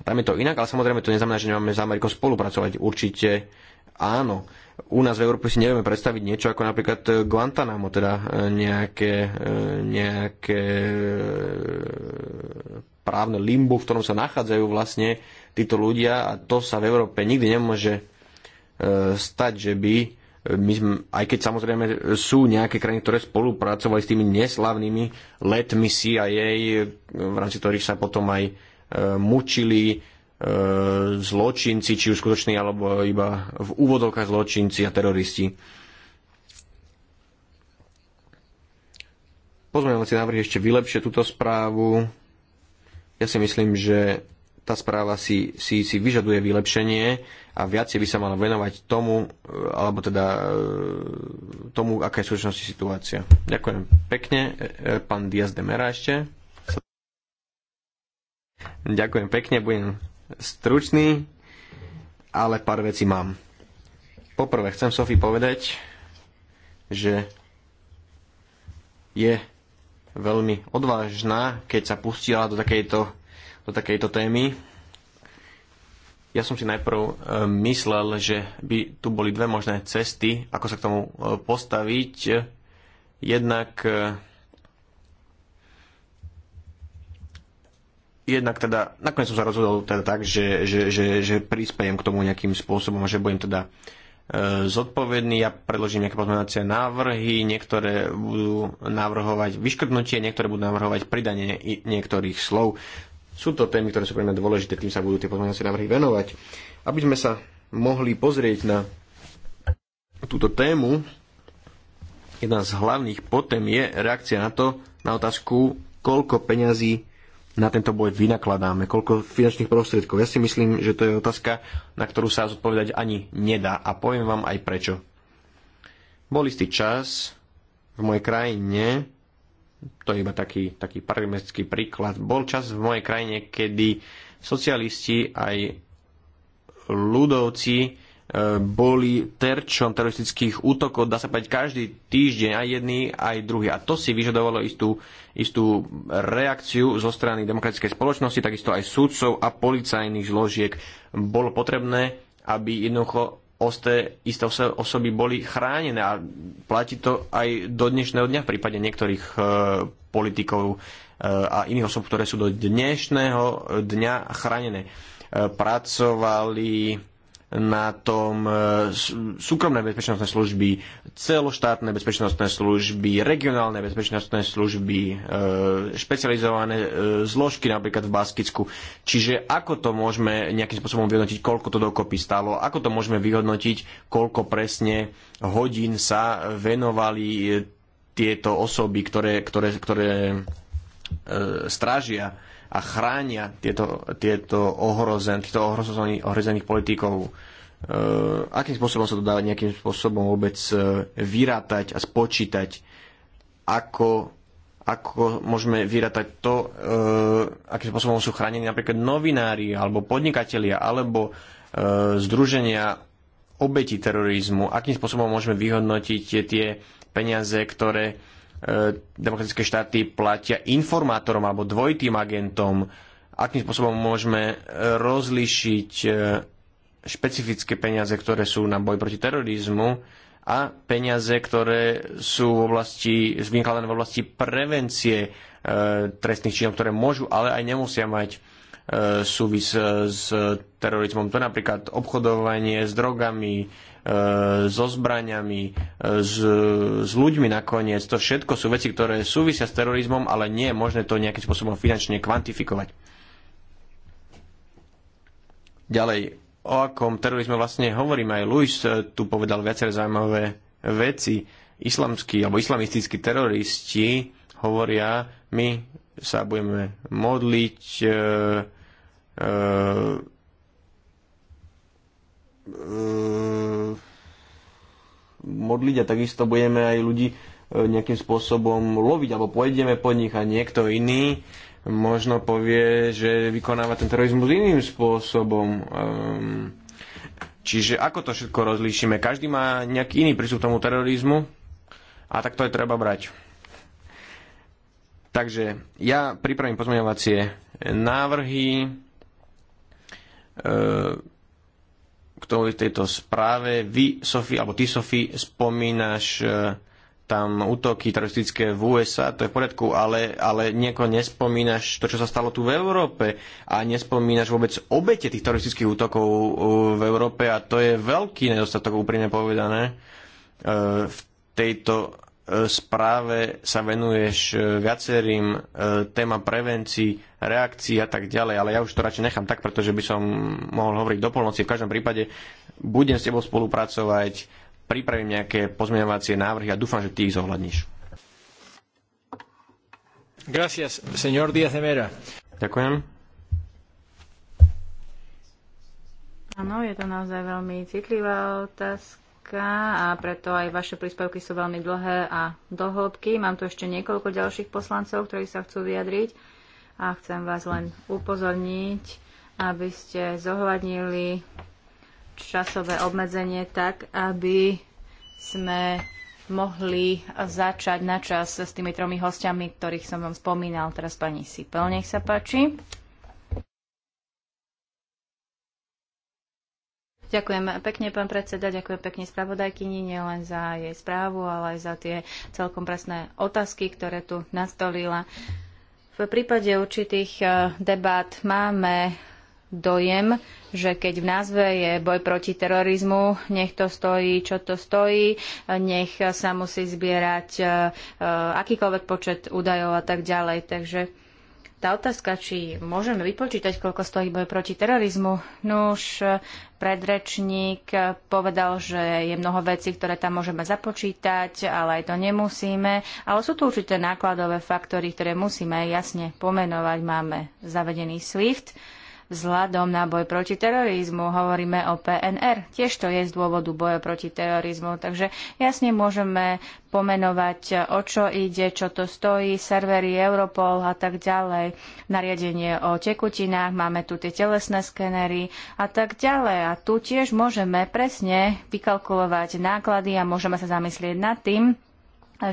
Tam je to inak, ale samozrejme to neznamená, že nemáme s Amerikou spolupracovať. Určite áno. U nás v Európe si nevieme predstaviť niečo ako napríklad Guantanamo, teda e, nejaké, e, nejaké e, právne limbu, v ktorom sa nachádzajú vlastne títo ľudia a to sa v Európe nikdy nemôže stať, že by my, aj keď samozrejme sú nejaké krajiny, ktoré spolupracovali s tými neslavnými letmi CIA, v rámci ktorých sa potom aj e, mučili e, zločinci, či už skutoční alebo iba v úvodovkách zločinci a teroristi. si návrh ešte vylepšie túto správu. Ja si myslím, že tá správa si, si, si vyžaduje vylepšenie a viacej by sa malo venovať tomu, e, alebo teda e, tomu, aká je súčasnosti situácia. Ďakujem pekne. E, pán Diaz de Mera ešte. Ďakujem pekne, budem stručný, ale pár vecí mám. Poprvé, chcem Sofii povedať, že je veľmi odvážna, keď sa pustila do takejto, do takejto témy, ja som si najprv e, myslel, že by tu boli dve možné cesty, ako sa k tomu e, postaviť. Jednak e, jednak teda, nakoniec som sa rozhodol teda tak, že, že, že, že prispejem k tomu nejakým spôsobom, že budem teda e, zodpovedný, ja predložím nejaké pozmeňovacie návrhy, niektoré budú navrhovať vyškrtnutie, niektoré budú navrhovať pridanie niektorých slov. Sú to témy, ktoré sú pre mňa dôležité, tým sa budú tie pozmeňovacie návrhy venovať. Aby sme sa mohli pozrieť na túto tému, jedna z hlavných potem je reakcia na to, na otázku, koľko peňazí na tento boj vynakladáme, koľko finančných prostriedkov. Ja si myslím, že to je otázka, na ktorú sa zodpovedať ani nedá a poviem vám aj prečo. Bol istý čas v mojej krajine, to je iba taký, taký parlamentský príklad. Bol čas v mojej krajine, kedy socialisti aj ľudovci e, boli terčom teroristických útokov, dá sa povedať, každý týždeň, aj jedný, aj druhý. A to si vyžadovalo istú, istú reakciu zo strany demokratickej spoločnosti, takisto aj súdcov a policajných zložiek. Bolo potrebné, aby jednoducho osté, isté osoby boli chránené a platí to aj do dnešného dňa v prípade niektorých uh, politikov uh, a iných osob, ktoré sú do dnešného dňa chránené. Uh, pracovali na tom e, súkromné bezpečnostné služby, celoštátne bezpečnostné služby, regionálne bezpečnostné služby, e, špecializované e, zložky napríklad v Baskicku. Čiže ako to môžeme nejakým spôsobom vyhodnotiť, koľko to dokopy stalo, ako to môžeme vyhodnotiť, koľko presne hodín sa venovali tieto osoby, ktoré, ktoré, ktoré strážia a chránia tieto, tieto ohrozen, týchto ohrozených, ohrozených politikov. Uh, akým spôsobom sa to dá nejakým spôsobom vôbec e, vyrátať a spočítať, ako, ako môžeme vyrátať to, uh, akým spôsobom sú chránení napríklad novinári, alebo podnikatelia, alebo uh, združenia obeti terorizmu, akým spôsobom môžeme vyhodnotiť tie, tie peniaze, ktoré E, demokratické štáty platia informátorom alebo dvojitým agentom, akým spôsobom môžeme e, rozlišiť e, špecifické peniaze, ktoré sú na boj proti terorizmu a peniaze, ktoré sú v oblasti, vynakladané v oblasti prevencie trestných činov, ktoré môžu, ale aj nemusia mať súvis s terorizmom. To je napríklad obchodovanie s drogami, E, so zbraniami, e, s, s ľuďmi nakoniec. To všetko sú veci, ktoré súvisia s terorizmom, ale nie je možné to nejakým spôsobom finančne kvantifikovať. Ďalej, o akom terorizme vlastne hovoríme, aj Luis e, tu povedal viaceré zaujímavé veci. Islamskí alebo islamistickí teroristi hovoria, my sa budeme modliť, e, e, Ehm, modliť a takisto budeme aj ľudí e, nejakým spôsobom loviť alebo pôjdeme po nich a niekto iný možno povie, že vykonáva ten terorizmus iným spôsobom. Ehm, čiže ako to všetko rozlíšime? Každý má nejaký iný prístup k tomu terorizmu a tak to je treba brať. Takže ja pripravím pozmeňovacie návrhy. E k tomu, tejto správe. Vy, Sofi, alebo ty, Sofi, spomínaš e, tam útoky teroristické v USA, to je v poriadku, ale, ale nieko nespomínaš to, čo sa stalo tu v Európe a nespomínaš vôbec obete tých teroristických útokov e, v Európe a to je veľký nedostatok, úprimne povedané, e, v tejto správe sa venuješ e, viacerým e, téma prevencií, reakcií a tak ďalej, ale ja už to radšej nechám tak, pretože by som mohol hovoriť do polnoci. V každom prípade budem s tebou spolupracovať, pripravím nejaké pozmeňovacie návrhy a dúfam, že ty ich zohľadníš. Gracias, señor Díaz de Mera. Ďakujem. Áno, je to naozaj veľmi citlivá otázka otázka a preto aj vaše príspevky sú veľmi dlhé a dohlbky. Mám tu ešte niekoľko ďalších poslancov, ktorí sa chcú vyjadriť a chcem vás len upozorniť, aby ste zohľadnili časové obmedzenie tak, aby sme mohli začať na čas s tými tromi hostiami, ktorých som vám spomínal. Teraz pani Sipel, nech sa páči. Ďakujem pekne, pán predseda, ďakujem pekne spravodajkyni, nielen za jej správu, ale aj za tie celkom presné otázky, ktoré tu nastolila. V prípade určitých e, debát máme dojem, že keď v názve je boj proti terorizmu, nech to stojí, čo to stojí, nech sa musí zbierať e, e, akýkoľvek počet údajov a tak ďalej. Takže tá otázka, či môžeme vypočítať, koľko stojí boj proti terorizmu. No už predrečník povedal, že je mnoho vecí, ktoré tam môžeme započítať, ale aj to nemusíme. Ale sú tu určité nákladové faktory, ktoré musíme jasne pomenovať. Máme zavedený SWIFT, vzhľadom na boj proti terorizmu. Hovoríme o PNR. Tiež to je z dôvodu boja proti terorizmu. Takže jasne môžeme pomenovať, o čo ide, čo to stojí, servery Europol a tak ďalej, nariadenie o tekutinách, máme tu tie telesné skenery a tak ďalej. A tu tiež môžeme presne vykalkulovať náklady a môžeme sa zamyslieť nad tým,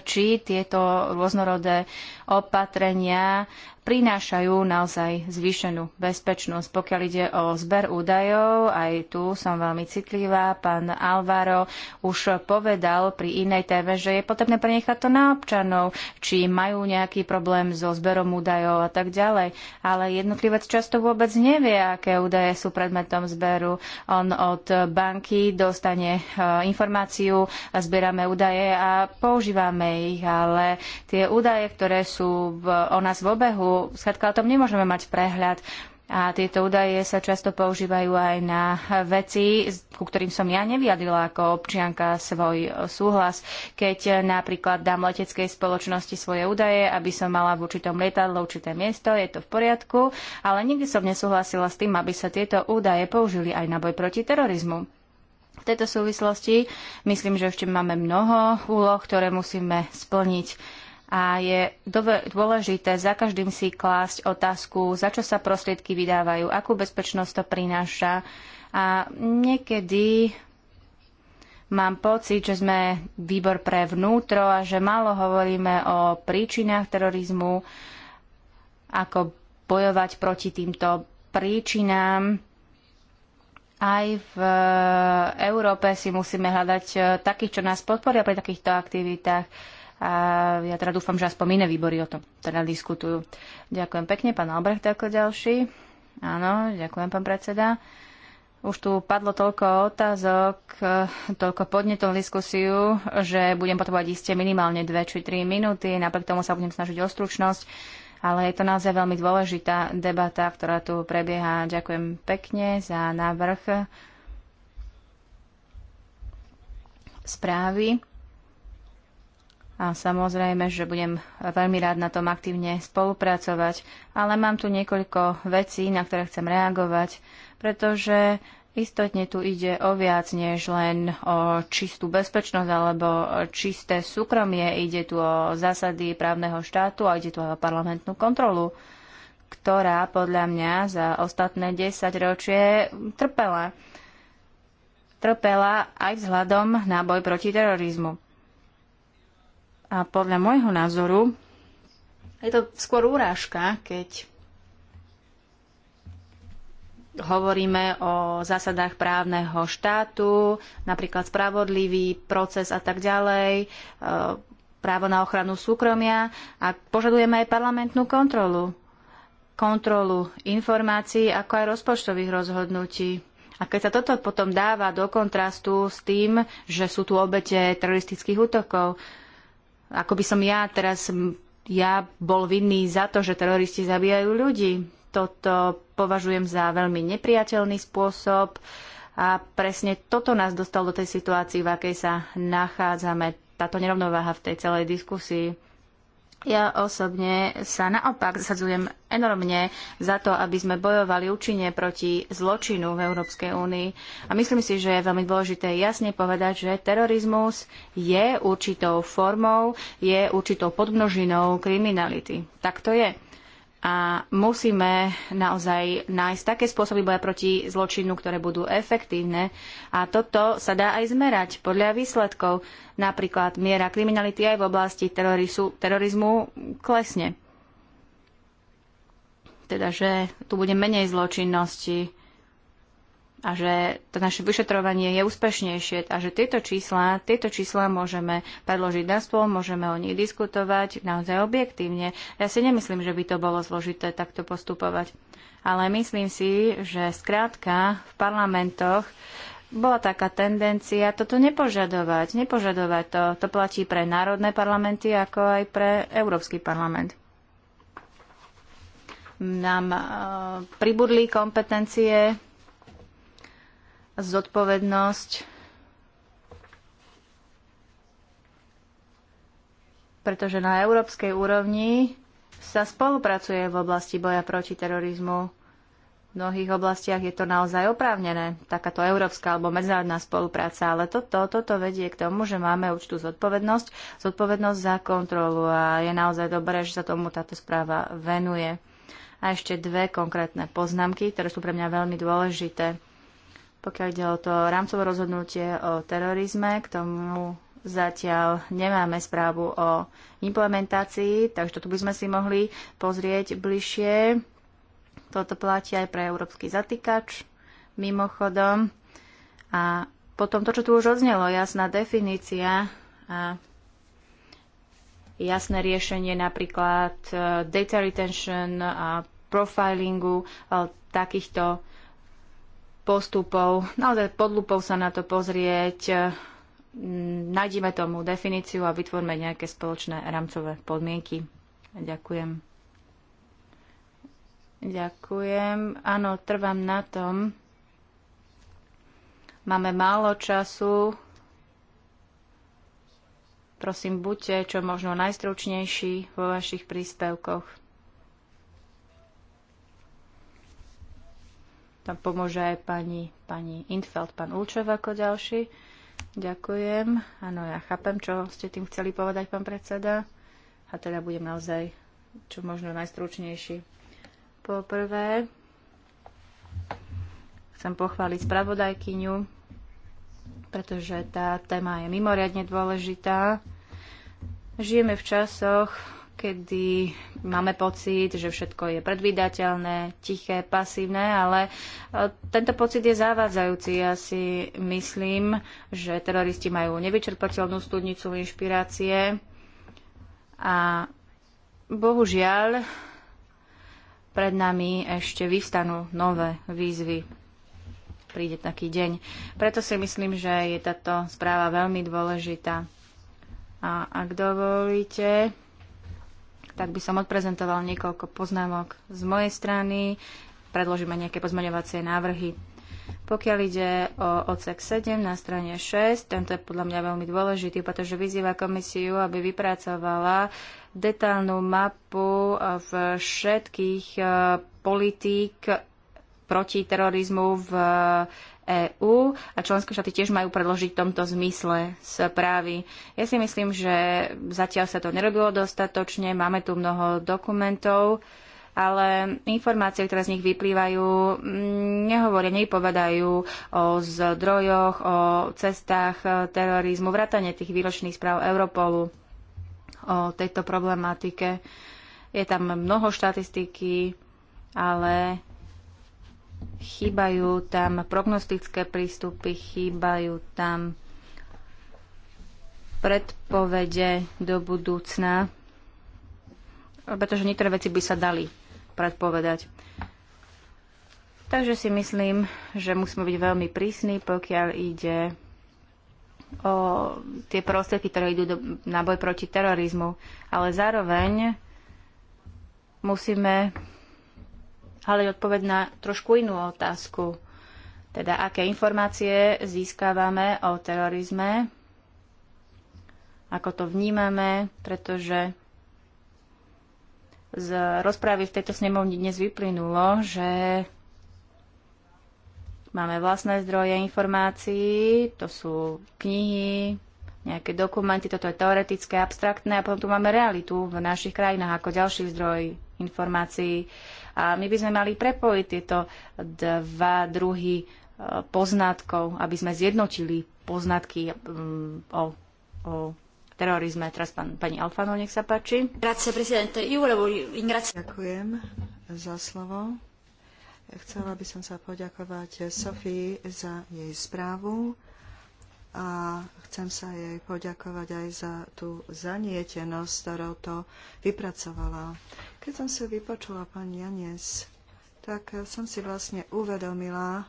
či tieto rôznorodé opatrenia prinášajú naozaj zvýšenú bezpečnosť. Pokiaľ ide o zber údajov, aj tu som veľmi citlivá. Pán Alvaro už povedal pri inej téme, že je potrebné prenechať to na občanov, či majú nejaký problém so zberom údajov a tak ďalej. Ale jednotlivec často vôbec nevie, aké údaje sú predmetom zberu. On od banky dostane eh, informáciu, zbierame údaje a používame ich, ale tie údaje, ktoré sú v, o nás v obehu. Skladka o tom nemôžeme mať prehľad. A tieto údaje sa často používajú aj na veci, ku ktorým som ja nevyjadrila ako občianka svoj súhlas. Keď napríklad dám leteckej spoločnosti svoje údaje, aby som mala v určitom lietadle určité miesto, je to v poriadku, ale nikdy som nesúhlasila s tým, aby sa tieto údaje použili aj na boj proti terorizmu. V tejto súvislosti myslím, že ešte máme mnoho úloh, ktoré musíme splniť a je dôležité za každým si klásť otázku, za čo sa prostriedky vydávajú, akú bezpečnosť to prináša. A niekedy mám pocit, že sme výbor pre vnútro a že málo hovoríme o príčinách terorizmu, ako bojovať proti týmto príčinám. Aj v e, Európe si musíme hľadať e, takých, čo nás podporia pri takýchto aktivitách a ja teda dúfam, že aspoň iné výbory o tom teda diskutujú. Ďakujem pekne, pán Albrecht ako ďalší. Áno, ďakujem, pán predseda. Už tu padlo toľko otázok, toľko podnetov diskusiu, že budem potrebovať iste minimálne 2 či 3 minúty. Napriek tomu sa budem snažiť o stručnosť, ale je to naozaj veľmi dôležitá debata, ktorá tu prebieha. Ďakujem pekne za návrh správy a samozrejme, že budem veľmi rád na tom aktívne spolupracovať, ale mám tu niekoľko vecí, na ktoré chcem reagovať, pretože istotne tu ide o viac než len o čistú bezpečnosť alebo čisté súkromie. Ide tu o zásady právneho štátu a ide tu o parlamentnú kontrolu ktorá podľa mňa za ostatné 10 ročie trpela. Trpela aj vzhľadom na boj proti terorizmu. A podľa môjho názoru je to skôr úrážka, keď hovoríme o zásadách právneho štátu, napríklad spravodlivý proces a tak ďalej, e, právo na ochranu súkromia a požadujeme aj parlamentnú kontrolu. Kontrolu informácií, ako aj rozpočtových rozhodnutí. A keď sa toto potom dáva do kontrastu s tým, že sú tu obete teroristických útokov, ako by som ja teraz ja bol vinný za to, že teroristi zabíjajú ľudí. Toto považujem za veľmi nepriateľný spôsob a presne toto nás dostalo do tej situácii, v akej sa nachádzame. Táto nerovnováha v tej celej diskusii. Ja osobne sa naopak zasadzujem enormne za to, aby sme bojovali účinne proti zločinu v Európskej únii. A myslím si, že je veľmi dôležité jasne povedať, že terorizmus je určitou formou, je určitou podmnožinou kriminality. Tak to je a musíme naozaj nájsť také spôsoby boja proti zločinu, ktoré budú efektívne. A toto sa dá aj zmerať podľa výsledkov. Napríklad miera kriminality aj v oblasti terorizmu klesne. Teda, že tu bude menej zločinnosti a že to naše vyšetrovanie je úspešnejšie a že tieto čísla, tieto čísla môžeme predložiť na stôl, môžeme o nich diskutovať naozaj objektívne. Ja si nemyslím, že by to bolo zložité takto postupovať. Ale myslím si, že skrátka v parlamentoch bola taká tendencia toto nepožadovať. Nepožadovať to. To platí pre národné parlamenty, ako aj pre Európsky parlament nám e, pribudli kompetencie zodpovednosť, pretože na európskej úrovni sa spolupracuje v oblasti boja proti terorizmu. V mnohých oblastiach je to naozaj oprávnené, takáto európska alebo medzinárodná spolupráca, ale toto, toto vedie k tomu, že máme určitú zodpovednosť, zodpovednosť za kontrolu a je naozaj dobré, že sa tomu táto správa venuje. A ešte dve konkrétne poznámky, ktoré sú pre mňa veľmi dôležité. Pokiaľ ide o to rámcové rozhodnutie o terorizme, k tomu zatiaľ nemáme správu o implementácii, takže toto by sme si mohli pozrieť bližšie. Toto platí aj pre európsky zatýkač, mimochodom. A potom to, čo tu už odznelo, jasná definícia a jasné riešenie napríklad eh, data retention a profilingu eh, takýchto postupov. Naozaj pod lupou sa na to pozrieť, nájdime tomu definíciu a vytvorme nejaké spoločné rámcové podmienky. Ďakujem. Ďakujem. Áno, trvám na tom. Máme málo času. Prosím, buďte čo možno najstručnejší vo vašich príspevkoch. Tam pomôže aj pani, pani Infeld, pán Ulčov ako ďalší. Ďakujem. Áno, ja chápem, čo ste tým chceli povedať, pán predseda. A teda budem naozaj čo možno najstručnejší. poprvé, chcem pochváliť spravodajkyňu, pretože tá téma je mimoriadne dôležitá. Žijeme v časoch, kedy máme pocit, že všetko je predvídateľné, tiché, pasívne, ale e, tento pocit je zavádzajúci. Ja si myslím, že teroristi majú nevyčerpateľnú studnicu inšpirácie a bohužiaľ pred nami ešte vyvstanú nové výzvy. Príde taký deň. Preto si myslím, že je táto správa veľmi dôležitá. A ak dovolíte, tak by som odprezentoval niekoľko poznámok z mojej strany. Predložíme nejaké pozmeňovacie návrhy. Pokiaľ ide o odsek 7 na strane 6, tento je podľa mňa veľmi dôležitý, pretože vyzýva komisiu, aby vypracovala detálnu mapu všetkých eh, politík proti terorizmu v EÚ a členské štáty tiež majú predložiť v tomto zmysle správy. Ja si myslím, že zatiaľ sa to nerobilo dostatočne, máme tu mnoho dokumentov, ale informácie, ktoré z nich vyplývajú, mm, nehovoria, nepovedajú o zdrojoch, o cestách terorizmu, vrátane tých výročných správ Europolu o tejto problematike. Je tam mnoho štatistiky, ale chýbajú tam prognostické prístupy, chýbajú tam predpovede do budúcna, pretože niektoré veci by sa dali predpovedať. Takže si myslím, že musíme byť veľmi prísni, pokiaľ ide o tie prostriedky, ktoré idú do, na boj proti terorizmu. Ale zároveň musíme ale aj odpoveď na trošku inú otázku. Teda, aké informácie získavame o terorizme, ako to vnímame, pretože z rozprávy v tejto snemovni dnes vyplynulo, že máme vlastné zdroje informácií, to sú knihy, nejaké dokumenty, toto je teoretické, abstraktné a potom tu máme realitu v našich krajinách ako ďalší zdroj informácií. A my by sme mali prepojiť tieto dva druhy e, poznatkov, aby sme zjednotili poznatky o, o terorizme. Teraz pán, pani Alfano, nech sa páči. Ďakujem za slovo. Chcela by som sa poďakovať Sofii za jej správu a chcem sa jej poďakovať aj za tú zanietenosť, ktorou to vypracovala. Keď som si vypočula pani Janes, tak som si vlastne uvedomila,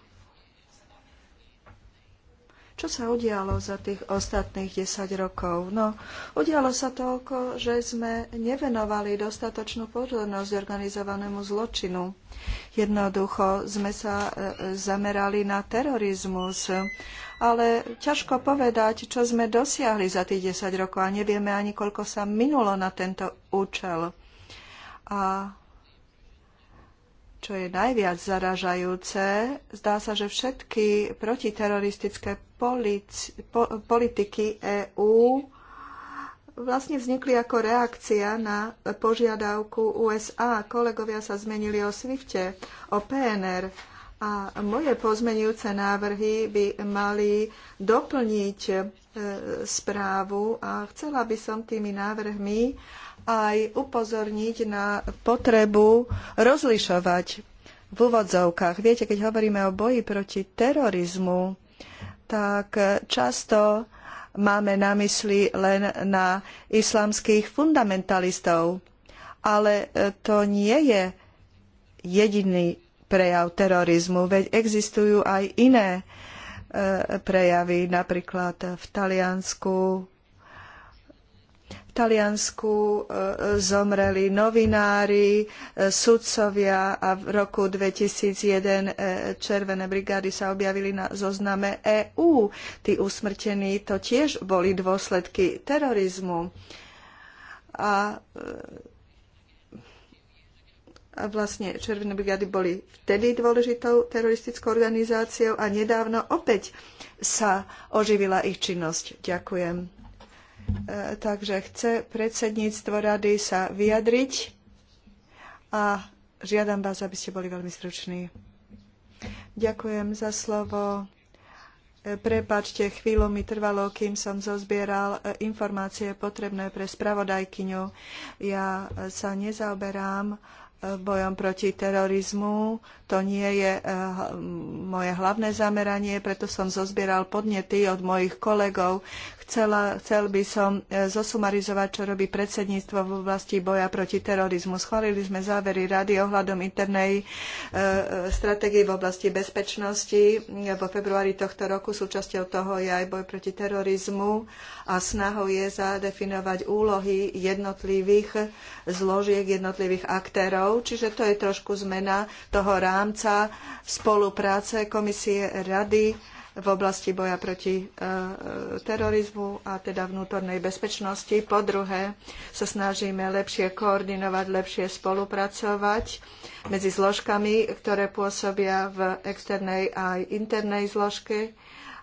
čo sa udialo za tých ostatných 10 rokov? No, udialo sa toľko, že sme nevenovali dostatočnú pozornosť organizovanému zločinu. Jednoducho sme sa e, e, zamerali na terorizmus, ale ťažko povedať, čo sme dosiahli za tých 10 rokov a nevieme ani, koľko sa minulo na tento účel. A čo je najviac zaražajúce, zdá sa, že všetky protiteroristické politiky EÚ vlastne vznikli ako reakcia na požiadavku USA. Kolegovia sa zmenili o Swifte, o PNR. A moje pozmenujúce návrhy by mali doplniť e, správu a chcela by som tými návrhmi aj upozorniť na potrebu rozlišovať v úvodzovkách. Viete, keď hovoríme o boji proti terorizmu, tak často máme na mysli len na islamských fundamentalistov. Ale e, to nie je jediný prejav terorizmu, veď existujú aj iné e, prejavy, napríklad v Taliansku, Taliansku e, zomreli novinári, e, sudcovia a v roku 2001 e, Červené brigády sa objavili na zozname EÚ. Tí usmrtení to tiež boli dôsledky terorizmu. A a vlastne Červené brigády boli vtedy dôležitou teroristickou organizáciou a nedávno opäť sa oživila ich činnosť. Ďakujem. E, takže chce predsedníctvo rady sa vyjadriť a žiadam vás, aby ste boli veľmi struční. Ďakujem za slovo. E, prepačte, chvíľu mi trvalo, kým som zozbieral e, informácie potrebné pre spravodajkyňu. Ja sa nezaoberám bojom proti terorizmu. To nie je moje hlavné zameranie, preto som zozbieral podnety od mojich kolegov, Chcela, chcel by som e, zosumarizovať, čo robí predsedníctvo v oblasti boja proti terorizmu. Schválili sme závery rady ohľadom internej e, e, stratégie v oblasti bezpečnosti. Vo februári tohto roku súčasťou toho je aj boj proti terorizmu a snahou je zadefinovať úlohy jednotlivých zložiek, jednotlivých aktérov. Čiže to je trošku zmena toho rámca spolupráce Komisie Rady v oblasti boja proti e, e, terorizmu a teda vnútornej bezpečnosti. Po druhé, sa snažíme lepšie koordinovať, lepšie spolupracovať medzi zložkami, ktoré pôsobia v externej aj internej zložke.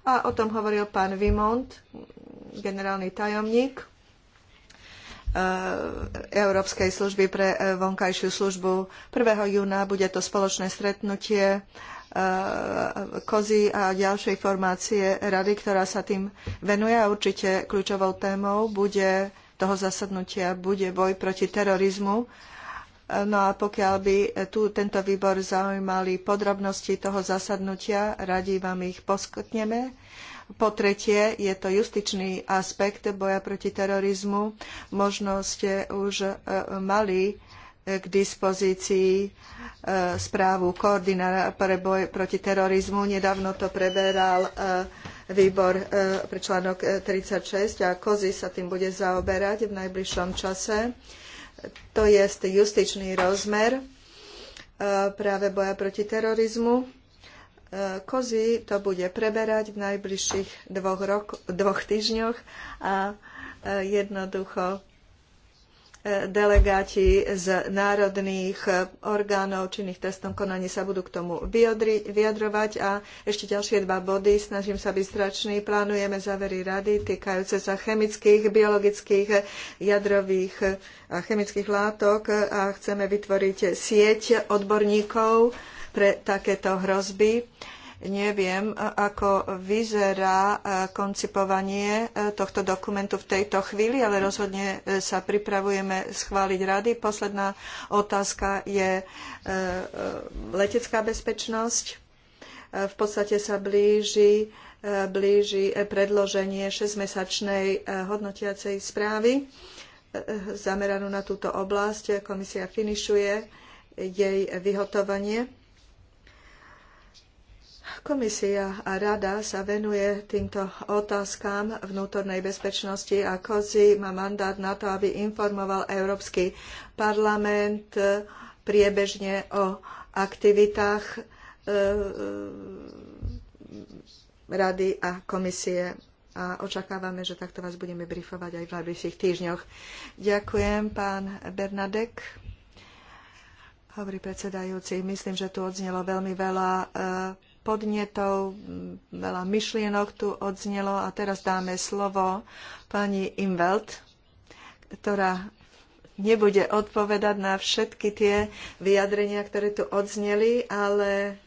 A o tom hovoril pán Vimont, generálny tajomník e, Európskej služby pre vonkajšiu službu. 1. júna bude to spoločné stretnutie E, kozy a ďalšej formácie rady, ktorá sa tým venuje a určite kľúčovou témou bude toho zasadnutia bude boj proti terorizmu. E, no a pokiaľ by tu tento výbor zaujímali podrobnosti toho zasadnutia, radi vám ich poskytneme. Po tretie je to justičný aspekt boja proti terorizmu. Možno ste už e, mali k dispozícii e, správu koordinára pre boj proti terorizmu. Nedávno to preberal e, výbor e, pre článok 36 a kozy sa tým bude zaoberať v najbližšom čase. To je justičný rozmer práve boja proti terorizmu. Kozy to bude preberať v najbližších dvoch, rok, dvoch týždňoch a jednoducho delegáti z národných eh, orgánov činných testom konaní sa budú k tomu vyjadrovať a ešte ďalšie dva body. Snažím sa byť stračný. Plánujeme závery rady týkajúce sa chemických, biologických, eh, jadrových eh, a chemických látok a chceme vytvoriť sieť odborníkov pre takéto hrozby. Neviem, ako vyzerá e, koncipovanie e, tohto dokumentu v tejto chvíli, ale rozhodne e, sa pripravujeme schváliť rady. Posledná otázka je letecká bezpečnosť. V podstate sa blíži, blíži predloženie 6-mesačnej hodnotiacej správy zameranú na túto oblasť. Komisia finišuje jej vyhotovanie Komisia a rada sa venuje týmto otázkam vnútornej bezpečnosti a COSI má mandát na to, aby informoval Európsky parlament e, priebežne o aktivitách e, e, rady a komisie a očakávame, že takto vás budeme brifovať aj v najbližších týždňoch. Ďakujem, pán Bernadek. Hovorí predsedajúci, myslím, že tu odznelo veľmi veľa podnetov, mm, veľa myšlienok tu odznelo a teraz dáme slovo pani Imveld, ktorá nebude odpovedať na všetky tie vyjadrenia, ktoré tu odzneli, ale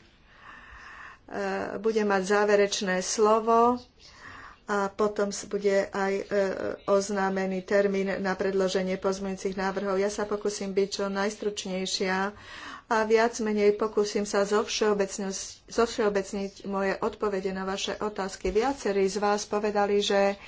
e, bude mať záverečné slovo a potom bude aj e, oznámený termín na predloženie pozmeňujúcich návrhov. Ja sa pokúsim byť čo najstručnejšia a viac menej pokúsim sa zovšeobecniť moje odpovede na vaše otázky. Viacerí z vás povedali, že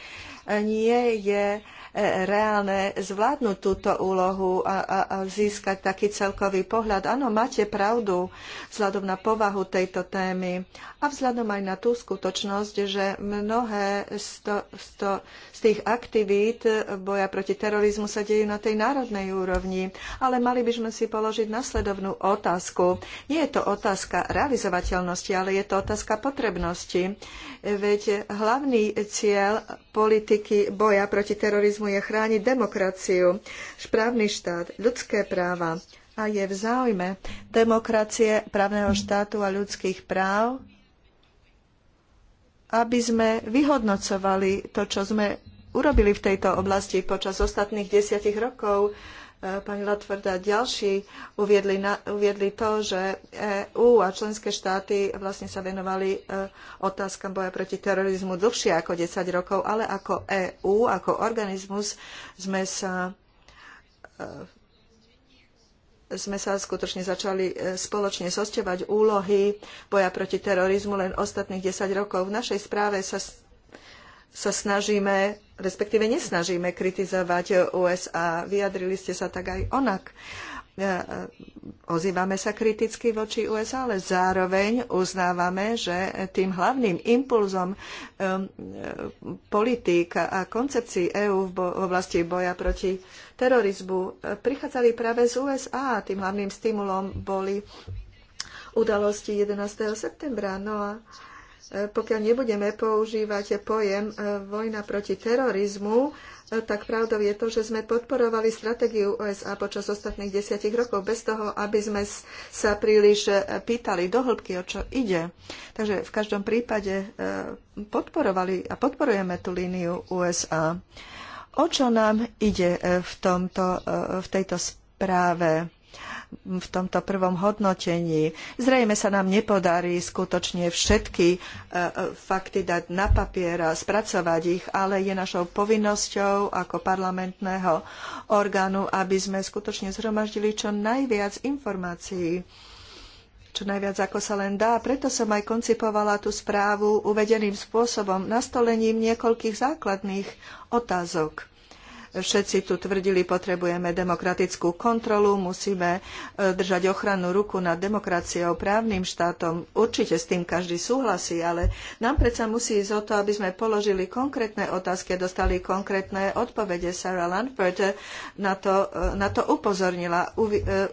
nie je E, reálne zvládnuť túto úlohu a, a, a získať taký celkový pohľad. Áno, máte pravdu vzhľadom na povahu tejto témy a vzhľadom aj na tú skutočnosť, že mnohé z, to, z, to, z tých aktivít boja proti terorizmu sa dejú na tej národnej úrovni. Ale mali by sme si položiť nasledovnú otázku. Nie je to otázka realizovateľnosti, ale je to otázka potrebnosti. Veď hlavný cieľ politiky boja proti terorizmu je chrániť demokraciu, správny štát, ľudské práva a je v záujme demokracie, právneho štátu a ľudských práv, aby sme vyhodnocovali to, čo sme urobili v tejto oblasti počas ostatných desiatich rokov pani Latvord a ďalší uviedli, na, uviedli to, že EÚ a členské štáty vlastne sa venovali e, otázkam boja proti terorizmu dlhšie ako 10 rokov, ale ako EÚ, ako organizmus sme sa e, sme sa skutočne začali e, spoločne zosťovať úlohy boja proti terorizmu len ostatných 10 rokov. V našej správe sa sa snažíme, respektíve nesnažíme kritizovať USA. Vyjadrili ste sa tak aj onak e, e, ozývame sa kriticky voči USA, ale zároveň uznávame, že tým hlavným impulzom e, politík a koncepcií EÚ v oblasti boja proti terorizmu prichádzali práve z USA. Tým hlavným stimulom boli udalosti 11. septembra. No a E, pokiaľ nebudeme používať pojem e, vojna proti terorizmu, e, tak pravdou je to, že sme podporovali stratégiu USA počas ostatných desiatich rokov bez toho, aby sme sa príliš pýtali do hĺbky, o čo ide. Takže v každom prípade podporovali a podporujeme tú líniu USA. O čo nám ide v, tomto, v tejto správe? v tomto prvom hodnotení. Zrejme sa nám nepodarí skutočne všetky e, e, fakty dať na papier a spracovať ich, ale je našou povinnosťou ako parlamentného orgánu, aby sme skutočne zhromaždili čo najviac informácií čo najviac ako sa len dá. Preto som aj koncipovala tú správu uvedeným spôsobom, nastolením niekoľkých základných otázok Všetci tu tvrdili, potrebujeme demokratickú kontrolu, musíme e, držať ochrannú ruku nad demokraciou, právnym štátom. Určite s tým každý súhlasí, ale nám predsa musí ísť o to, aby sme položili konkrétne otázky a dostali konkrétne odpovede. Sarah Lanford e, na to, e, na to upozornila.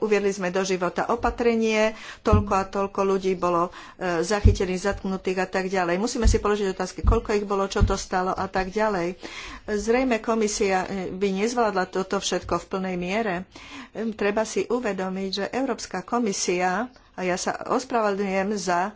Uviedli sme do života opatrenie, toľko a toľko ľudí bolo zachytených, zatknutých a tak ďalej. Musíme si položiť otázky, koľko ich bolo, čo to stalo a tak ďalej. Zrejme komisia by nezvládla toto všetko v plnej miere. Hm, treba si uvedomiť, že Európska komisia, a ja sa ospravedlňujem za,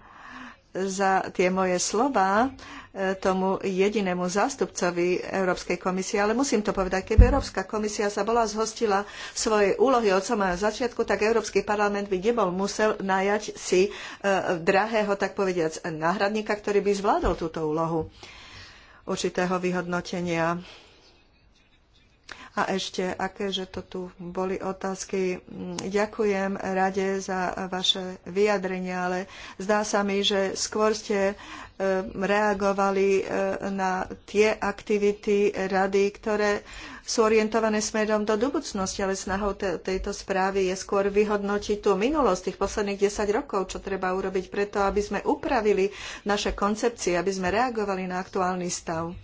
za tie moje slova, e, tomu jedinému zástupcovi Európskej komisie, ale musím to povedať, keby Európska komisia sa bola zhostila svojej úlohy od samého začiatku, tak Európsky parlament by nebol musel najať si e, drahého, tak povediac, náhradníka, ktorý by zvládol túto úlohu určitého vyhodnotenia a ešte, aké, že to tu boli otázky. Ďakujem rade za vaše vyjadrenia, ale zdá sa mi, že skôr ste e, reagovali e, na tie aktivity rady, ktoré sú orientované smerom do budúcnosti, ale snahou tejto správy je skôr vyhodnotiť tú minulosť tých posledných 10 rokov, čo treba urobiť preto, aby sme upravili naše koncepcie, aby sme reagovali na aktuálny stav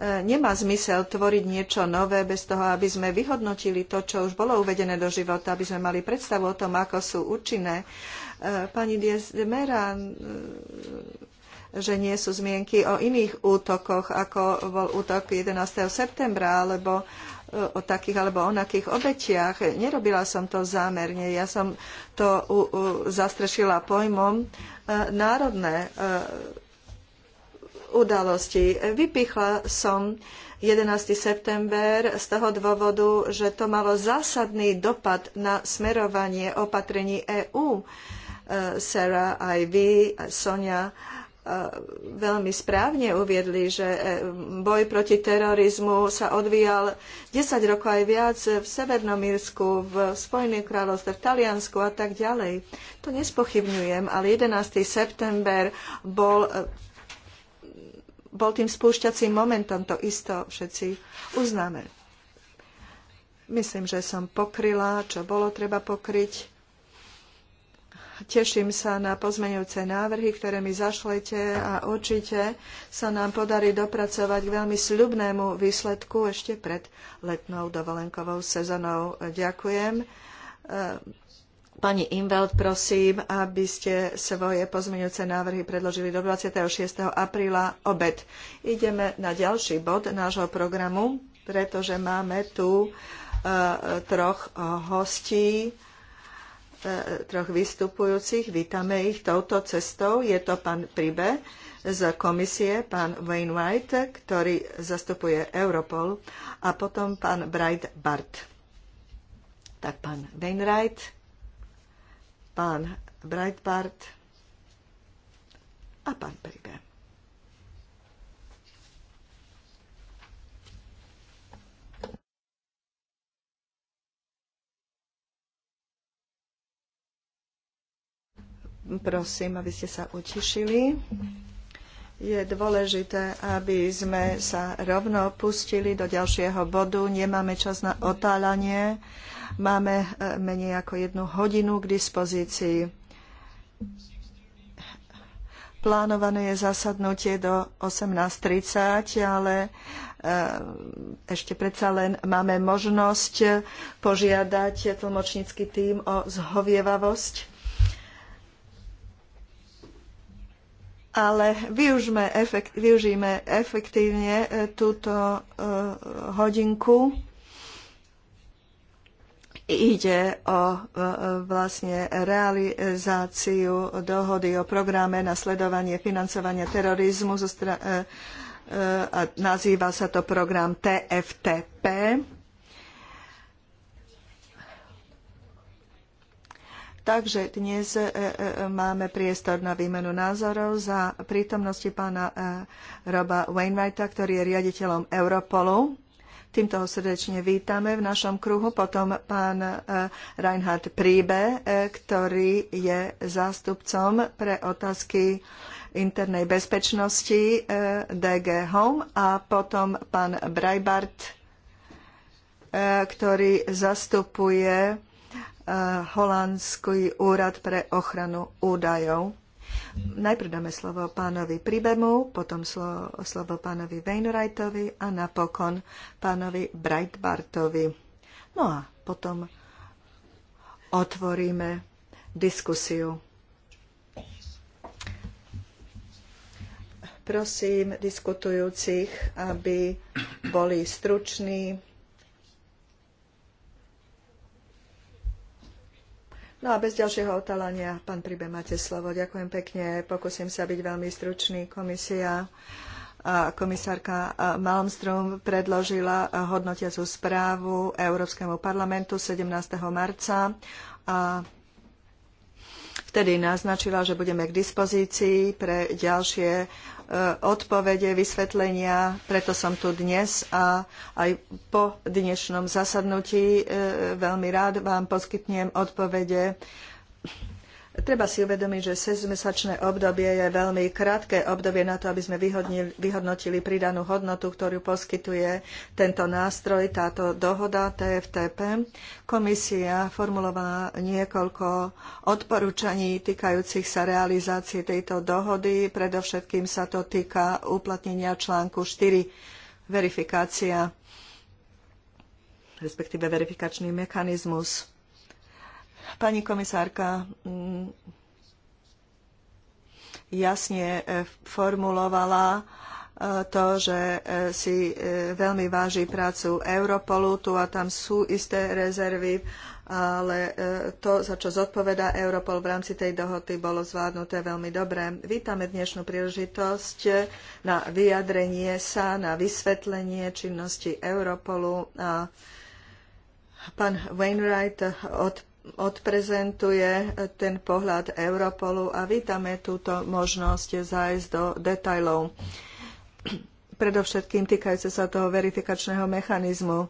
nemá zmysel tvoriť niečo nové bez toho, aby sme vyhodnotili to, čo už bolo uvedené do života, aby sme mali predstavu o tom, ako sú účinné. E, pani Diez de Mera e, že nie sú zmienky o iných útokoch, ako bol útok 11. septembra, alebo e, o takých alebo onakých obetiach. Nerobila som to zámerne. Ja som to u, u, zastrešila pojmom národné udalostí. Vypichla som 11. september z toho dôvodu, že to malo zásadný dopad na smerovanie opatrení EÚ. E, Sara, aj vy, Sonia, e, veľmi správne uviedli, že e, boj proti terorizmu sa odvíjal 10 rokov aj viac v Severnom Írsku, v Spojených kráľovstve, v Taliansku a tak ďalej. To nespochybňujem, ale 11. september bol bol tým spúšťacím momentom, to isto všetci uznáme. Myslím, že som pokryla, čo bolo treba pokryť. Teším sa na pozmeňujúce návrhy, ktoré mi zašlete a určite sa nám podarí dopracovať k veľmi sľubnému výsledku ešte pred letnou dovolenkovou sezonou. Ďakujem Pani Inveld, prosím, aby ste svoje pozmeňujúce návrhy predložili do 26. apríla obed. Ideme na ďalší bod nášho programu, pretože máme tu e, troch e, hostí, e, troch vystupujúcich. Vítame ich touto cestou. Je to pán Pribe z komisie, pán Wainwright, ktorý zastupuje Europol, a potom pán Bright Bart. Tak pán Wainwright, pán Breitbart a pán Pribe. Prosím, aby ste sa utišili je dôležité, aby sme sa rovno pustili do ďalšieho bodu. Nemáme čas na otáľanie Máme e, menej ako jednu hodinu k dispozícii. Plánované je zasadnutie do 18.30, ale e, ešte predsa len máme možnosť požiadať tlmočnícky tím o zhovievavosť. ale využijme efektívne e, túto hodinku ide o e, e, vlastne realizáciu dohody o programe na sledovanie financovania terorizmu zo stra- e, a nazýva sa to program TFTP. Takže dnes máme priestor na výmenu názorov za prítomnosti pána Roba Wainwrighta, ktorý je riaditeľom Europolu Týmto ho srdečne vítame v našom kruhu. Potom pán e, Reinhard Príbe, e, ktorý je zástupcom pre otázky internej bezpečnosti e, DG Home a potom pán Breibart, ktorý zastupuje Holandský úrad pre ochranu údajov najprv dáme slovo pánovi Pribemu, potom slovo, slovo pánovi Wainwrightovi a napokon pánovi Breitbartovi. No a potom otvoríme diskusiu. Prosím diskutujúcich, aby boli struční, No a bez ďalšieho otalania, pán Pribe, máte slovo. Ďakujem pekne. Pokúsim sa byť veľmi stručný. Komisia a komisárka Malmström predložila hodnotiacu správu Európskemu parlamentu 17. marca a vtedy naznačila, že budeme k dispozícii pre ďalšie E, odpovede, vysvetlenia, preto som tu dnes a aj po dnešnom zasadnutí e, veľmi rád vám poskytnem odpovede Treba si uvedomiť, že 6-mesačné obdobie je veľmi krátke obdobie na to, aby sme vyhodnotili pridanú hodnotu, ktorú poskytuje tento nástroj, táto dohoda TFTP. Komisia formulovala niekoľko odporúčaní týkajúcich sa realizácie tejto dohody. Predovšetkým sa to týka uplatnenia článku 4, verifikácia, respektíve verifikačný mechanizmus Pani komisárka mm, jasne e, formulovala e, to, že e, si veľmi váži prácu Europolu, tu a tam sú isté rezervy, ale to, za čo zodpovedá Europol v rámci tej dohody, bolo zvládnuté veľmi dobre. Vítame dnešnú príležitosť na vyjadrenie sa, na vysvetlenie činnosti Europolu. A pán Wainwright od odprezentuje ten pohľad Europolu a vítame túto možnosť zájsť do detajlov, predovšetkým týkajúce sa toho verifikačného mechanizmu.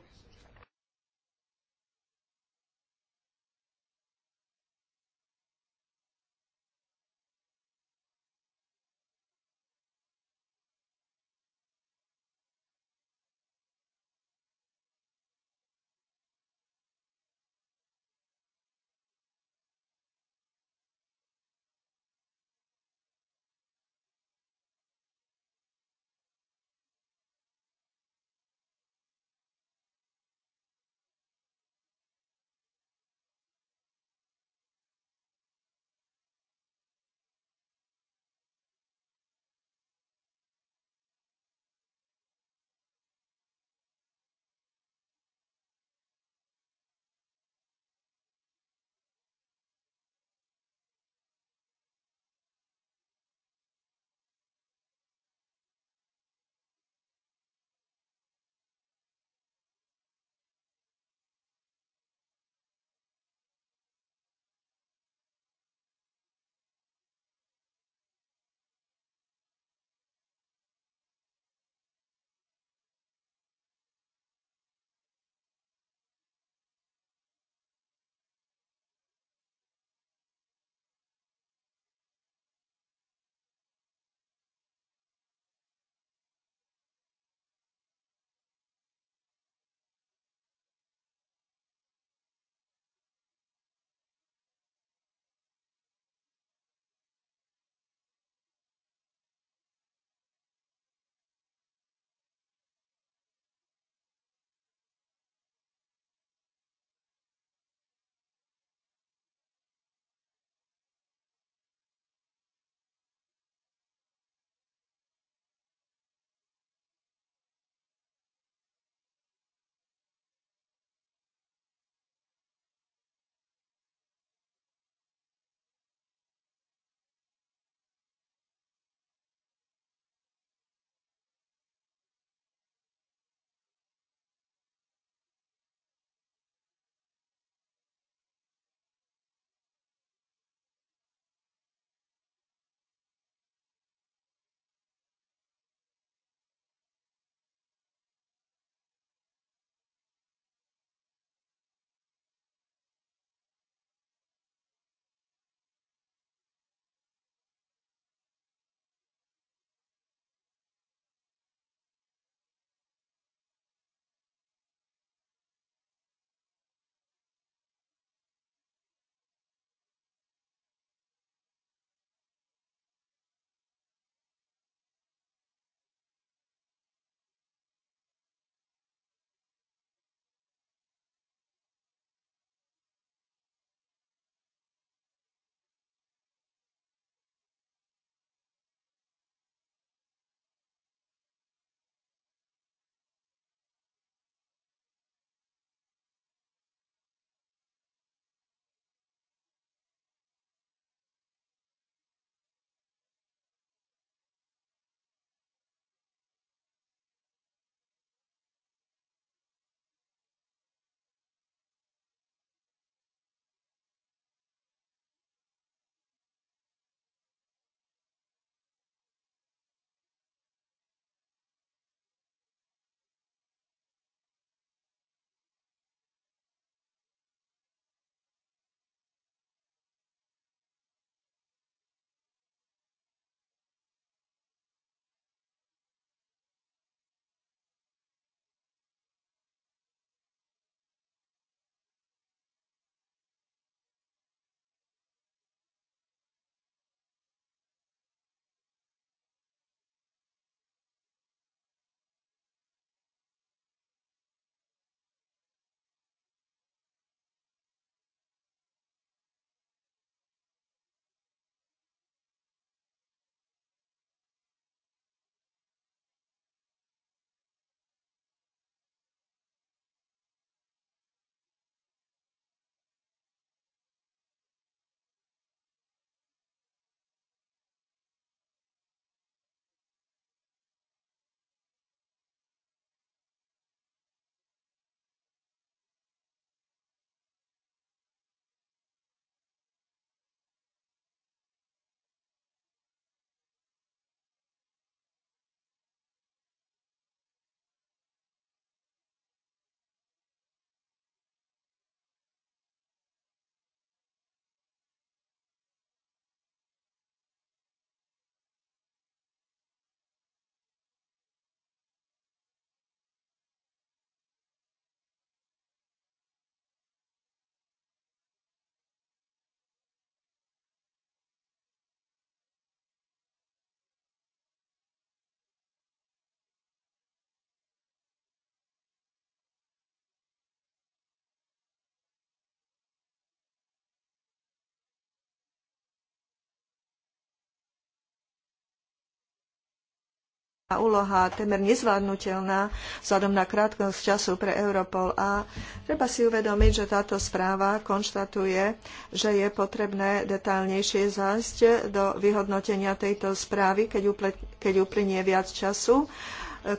úloha temer nezvládnutelná vzhľadom na krátkosť času pre Europol a treba si uvedomiť, že táto správa konštatuje, že je potrebné detálnejšie zásť do vyhodnotenia tejto správy, keď, uple, keď uplynie viac času.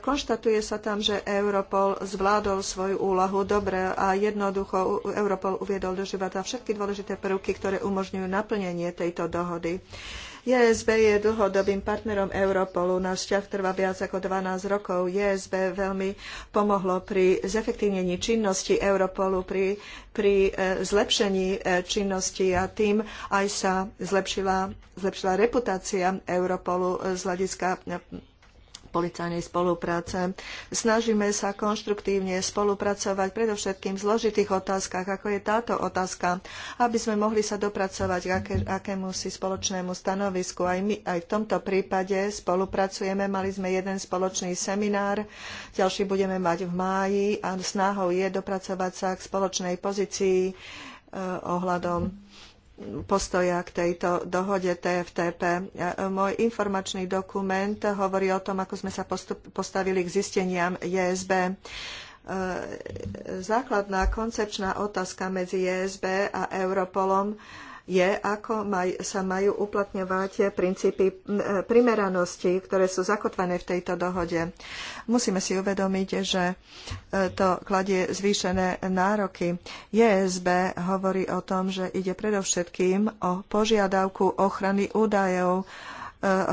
Konštatuje sa tam, že Europol zvládol svoju úlohu dobre a jednoducho Europol uviedol do života všetky dôležité prvky, ktoré umožňujú naplnenie tejto dohody. JSB je dlhodobým partnerom Europolu. Náš vzťah trvá viac ako 12 rokov. JSB veľmi pomohlo pri zefektívnení činnosti Europolu, pri, pri e, zlepšení e, činnosti a tým aj sa zlepšila, zlepšila reputácia Europolu e, z hľadiska policajnej spolupráce. Snažíme sa konštruktívne spolupracovať predovšetkým v zložitých otázkach, ako je táto otázka, aby sme mohli sa dopracovať k aké, akému si spoločnému stanovisku. Aj my aj v tomto prípade spolupracujeme. Mali sme jeden spoločný seminár, ďalší budeme mať v máji a snahou je dopracovať sa k spoločnej pozícii e, ohľadom postoja k tejto dohode TFTP. Môj informačný dokument hovorí o tom, ako sme sa postavili k zisteniam JSB e, základná koncepčná otázka medzi ESB a Europolom je, ako maj, sa majú uplatňovať princípy e, primeranosti, ktoré sú zakotvené v tejto dohode. Musíme si uvedomiť, že e, to kladie zvýšené nároky. JSB hovorí o tom, že ide predovšetkým o požiadavku ochrany údajov. E,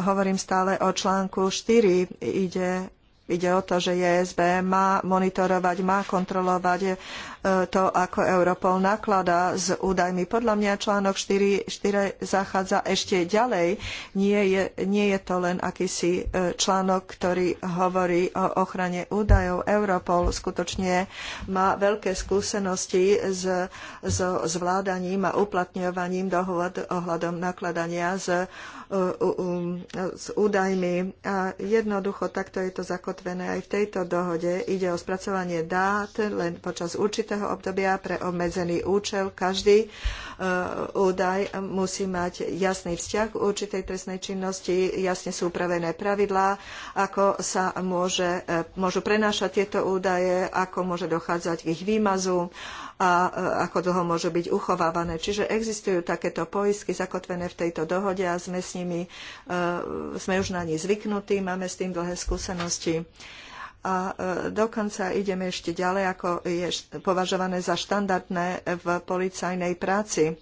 hovorím stále o článku 4. Ide Ide o to, že JSB má monitorovať, má kontrolovať to, ako Europol nakladá s údajmi. Podľa mňa článok 4, 4 zachádza ešte ďalej. Nie je, nie je to len akýsi e, článok, ktorý hovorí o ochrane údajov. Europol skutočne má veľké skúsenosti s, so zvládaním a uplatňovaním dohod ohľadom nakladania s, e, s údajmi. A jednoducho takto je to zakotvené aj v tejto dohode. Ide o spracovanie dát len počas určitého určitého obdobia pre obmedzený účel. Každý e, údaj musí mať jasný vzťah k určitej trestnej činnosti, jasne sú upravené pravidlá, ako sa môže, e, môžu prenášať tieto údaje, ako môže dochádzať k ich výmazu a e, ako dlho môžu byť uchovávané. Čiže existujú takéto poistky zakotvené v tejto dohode a sme s nimi, sme už na ní zvyknutí, máme s tým dlhé skúsenosti a e, dokonca ideme ešte ďalej, ako je považované za štandardné v policajnej práci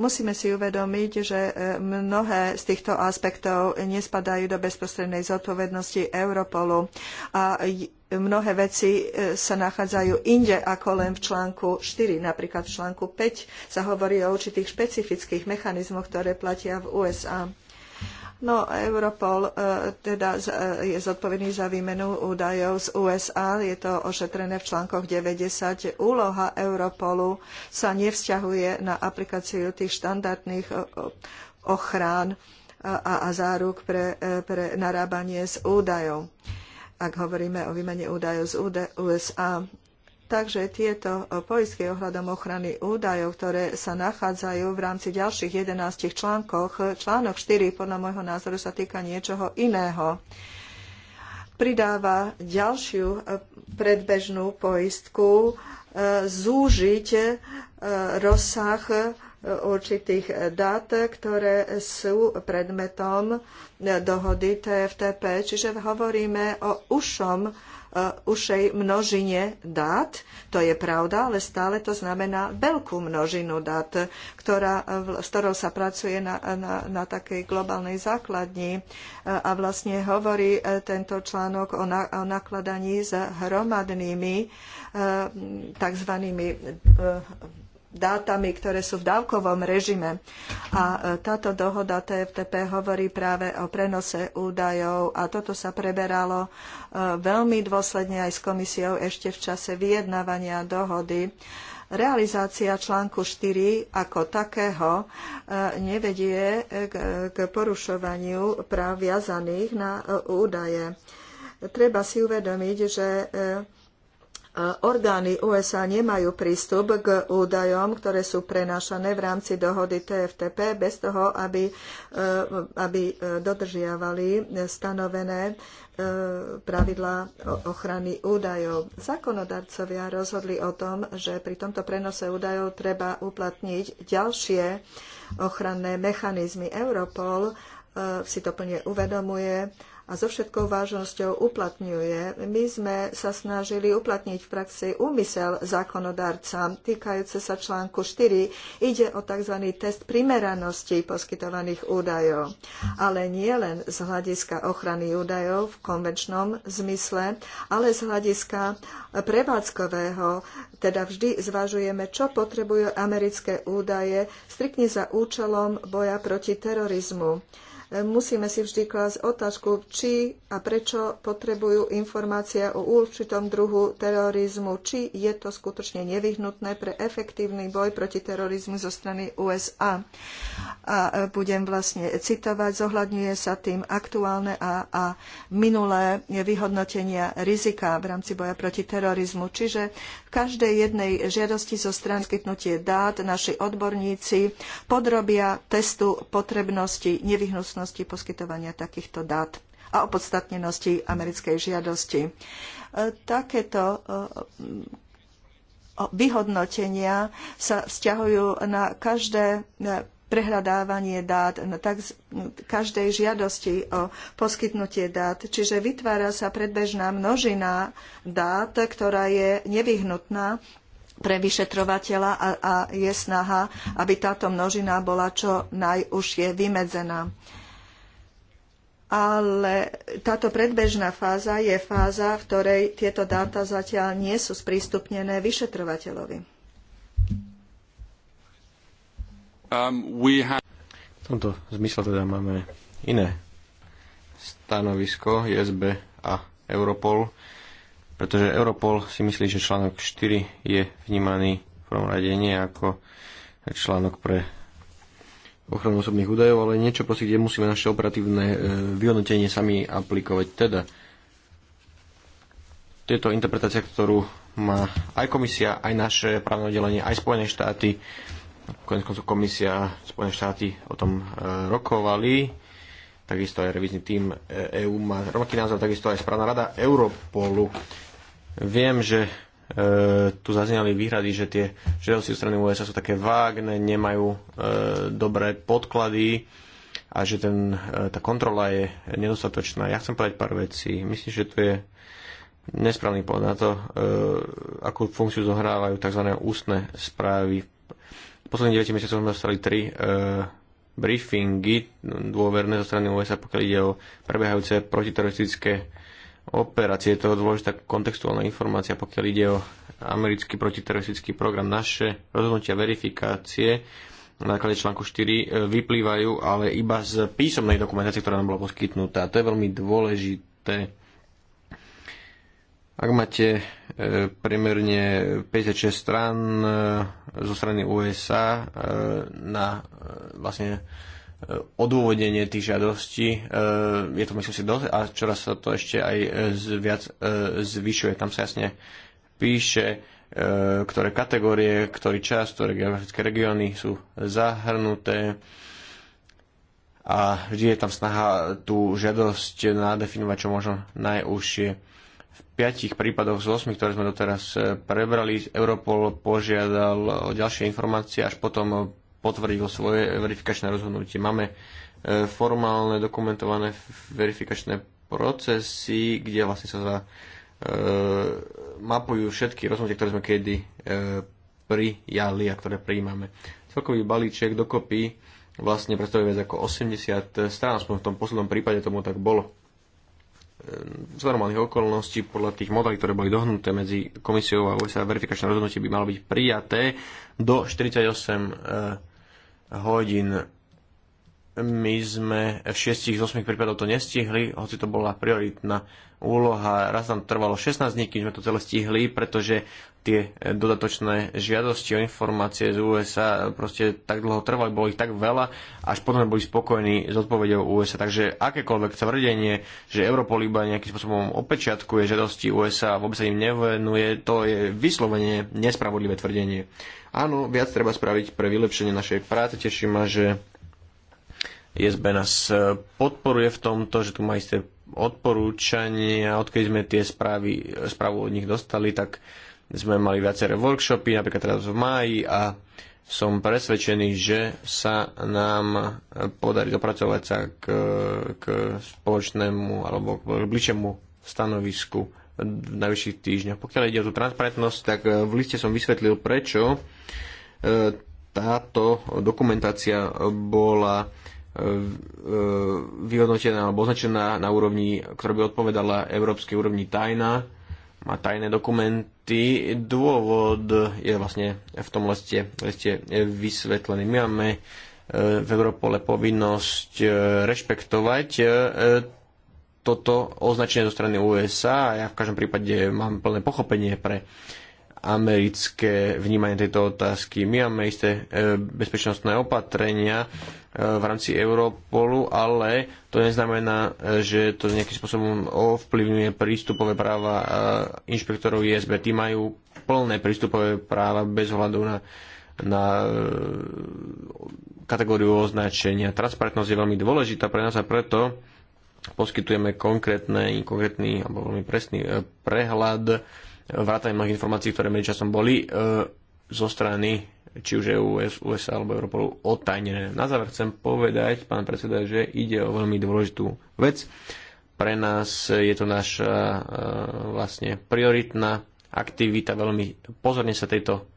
musíme si uvedomiť, že e, mnohé z týchto aspektov nespadajú do bezprostrednej zodpovednosti Europolu a mnohé veci e, sa nachádzajú inde ako len v článku 4. Napríklad v článku 5 sa hovorí o určitých špecifických mechanizmoch, ktoré platia v USA. No, Europol e, teda e, je zodpovedný za výmenu údajov z USA. Je to ošetrené v článkoch 90. Úloha Europolu sa nevzťahuje na aplikáciu tých štandardných e, ochrán a, a záruk pre, pre narábanie s údajov ak hovoríme o výmene údajov z USA. Takže tieto e, poistky ohľadom ochrany údajov, ktoré sa nachádzajú v rámci ďalších 11 článkoch, e, článok 4 podľa môjho názoru sa týka niečoho iného. Pridáva ďalšiu e, predbežnú poistku zúžiť rozsah určitých dát, ktoré sú predmetom dohody TFTP. Čiže hovoríme o ušom Uh, ušej množine dát. To je pravda, ale stále to znamená veľkú množinu dát, ktorá, uh, s ktorou sa pracuje na, na, na takej globálnej základni. Uh, a vlastne hovorí tento článok o, na, o nakladaní s hromadnými tzv dátami, ktoré sú v dávkovom režime. A e, táto dohoda TFTP hovorí práve o prenose údajov a toto sa preberalo e, veľmi dôsledne aj s komisiou ešte v čase vyjednávania dohody. Realizácia článku 4 ako takého e, nevedie k porušovaniu práv viazaných na údaje. Treba si uvedomiť, že orgány USA nemajú prístup k údajom, ktoré sú prenášané v rámci dohody TFTP bez toho, aby, e, aby e, dodržiavali stanovené e, pravidlá ochrany údajov. Zákonodarcovia rozhodli o tom, že pri tomto prenose údajov treba uplatniť ďalšie ochranné mechanizmy. Europol si to plne uvedomuje a so všetkou vážnosťou uplatňuje. My sme sa snažili uplatniť v praxi úmysel zákonodárca týkajúce sa článku 4. Ide o tzv. test primeranosti poskytovaných údajov, ale nie len z hľadiska ochrany údajov v konvenčnom zmysle, ale z hľadiska prevádzkového, teda vždy zvažujeme, čo potrebujú americké údaje striktne za účelom boja proti terorizmu musíme si vždy klásť otázku, či a prečo potrebujú informácia o určitom druhu terorizmu, či je to skutočne nevyhnutné pre efektívny boj proti terorizmu zo strany USA. A e, budem vlastne citovať, zohľadňuje sa tým aktuálne a, a minulé vyhodnotenia rizika v rámci boja proti terorizmu. Čiže v každej jednej žiadosti zo strany skytnutie dát naši odborníci podrobia testu potrebnosti nevyhnutnosti prípustnosti poskytovania takýchto dát a opodstatnenosti americkej žiadosti. E, takéto e, vyhodnotenia sa vzťahujú na každé e, prehľadávanie dát, na tak, každej žiadosti o poskytnutie dát. Čiže vytvára sa predbežná množina dát, ktorá je nevyhnutná pre vyšetrovateľa a, a je snaha, aby táto množina bola čo najúžšie vymedzená ale táto predbežná fáza je fáza, v ktorej tieto dáta zatiaľ nie sú sprístupnené vyšetrovateľovi. Um, v tomto zmysle teda máme iné stanovisko ISB a Europol, pretože Europol si myslí, že článok 4 je vnímaný v prvom rade nie ako článok pre ochranu osobných údajov, ale niečo proste, kde musíme naše operatívne e, vyhodnotenie sami aplikovať. Teda tieto je to interpretácia, ktorú má aj komisia, aj naše právne oddelenie, aj Spojené štáty. Konec koncov komisia, Spojené štáty o tom e, rokovali. Takisto aj revizný tím EÚ e má rovnaký názor, takisto aj správna rada Europolu. Viem, že E, tu zazneli výhrady, že tie žiadosti strany USA sú také vágne, nemajú e, dobré podklady a že ten, e, tá kontrola je nedostatočná. Ja chcem povedať pár vecí. Myslím, že to je nesprávny pohľad na to, akú funkciu zohrávajú tzv. ústne správy. V posledných 9 mesiacoch sme dostali 3 briefingy dôverné zo strany USA, pokiaľ ide o prebiehajúce protiteroristické operácie. Je to dôležitá kontextuálna informácia, pokiaľ ide o americký protiteroristický program. Naše rozhodnutia verifikácie na základe článku 4 e, vyplývajú, ale iba z písomnej dokumentácie, ktorá nám bola poskytnutá. To je veľmi dôležité. Ak máte e, priemerne 56 strán e, zo strany USA e, na e, vlastne e, odôvodenie tých žiadostí e, je to myslím si dosť a čoraz sa to ešte aj e, viac e, zvyšuje. Tam sa jasne píše, ktoré kategórie, ktorý čas, ktoré geografické regióny sú zahrnuté a vždy je tam snaha tú žiadosť nadefinovať čo možno najúžšie. V piatich prípadoch z 8, ktoré sme doteraz prebrali, Europol požiadal o ďalšie informácie, až potom potvrdilo svoje verifikačné rozhodnutie. Máme e, formálne dokumentované verifikačné procesy, kde vlastne sa za, e, mapujú všetky rozhodnutia, ktoré sme kedy e, prijali a ktoré prijímame. Celkový balíček dokopy vlastne predstavuje viac ako 80 strán, aspoň v tom poslednom prípade tomu tak bolo. E, z normálnych okolností, podľa tých modalí, ktoré boli dohnuté medzi komisiou a USA, verifikačné rozhodnutie by malo byť prijaté do 48 e, hodín. My sme v 6 z 8 prípadov to nestihli, hoci to bola prioritná úloha. Raz nám trvalo 16 dní, kým sme to celé stihli, pretože tie dodatočné žiadosti o informácie z USA proste tak dlho trvali, bolo ich tak veľa, až potom boli spokojní s odpovedou USA. Takže akékoľvek tvrdenie, že Europol iba nejakým spôsobom opečiatkuje žiadosti USA a vôbec sa im nevenuje, to je vyslovene nespravodlivé tvrdenie. Áno, viac treba spraviť pre vylepšenie našej práce. Teší ma, že ISB nás eh, podporuje v tomto, že tu má isté odporúčania. Odkedy sme tie správy, správu od nich dostali, tak sme mali viaceré workshopy, napríklad teraz v máji a som presvedčený, že sa nám podarí dopracovať sa k, k spoločnému alebo k bližšiemu stanovisku v najvyšších týždňoch. Pokiaľ ide o tú transparentnosť, tak v liste som vysvetlil prečo táto dokumentácia bola e, e, vyhodnotená alebo označená na úrovni, ktorá by odpovedala európskej úrovni tajná. Má tajné dokumenty. Dôvod je vlastne v tom leste, leste vysvetlený. My máme e, v Európole povinnosť rešpektovať toto označenie zo strany USA a ja v každom prípade mám plné pochopenie pre americké vnímanie tejto otázky. My máme isté e, bezpečnostné opatrenia e, v rámci Europolu, ale to neznamená, e, že to nejakým spôsobom ovplyvňuje prístupové práva inšpektorov ISB. Tí majú plné prístupové práva bez ohľadu na, na kategóriu označenia. Transparentnosť je veľmi dôležitá pre nás a preto poskytujeme konkrétne, konkrétny alebo veľmi presný prehľad vrátane mnohých informácií, ktoré časom boli e, zo strany či už US, USA alebo Europolu otajnené. Na záver chcem povedať, pán predseda, že ide o veľmi dôležitú vec. Pre nás je to naša e, vlastne prioritná aktivita. Veľmi pozorne sa tejto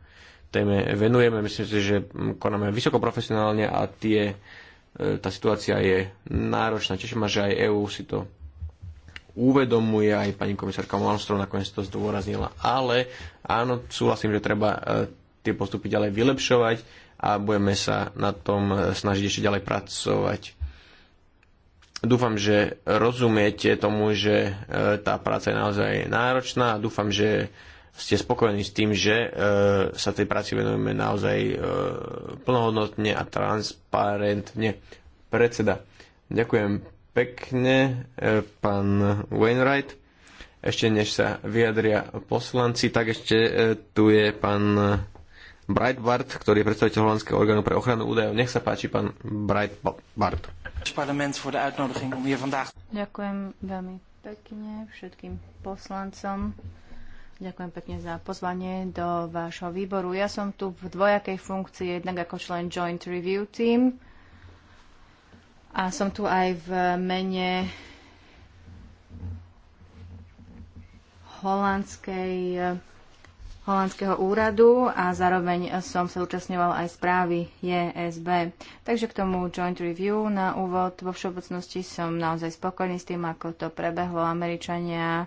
téme venujeme. Myslím si, že konáme vysoko profesionálne a tie, e, tá situácia je náročná. Teším ma, že aj EÚ si to uvedomuje, aj pani komisárka Malmström nakoniec to zdôraznila, ale áno, súhlasím, že treba e, tie postupy ďalej vylepšovať a budeme sa na tom e, snažiť ešte ďalej pracovať. Dúfam, že rozumiete tomu, že e, tá práca je naozaj náročná a dúfam, že ste spokojní s tým, že sa tej práci venujeme naozaj plnohodnotne a transparentne. Predseda, ďakujem pekne, e, pán Wainwright. Ešte než sa vyjadria poslanci, tak ešte e, tu je pán Breitbart, ktorý je predstaviteľ holandského orgánu pre ochranu údajov. Nech sa páči, pán Breitbart. Ďakujem veľmi pekne všetkým poslancom. Ďakujem pekne za pozvanie do vášho výboru. Ja som tu v dvojakej funkcii, jednak ako člen Joint Review Team, a som tu aj v mene holandskej, holandského úradu a zároveň som sa účastňoval aj správy JSB. Takže k tomu joint review na úvod. Vo všeobecnosti som naozaj spokojný s tým, ako to prebehlo. Američania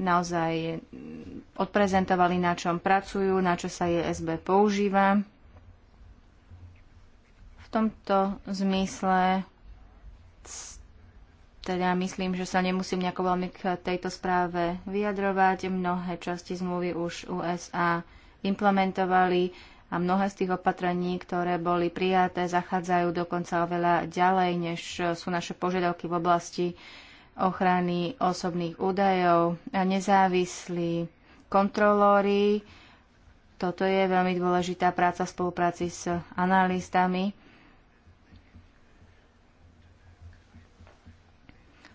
naozaj odprezentovali, na čom pracujú, na čo sa JSB používa tomto zmysle teda myslím, že sa nemusím nejako veľmi k tejto správe vyjadrovať. Mnohé časti zmluvy už USA implementovali a mnohé z tých opatrení, ktoré boli prijaté, zachádzajú dokonca oveľa ďalej, než sú naše požiadavky v oblasti ochrany osobných údajov a nezávislí kontrolóri. Toto je veľmi dôležitá práca v spolupráci s analýstami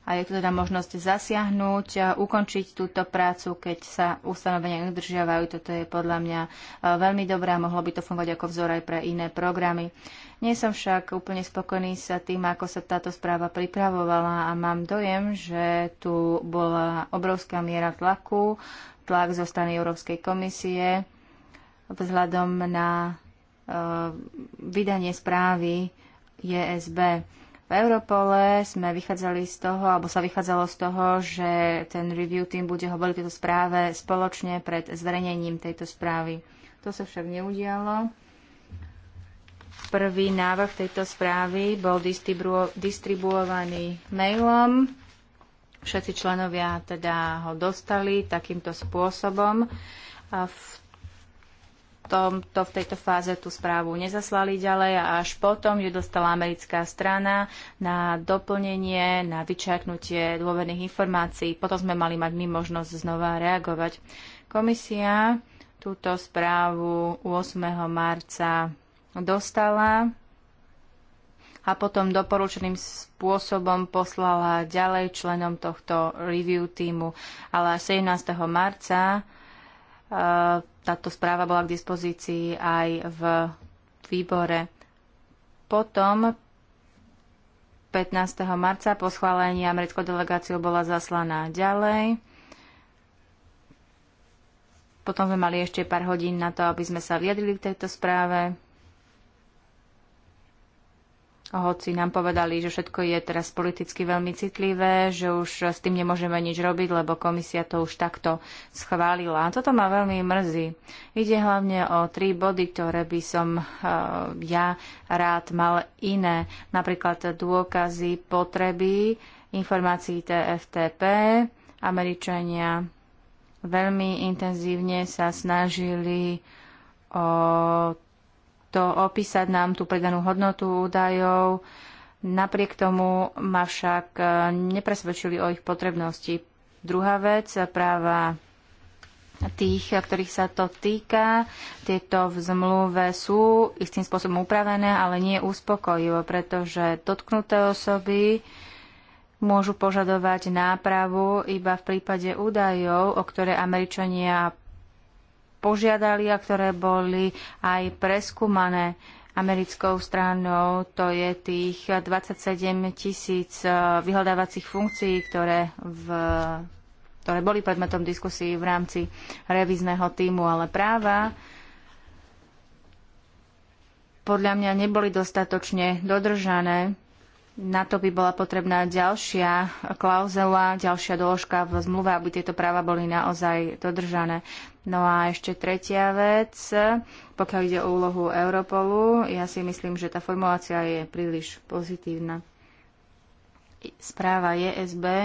a je tu teda možnosť zasiahnuť, a ukončiť túto prácu, keď sa ustanovenia nedržiavajú. Toto je podľa mňa e, veľmi dobré a mohlo by to fungovať ako vzor aj pre iné programy. Nie som však úplne spokojný sa tým, ako sa táto správa pripravovala a mám dojem, že tu bola obrovská miera tlaku, tlak zo strany Európskej komisie vzhľadom na e, vydanie správy JSB. E v Europole sme vychádzali z toho, alebo sa vychádzalo z toho, že ten review team bude hovoriť o správe spoločne pred zverejnením tejto správy. To sa však neudialo. Prvý návrh tejto správy bol distribuovaný mailom. Všetci členovia teda ho dostali takýmto spôsobom. A v tomto, v tejto fáze tú správu nezaslali ďalej a až potom ju dostala americká strana na doplnenie, na vyčerknutie dôverných informácií. Potom sme mali mať my možnosť znova reagovať. Komisia túto správu 8. marca dostala a potom doporučeným spôsobom poslala ďalej členom tohto review týmu. Ale 17. marca eh, táto správa bola k dispozícii aj v výbore. Potom 15. marca po schválení americkou delegáciou bola zaslaná ďalej. Potom sme mali ešte pár hodín na to, aby sme sa viedli k tejto správe hoci nám povedali, že všetko je teraz politicky veľmi citlivé, že už s tým nemôžeme nič robiť, lebo komisia to už takto schválila. A toto ma veľmi mrzí. Ide hlavne o tri body, ktoré by som uh, ja rád mal iné. Napríklad dôkazy potreby, informácií TFTP, Američania veľmi intenzívne sa snažili o takto opísať nám tú predanú hodnotu údajov. Napriek tomu ma však e, nepresvedčili o ich potrebnosti. Druhá vec, práva tých, ktorých sa to týka. Tieto v zmluve sú istým spôsobom upravené, ale nie uspokojivo, pretože dotknuté osoby môžu požadovať nápravu iba v prípade údajov, o ktoré Američania požiadali a ktoré boli aj preskúmané americkou stranou, to je tých 27 tisíc eh, vyhľadávacích funkcií, ktoré, v, ktoré boli predmetom diskusí v rámci revízneho týmu, ale práva podľa mňa neboli dostatočne dodržané. Na to by bola potrebná ďalšia klauzela, ďalšia doložka v zmluve, aby tieto práva boli naozaj dodržané. No a ešte tretia vec, pokiaľ ide o úlohu Europolu, ja si myslím, že tá formulácia je príliš pozitívna. Správa JSB e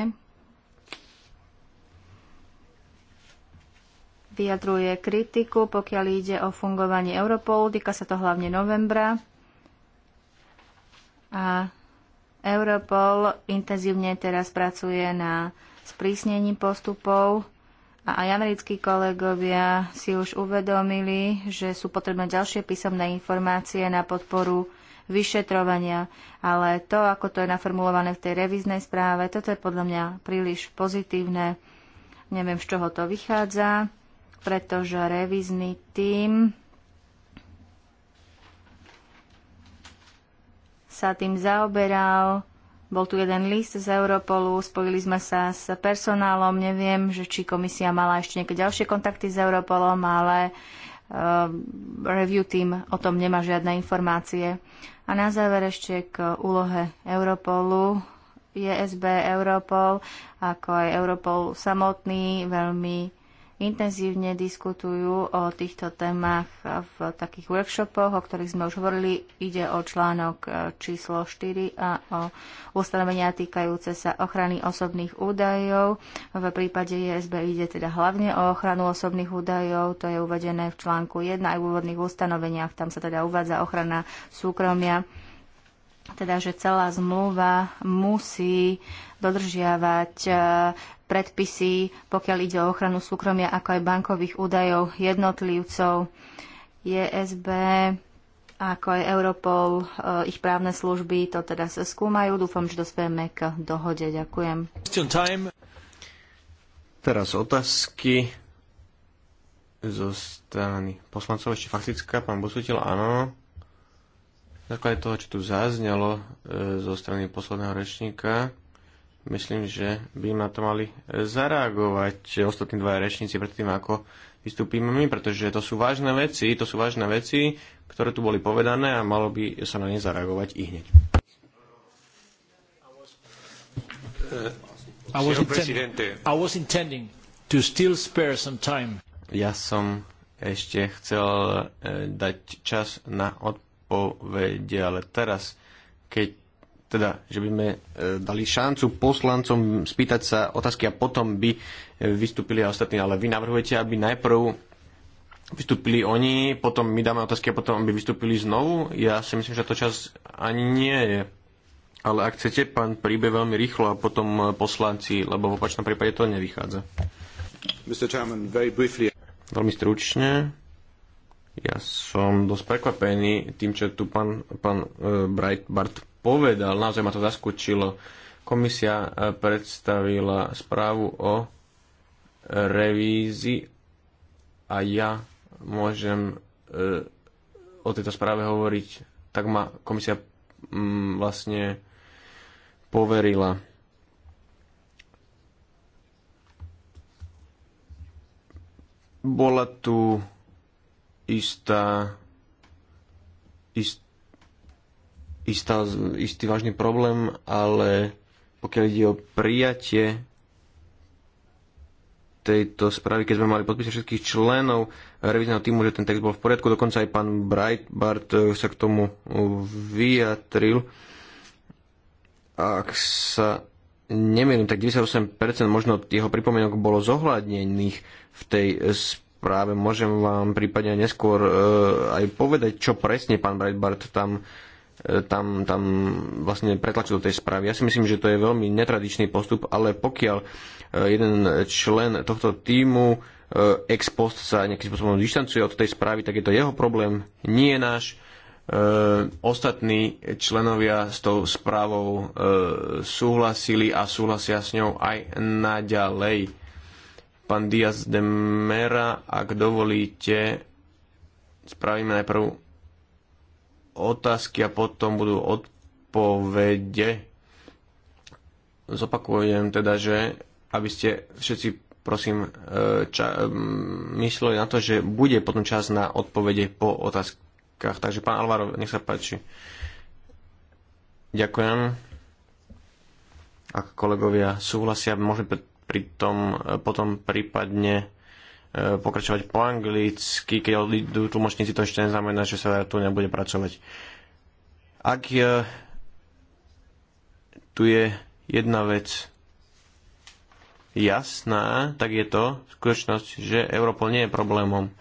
vyjadruje kritiku, pokiaľ ide o fungovanie Europolu, týka sa to hlavne novembra. A Europol intenzívne teraz pracuje na sprísnení postupov a aj americkí kolegovia si už uvedomili, že sú potrebné ďalšie písomné informácie na podporu vyšetrovania. Ale to, ako to je naformulované v tej revíznej správe, toto je podľa mňa príliš pozitívne. Neviem, z čoho to vychádza, pretože revízny tím sa tým zaoberal bol tu jeden list z Europolu, spojili sme sa s personálom, neviem, že či komisia mala ešte nejaké ďalšie kontakty s Europolom, ale uh, review team o tom nemá žiadne informácie. A na záver ešte k úlohe Europolu. ESB, Europol, ako aj Europol samotný, veľmi intenzívne diskutujú o týchto témach v takých workshopoch, o ktorých sme už hovorili. Ide o článok e, číslo 4 a o ustanovenia týkajúce sa ochrany osobných údajov. V prípade ISB ide teda hlavne o ochranu osobných údajov. To je uvedené v článku 1 aj v úvodných ustanoveniach. Tam sa teda uvádza ochrana súkromia teda, že celá zmluva musí dodržiavať e, predpisy, pokiaľ ide o ochranu súkromia, ako aj bankových údajov jednotlivcov. ESB ako aj Europol, e, ich právne služby to teda sa skúmajú. Dúfam, že dospieme k dohode. Ďakujem. Teraz otázky zo strany poslancov. Ešte faktická, pán Busutil, áno. Na základe toho, čo tu zaznelo e, zo strany posledného rečníka, Myslím, že by na to mali zareagovať ostatní dva rečníci predtým, ako vystúpime my, pretože to sú vážne veci, to sú vážne veci, ktoré tu boli povedané a malo by sa na ne zareagovať i hneď. Ja som ešte chcel eh, dať čas na odpovede, ale teraz, keď teda, že by sme e, dali šancu poslancom spýtať sa otázky a potom by e, vystúpili a ostatní, ale vy navrhujete, aby najprv vystúpili oni, potom my dáme otázky a potom by vystúpili znovu. Ja si myslím, že to čas ani nie je. Ale ak chcete, pán príbe veľmi rýchlo a potom e, poslanci, lebo v opačnom prípade to nevychádza. Mr. Chairman, very briefly. Veľmi stručne. Ja som dosť prekvapený tým, čo tu pán, pán e, Breitbart povedal. Naozaj ma to zaskočilo. Komisia e, predstavila správu o revízii a ja môžem e, o tejto správe hovoriť. Tak ma komisia mm, vlastne poverila. Bola tu istá, ist, istá, istý vážny problém, ale pokiaľ ide o prijatie tejto správy, keď sme mali podpísať všetkých členov revizného týmu, že ten text bol v poriadku. Dokonca aj pán Breitbart eh, sa k tomu vyjadril. Ak sa nemýlim, tak 98% možno jeho pripomienok bolo zohľadnených v tej správy práve môžem vám prípadne neskôr e, aj povedať, čo presne pán Breitbart tam e, tam, tam vlastne pretlačil do tej správy. Ja si myslím, že to je veľmi netradičný postup, ale pokiaľ e, jeden člen tohto týmu ex post sa nejakým spôsobom distancuje od tej správy, tak je to jeho problém, nie je náš. Ostatní členovia s tou správou súhlasili a súhlasia s ňou aj naďalej. Pán Diaz de Mera, ak dovolíte, spravíme najprv otázky a potom budú odpovede. Zopakujem teda, že aby ste všetci prosím e, ča- e, mysleli na to, že bude potom čas na odpovede po otázkach. Takže pán Alvaro, nech sa páči. Ďakujem. Ak kolegovia súhlasia, môžeme pritom e, potom prípadne e, pokračovať po anglicky, keď odídu tlmočníci, to ešte neznamená, že sa tu nebude pracovať. Ak je, tu je jedna vec jasná, tak je to skutočnosť, že Europol nie je problémom.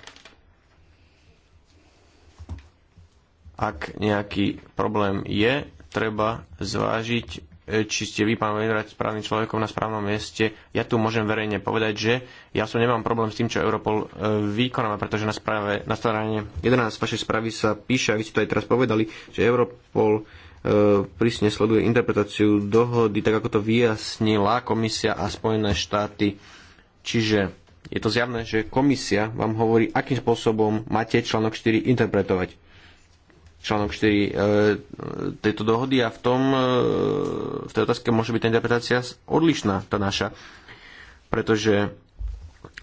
Ak nejaký problém je, treba zvážiť či ste vy, pán Vejvrať, správnym človekom na správnom mieste. Ja tu môžem verejne povedať, že ja som nemám problém s tým, čo Europol e, vykonáva, pretože na, správe, na strane 11 vašej správy sa píše, a vy ste to aj teraz povedali, že Europol e, prísne sleduje interpretáciu dohody, tak ako to vyjasnila komisia a Spojené štáty. Čiže je to zjavné, že komisia vám hovorí, akým spôsobom máte článok 4 interpretovať článok 4 e, tejto dohody a v tom e, v tej otázke môže byť tá interpretácia odlišná, tá naša. Pretože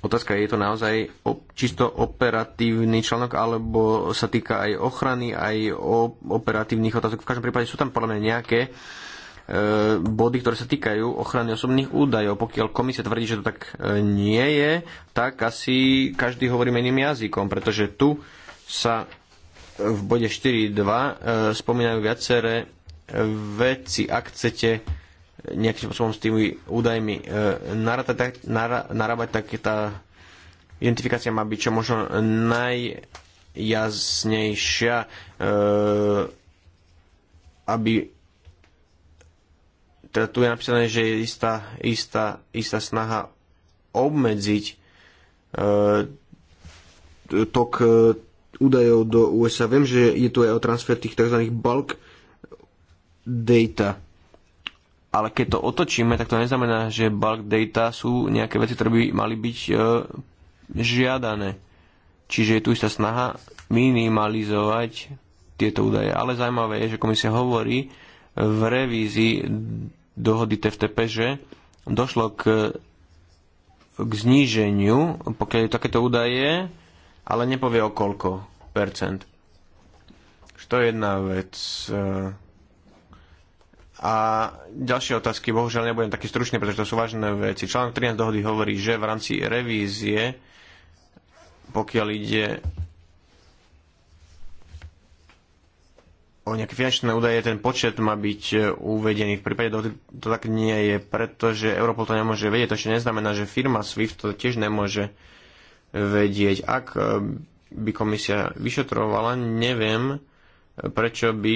otázka je to naozaj čisto operatívny článok, alebo sa týka aj ochrany, aj operatívnych otázok. V každom prípade sú tam podľa mňa nejaké e, body, ktoré sa týkajú ochrany osobných údajov. Pokiaľ komisia tvrdí, že to tak nie je, tak asi každý hovorí iným jazykom, pretože tu sa v bode 4.2 e, spomínajú viaceré veci, ak chcete nejakým spôsobom s tými údajmi e, narátať, narábať, tak tá identifikácia má byť čo možno najjasnejšia, e, aby teda tu je napísané, že je istá, istá, istá snaha obmedziť tok údajov do USA. Viem, že je tu aj o transfer tých tzv. bulk data. Ale keď to otočíme, tak to neznamená, že bulk data sú nejaké veci, ktoré by mali byť e, žiadané. Čiže je tu istá snaha minimalizovať tieto údaje. Ale zaujímavé je, že komisia hovorí v revízii dohody TFTP, že došlo k, k zníženiu, pokiaľ je takéto údaje, ale nepovie o koľko percent. To je jedna vec. E, a ďalšie otázky, bohužiaľ nebudem taký stručný, pretože to sú vážne veci. Článok 13 dohody hovorí, že v rámci revízie, pokiaľ ide o nejaké finančné údaje, ten počet má byť e, uvedený. V prípade dohody to tak nie je, pretože Europol to nemôže vedieť. To ešte neznamená, že firma SWIFT to tiež nemôže vedieť. Ak eh, by komisia vyšetrovala, neviem, prečo by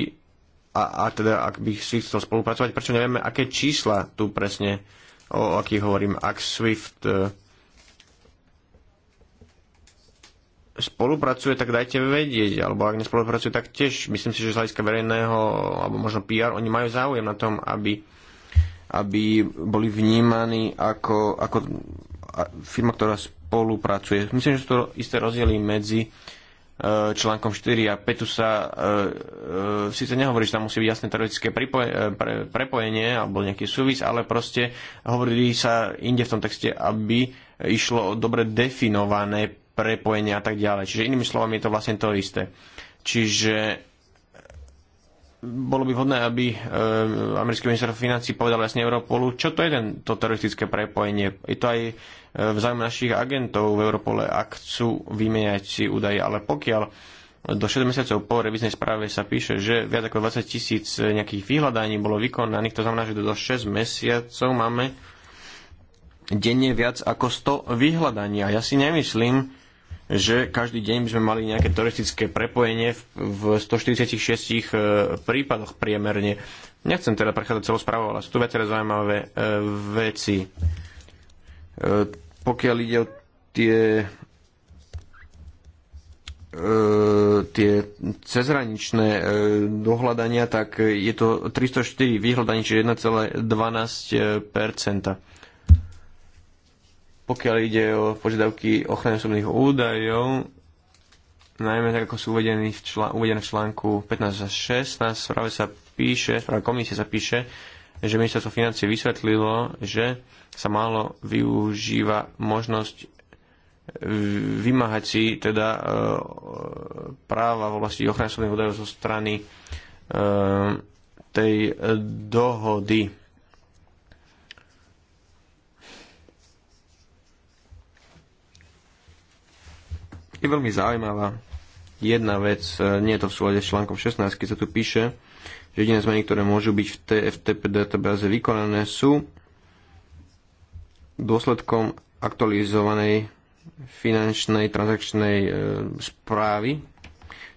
a, a teda ak by SWIFT chcel spolupracovať, prečo nevieme, aké čísla tu presne, o, akých hovorím, ak SWIFT eh, spolupracuje, tak dajte vedieť, alebo ak nespolupracuje, tak tiež myslím si, že z hľadiska verejného, alebo možno PR, oni majú záujem na tom, aby, aby boli vnímaní ako, ako firma, ktorá spolupracuje. Myslím, že sú to isté rozdiely medzi e, článkom 4 a 5 sa e, e, síce nehovorí, že tam musí byť jasné teoretické pripoje, e, pre, prepojenie alebo nejaký súvis, ale proste hovorí sa inde v tom texte, aby išlo o dobre definované prepojenie a tak ďalej. Čiže inými slovami je to vlastne to isté. Čiže bolo by vhodné, aby e, americký minister financí povedal jasne Europolu, čo to je to teroristické prepojenie. Je to aj e, v záujme našich agentov v Europole, ak chcú vymeniať si údaje, ale pokiaľ do 6 mesiacov po reviznej správe sa píše, že viac ako 20 tisíc nejakých vyhľadaní bolo vykonaných, to znamená, že do 6 mesiacov máme denne viac ako 100 vyhľadaní. A ja si nemyslím, že každý deň by sme mali nejaké turistické prepojenie v 146 e, prípadoch priemerne. Nechcem teda prechádzať celou správou, ale sú tu viaceré zaujímavé e, veci. E, pokiaľ ide o tie tie cezhraničné dohľadania, tak je to 304 vyhľadaní, čiže 1,12 pokiaľ ide o požiadavky ochrany osobných údajov, najmä tak ako sú uvedené v, čl- uvedené v článku 15 a 16, práve sa píše, práve komisie sa píše, že ministerstvo financie vysvetlilo, že sa málo využíva možnosť vymáhať si teda e, práva v oblasti ochrany osobných údajov zo strany e, tej e, dohody. je veľmi zaujímavá. Jedna vec, e, nie je to v súlade s článkom 16, keď sa tu píše, že jediné zmeny, ktoré môžu byť v TFTP databáze vykonané, sú dôsledkom aktualizovanej finančnej transakčnej e, správy.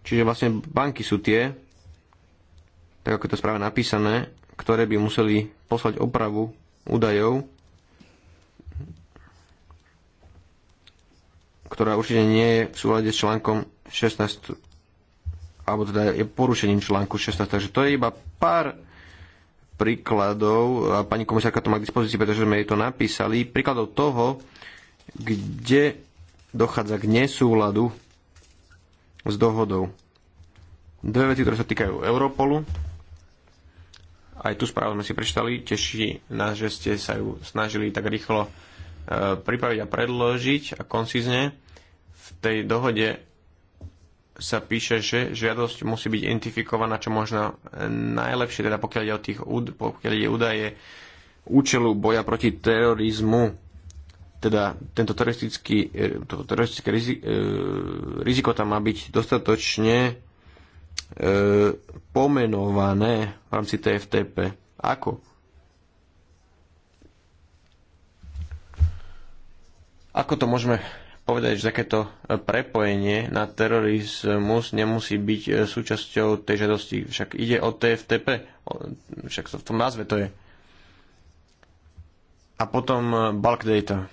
Čiže vlastne banky sú tie, tak ako je to správe napísané, ktoré by museli poslať opravu údajov ktorá určite nie je v súlade s článkom 16, alebo teda je porušením článku 16, takže to je iba pár príkladov, a pani komisárka to má k dispozícii, pretože sme jej to napísali, príkladov toho, kde dochádza k nesúladu s dohodou. Dve veci, ktoré sa týkajú Europolu. Aj tú správu sme si prečítali. Teší nás, že ste sa ju snažili tak rýchlo pripraviť a predložiť a koncizne. V tej dohode sa píše, že žiadosť musí byť identifikovaná čo možno najlepšie, teda pokiaľ ide o tých pokiaľ ide údaje účelu boja proti terorizmu. Teda tento teroristický, e, to teroristické riziko, e, riziko tam má byť dostatočne e, pomenované v rámci TFTP. Ako? Ako to môžeme povedať, že takéto e, prepojenie na terorizmus nemusí byť e, súčasťou tej žiadosti. Však ide o TFTP, však to v tom názve to je. A potom e, bulk data.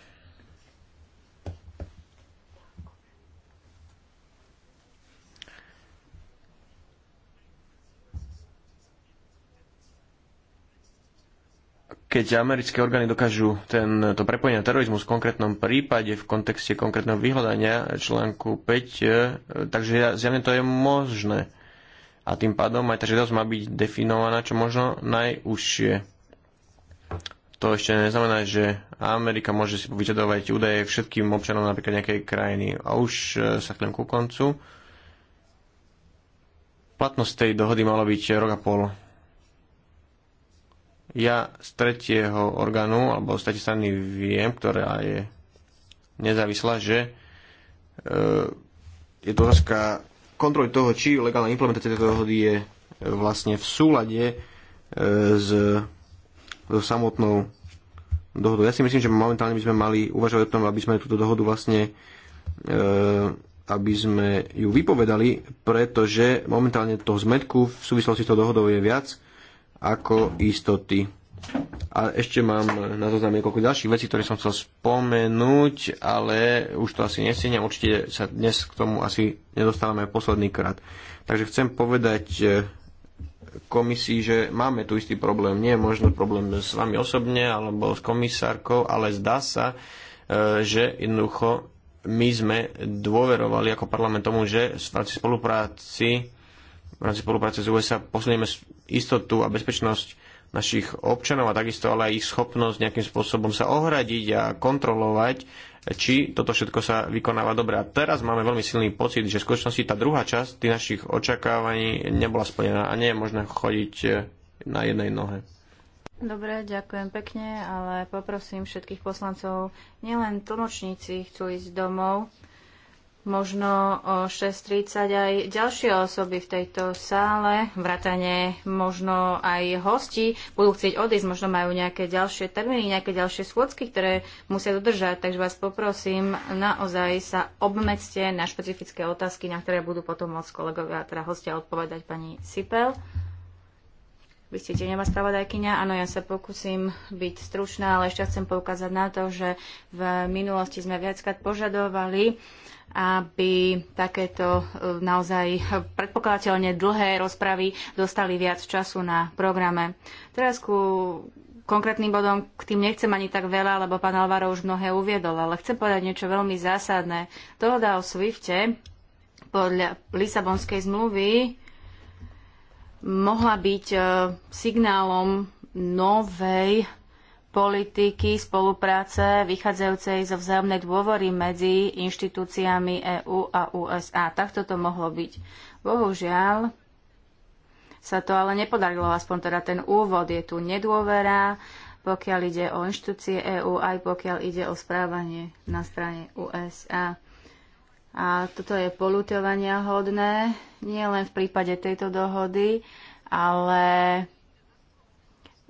keď americké orgány dokážu to prepojenie terorizmu v konkrétnom prípade v kontexte konkrétneho vyhľadania článku 5, e, takže zjavne to je možné. A tým pádom aj tá žiadosť má byť definovaná čo možno najúžšie. To ešte neznamená, že Amerika môže si vyžadovať údaje všetkým občanom napríklad nejakej krajiny. A už e, sa chlem ku koncu. Platnosť tej dohody mala byť rok a pol ja z tretieho orgánu alebo z tretej strany viem, ktorá je nezávislá, že e, je to otázka kontroly toho, či legálna implementácia tejto dohody je e, vlastne v súlade e, s, so samotnou dohodou. Ja si myslím, že momentálne by sme mali uvažovať o tom, aby sme túto dohodu vlastne aby sme ju vypovedali, pretože momentálne toho zmetku v súvislosti s tou dohodou je viac ako istoty. A ešte mám na to zoznam niekoľko ďalších vecí, ktoré som chcel spomenúť, ale už to asi nestihnem, určite sa dnes k tomu asi nedostávame posledný krát. Takže chcem povedať e, komisii, že máme tu istý problém. Nie je možno problém s vami osobne alebo s komisárkou, ale zdá sa, e, že jednoducho my sme dôverovali ako parlament tomu, že v spolupráci v rámci spolupráce s USA posunieme istotu a bezpečnosť našich občanov a takisto ale aj ich schopnosť nejakým spôsobom sa ohradiť a kontrolovať, či toto všetko sa vykonáva dobre. A teraz máme veľmi silný pocit, že v skutočnosti tá druhá časť tých našich očakávaní nebola splnená a nie je možné chodiť e, na jednej nohe. Dobre, ďakujem pekne, ale poprosím všetkých poslancov, nielen tlmočníci chcú ísť domov, možno o 6.30 aj ďalšie osoby v tejto sále, vratane možno aj hosti budú chcieť odísť, možno majú nejaké ďalšie termíny, nejaké ďalšie schôdzky, ktoré musia dodržať. Takže vás poprosím, naozaj sa obmedzte na špecifické otázky, na ktoré budú potom môcť kolegovia, teda hostia odpovedať pani Sipel. Vy ste nemá spravodajkyňa. Áno, ja sa pokúsim byť stručná, ale ešte chcem poukázať na to, že v minulosti sme viackrát požadovali, aby takéto e, naozaj predpokladateľne dlhé rozpravy dostali viac času na programe. Teraz ku konkrétnym bodom k tým nechcem ani tak veľa, lebo pán Alvaro už mnohé uviedol, ale chcem povedať niečo veľmi zásadné. Dohoda o Swifte podľa Lisabonskej zmluvy mohla byť e, signálom novej politiky spolupráce vychádzajúcej zo vzájomnej dôvory medzi inštitúciami EÚ a USA. Takto to mohlo byť. Bohužiaľ sa to ale nepodarilo, aspoň teda ten úvod je tu nedôvera, pokiaľ ide o inštitúcie EÚ, aj pokiaľ ide o správanie na strane USA. A toto je polutovania hodné, nie len v prípade tejto dohody, ale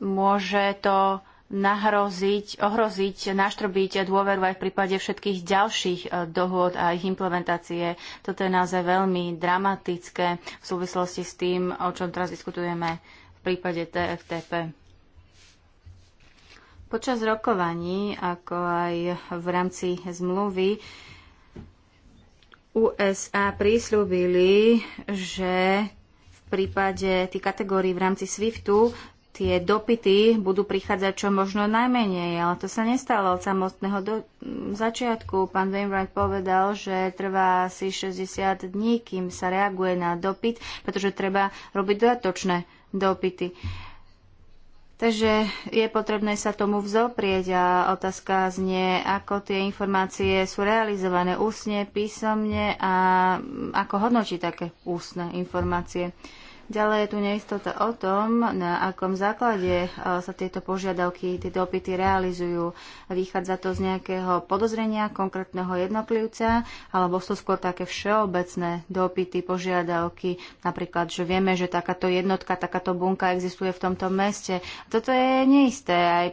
môže to nahroziť, ohroziť, naštrbiť dôveru aj v prípade všetkých ďalších e, dohôd a ich implementácie. Toto je naozaj veľmi dramatické v súvislosti s tým, o čom teraz diskutujeme v prípade TFTP. Počas rokovaní, ako aj v rámci zmluvy, USA prísľubili, že v prípade tých kategórií v rámci SWIFTu tie dopity budú prichádzať čo možno najmenej, ale to sa nestalo od samotného do začiatku. Pán Wainwright povedal, že trvá asi 60 dní, kým sa reaguje na dopyt, pretože treba robiť dodatočné dopity. Uh, Takže je potrebné sa tomu vzoprieť a otázka znie, ako tie informácie sú realizované ústne, písomne a ako hodnotí také ústne informácie. Ďalej je tu neistota o tom, na akom základe e, sa tieto požiadavky, tieto opity realizujú. Vychádza to z nejakého podozrenia konkrétneho jednotlivca, alebo sú skôr také všeobecné dopity, požiadavky, napríklad, že vieme, že takáto jednotka, takáto bunka existuje v tomto meste. Toto je neisté aj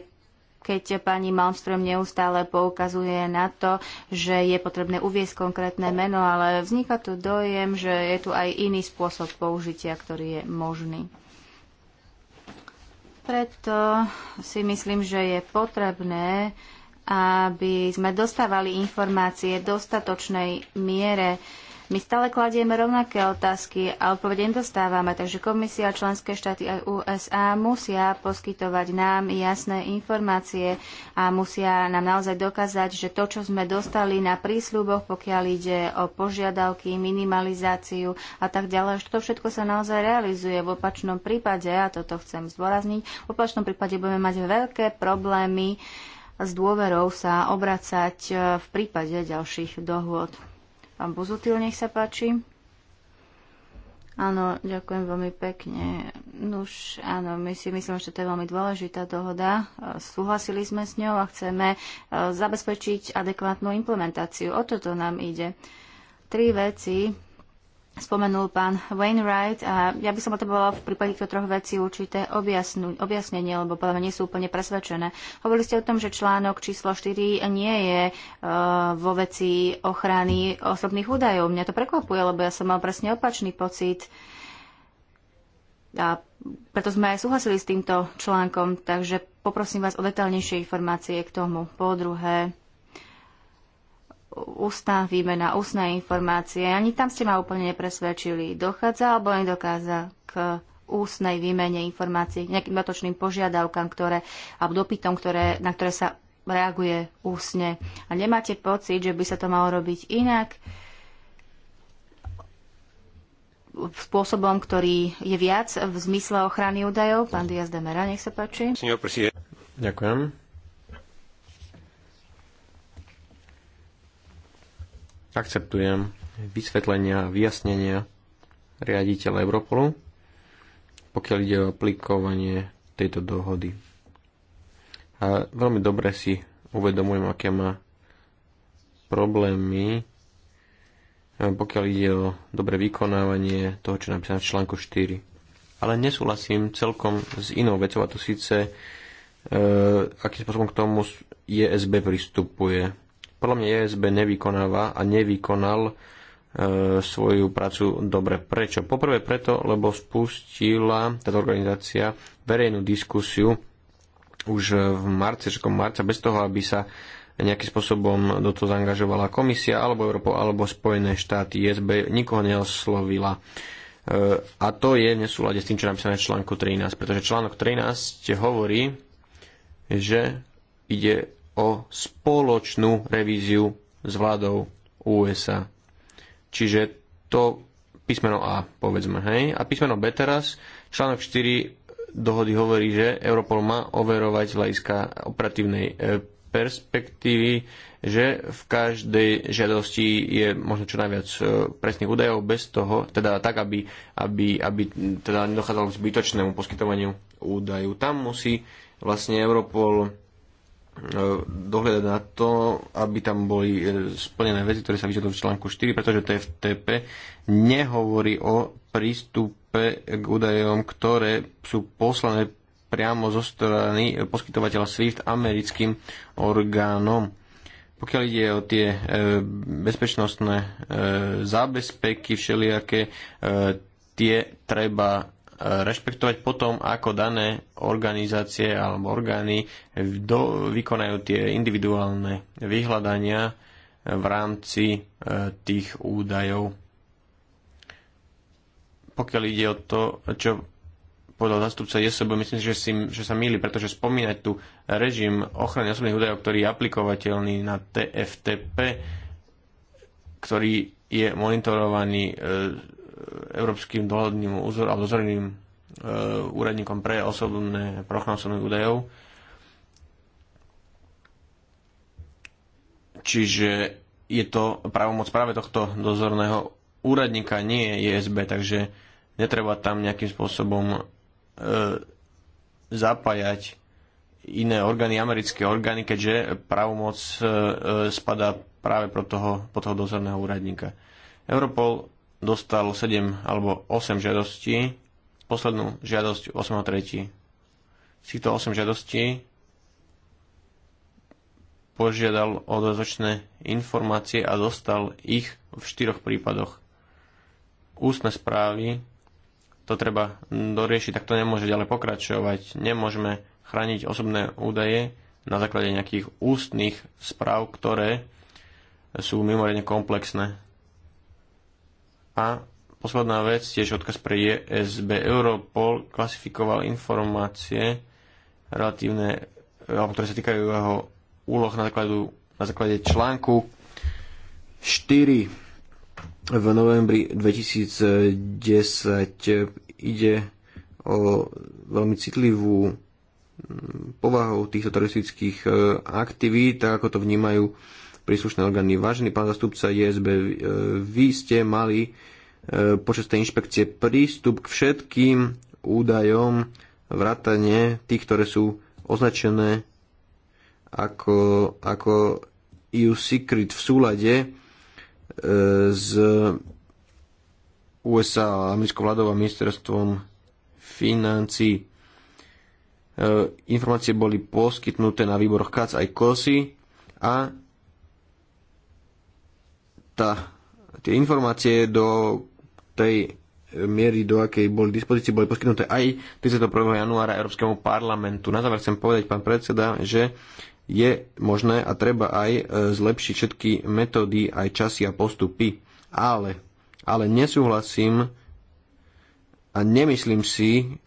keď pani Malmström neustále poukazuje na to, že je potrebné uviesť konkrétne meno, ale vzniká tu dojem, že je tu aj iný spôsob použitia, ktorý je možný. Preto si myslím, že je potrebné aby sme dostávali informácie v dostatočnej miere my stále kladieme rovnaké otázky a odpovede nedostávame, takže komisia, členské štáty aj USA musia poskytovať nám jasné informácie a musia nám naozaj dokázať, že to, čo sme dostali na prísľuboch, pokiaľ ide o požiadavky, minimalizáciu a tak ďalej, že to všetko sa naozaj realizuje. V opačnom prípade, a toto chcem zdôrazniť, v opačnom prípade budeme mať veľké problémy s dôverou sa obracať eh, v prípade ďalších dohôd. Pán Buzutil, nech sa páči. Áno, ďakujem veľmi pekne. Nuž, áno, my si myslím, že to je veľmi dôležitá dohoda. Súhlasili sme s ňou a chceme e, zabezpečiť adekvátnu implementáciu. O toto nám ide. Tri veci spomenul pán Wainwright a ja by som potrebovala v prípade týchto troch vecí určité objasnenie, lebo podľa mňa nie sú úplne presvedčené. Hovorili ste o tom, že článok číslo 4 nie je e, vo veci ochrany osobných údajov. Mňa to prekvapuje, lebo ja som mal presne opačný pocit. A preto sme aj súhlasili s týmto článkom, takže poprosím vás o detaľnejšie informácie k tomu. Po druhé, ústna výmena, ústne informácie. Ani tam ste ma úplne nepresvedčili. Dochádza alebo nedokáza k ústnej výmene informácií, k nejakým datočným požiadavkám, ktoré, alebo dopytom, ktoré, na ktoré sa reaguje úsne. A nemáte pocit, že by sa to malo robiť inak? spôsobom, ktorý je viac v zmysle ochrany údajov. Pán Diaz de Mera, nech sa páči. Ďakujem. akceptujem vysvetlenia, vyjasnenia riaditeľa Europolu, pokiaľ ide o aplikovanie tejto dohody. A veľmi dobre si uvedomujem, aké má problémy, pokiaľ ide o dobre vykonávanie toho, čo je napísané v článku 4. Ale nesúhlasím celkom s inou vecou, a to síce, e, akým spôsobom k tomu ISB e pristupuje podľa mňa ESB nevykonáva a nevykonal e, svoju prácu dobre. Prečo? Poprvé preto, lebo spustila táto organizácia verejnú diskusiu už v marci, všetkom marca, bez toho, aby sa nejakým spôsobom do toho zaangažovala komisia alebo Európa alebo Spojené štáty. ESB nikoho neoslovila. E, a to je v nesúlade s tým, čo je napísané v článku 13, pretože článok 13 hovorí, že ide o spoločnú revíziu s vládou USA. Čiže to písmeno A, povedzme, hej. A písmeno B teraz, článok 4 dohody hovorí, že Europol má overovať z hľadiska operatívnej e, perspektívy, že v každej žiadosti je možno čo najviac e, presných údajov bez toho, teda tak, aby, aby, aby teda nedochádzalo k zbytočnému poskytovaniu údajov. Tam musí vlastne Europol E, dohľadať na to, aby tam boli e, splnené veci, ktoré sa vyžadujú v článku 4, pretože TFTP nehovorí o prístupe k údajom, ktoré sú poslané priamo zo strany poskytovateľa SWIFT americkým orgánom. Pokiaľ ide o tie e, bezpečnostné zábezpeky všelijaké, tie treba rešpektovať potom, ako dané organizácie alebo orgány do, vykonajú tie individuálne vyhľadania v rámci e, tých údajov. Pokiaľ ide o to, čo povedal zastupca JSB, myslím, že, si, že sa mýli, pretože spomínať tu režim ochrany osobných údajov, ktorý je aplikovateľný na TFTP, ktorý je monitorovaný e, európskym dohľadným úzor, dozorným e, úradníkom pre osobné prochám údajov. Čiže je to právomoc práve tohto dozorného úradníka, nie ISB, takže netreba tam nejakým spôsobom e, zapájať iné orgány, americké orgány, keďže právomoc e, e spadá práve pro toho, toho dozorného úradníka. Europol dostal 7 alebo 8 žiadostí, poslednú žiadosť 8.3. Z týchto 8 žiadostí požiadal o dodatočné informácie a dostal ich v 4 prípadoch. Ústne správy, to treba doriešiť, tak to nemôže ďalej pokračovať. Nemôžeme chrániť osobné údaje na základe nejakých ústnych správ, ktoré sú mimoriadne komplexné. A posledná vec, tiež odkaz pre ESB Europol, klasifikoval informácie relatívne, alebo ktoré sa týkajú jeho úloh na, základe, na základe článku 4 v novembri 2010 ide o veľmi citlivú povahu týchto teroristických e, aktivít, tak ako to vnímajú príslušné orgány. Vážený pán zastupca ISB, e, vy ste mali e, počas tej inšpekcie prístup k všetkým údajom vrátane tých, ktoré sú označené ako, ako EU Secret v súlade e, s USA, americkou vládou a ministerstvom financí. Informácie boli poskytnuté na výboroch CAC aj COSI a tá, tie informácie do tej miery, do akej boli dispozícii, boli poskytnuté aj 31. januára Európskemu parlamentu. Na záver chcem povedať, pán predseda, že je možné a treba aj e, zlepšiť všetky metódy, aj časy a postupy. Ale, ale nesúhlasím a nemyslím si,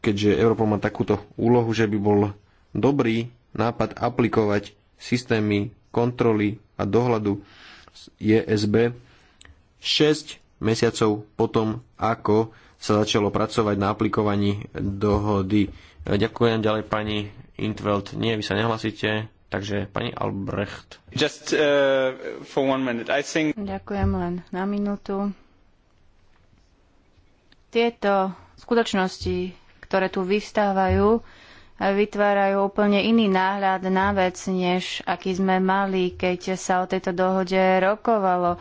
keďže Európa má takúto úlohu, že by bol dobrý nápad aplikovať systémy kontroly a dohľadu JSB 6 mesiacov potom, ako sa začalo pracovať na aplikovaní dohody. Ďakujem ďalej pani Intveld. Nie, vy sa nehlasíte. Takže pani Albrecht. Just, uh, for one minute. I think... Ďakujem len na minútu. Tieto skutočnosti, ktoré tu vystávajú, vytvárajú úplne iný náhľad na vec, než aký sme mali, keď sa o tejto dohode rokovalo.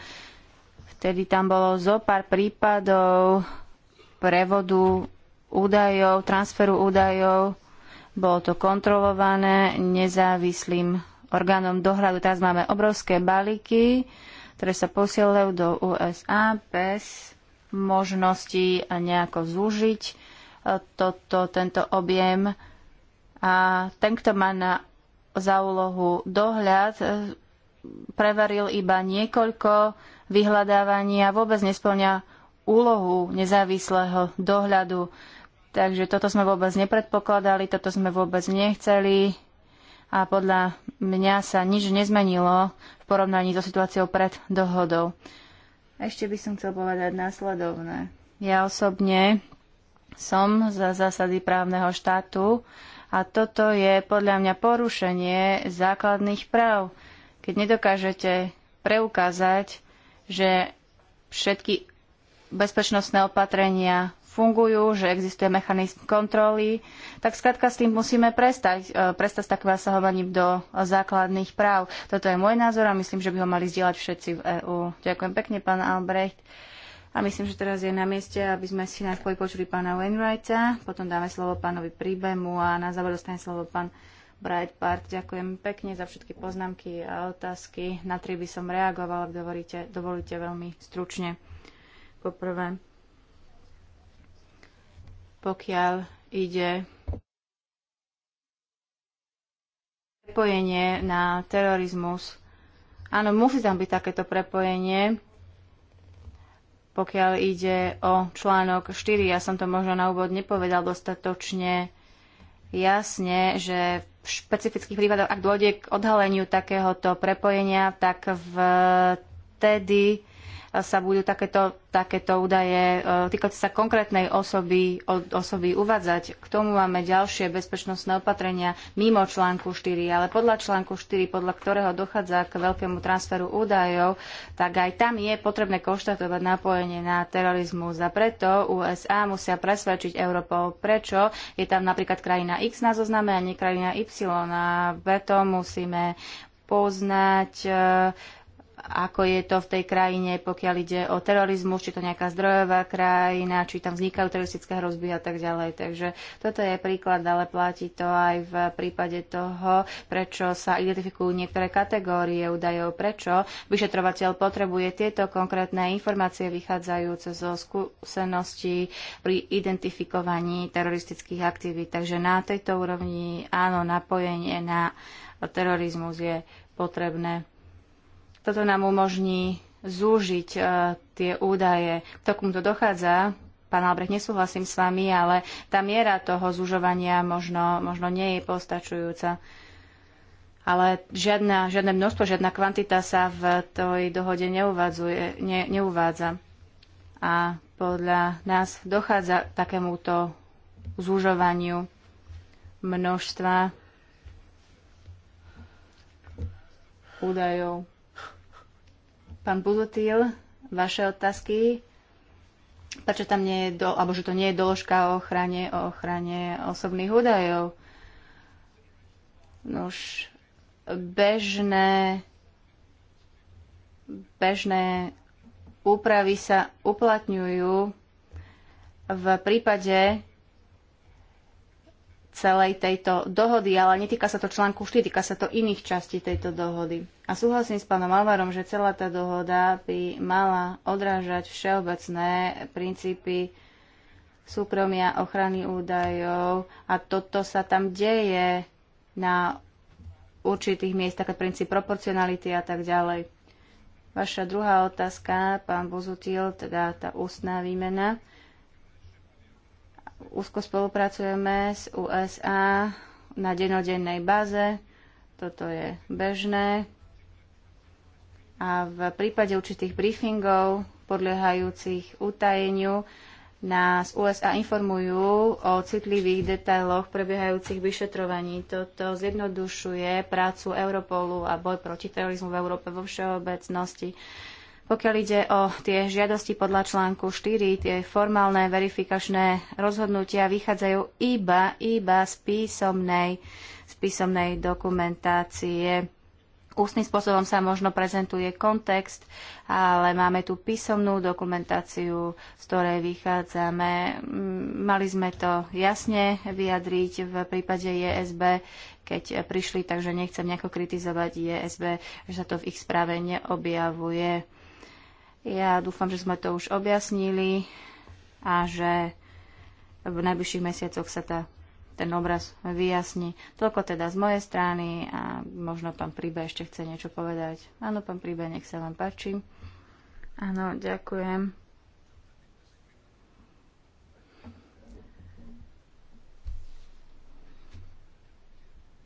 Vtedy tam bolo zo pár prípadov prevodu údajov, transferu údajov. Bolo to kontrolované nezávislým orgánom dohľadu. Teraz máme obrovské balíky, ktoré sa posielajú do USA bez možnosti nejako zúžiť eh, toto, tento objem a ten, kto má na, za úlohu dohľad, e, preveril iba niekoľko vyhľadávaní a vôbec nesplňa úlohu nezávislého dohľadu. Takže toto sme vôbec nepredpokladali, toto sme vôbec nechceli a podľa mňa sa nič nezmenilo v porovnaní so situáciou pred dohodou. Ešte by som chcel povedať následovné. Ja osobne som za zásady právneho štátu a toto je podľa mňa porušenie základných práv. Keď nedokážete preukázať, že všetky bezpečnostné opatrenia fungujú, že existuje mechanizm kontroly, tak skrátka s tým musíme prestať, e, prestať s takým zasahovaním do základných práv. Toto je môj názor a myslím, že by ho mali zdieľať všetci v EÚ. Ďakujem pekne, pán Albrecht. A myslím, že teraz je na mieste, aby sme si najskôr počuli pána Wainwrighta, potom dáme slovo pánovi Príbemu a na záver dostane slovo pán Breitbart. Ďakujem pekne za všetky poznámky a otázky. Na tri by som reagovala, ak dovolíte, dovolíte veľmi stručne. Poprvé, pokiaľ ide prepojenie na terorizmus. Áno, musí tam byť takéto prepojenie pokiaľ ide o článok 4. Ja som to možno na úvod nepovedal dostatočne jasne, že v špecifických prípadoch, ak dôjde k odhaleniu takéhoto prepojenia, tak vtedy sa budú takéto, takéto údaje e, týkajúce sa konkrétnej osoby, od osoby uvádzať. K tomu máme ďalšie bezpečnostné opatrenia mimo článku 4, ale podľa článku 4, podľa ktorého dochádza k veľkému transferu údajov, tak aj tam je potrebné konštatovať napojenie na terorizmus a preto USA musia presvedčiť Európou, prečo je tam napríklad krajina X na zozname a nie krajina Y a preto musíme poznať uh, ako je to v tej krajine, pokiaľ ide o terorizmus, či to nejaká zdrojová krajina, či tam vznikajú teroristické hrozby a tak ďalej. Takže toto je príklad, ale platí to aj v prípade toho, prečo sa identifikujú niektoré kategórie údajov, prečo vyšetrovateľ potrebuje tieto konkrétne informácie vychádzajúce zo skúseností pri identifikovaní teroristických aktivít. Takže na tejto úrovni áno, napojenie na terorizmus je potrebné. Toto nám umožní zúžiť e, tie údaje. K tomuto dochádza. Pán Albrecht, nesúhlasím s vami, ale tá miera toho zúžovania možno, možno nie je postačujúca. Ale žiadna, žiadne množstvo, žiadna kvantita sa v tej dohode neuvádzuje, ne, neuvádza. A podľa nás dochádza k takémuto zúžovaniu množstva údajov. Pán Buzutil, vaše otázky, prečo tam nie je, do, alebo že to nie je doložka o ochrane, o ochrane osobných údajov. No už bežné, bežné úpravy sa uplatňujú v prípade, celej tejto dohody, ale netýka sa to článku 4, týka sa to iných častí tejto dohody. A súhlasím s pánom Alvarom, že celá tá dohoda by mala odrážať všeobecné princípy súkromia, ochrany údajov a toto sa tam deje na určitých miestach, ako princíp proporcionality a tak ďalej. Vaša druhá otázka, pán Buzutil, teda tá ústná výmena. Úzko spolupracujeme s USA na denodennej báze. Toto je bežné. A v prípade určitých briefingov podliehajúcich utajeniu nás USA informujú o citlivých detailoch prebiehajúcich vyšetrovaní. Toto zjednodušuje prácu Europolu a boj proti terorizmu v Európe vo všeobecnosti. Pokiaľ ide o tie žiadosti podľa článku 4, tie formálne verifikačné rozhodnutia vychádzajú iba, iba z písomnej, z písomnej dokumentácie. Ústnym spôsobom sa možno prezentuje kontext, ale máme tu písomnú dokumentáciu, z ktorej vychádzame. Mali sme to jasne vyjadriť v prípade JSB, keď prišli, takže nechcem nejako kritizovať JSB, že sa to v ich správe neobjavuje ja dúfam, že sme to už objasnili a že v najbližších mesiacoch sa tá, ten obraz vyjasní. Toľko teda z mojej strany a možno pán Príbe ešte chce niečo povedať. Áno, pán Príbe, nech sa vám páči. Áno, ďakujem.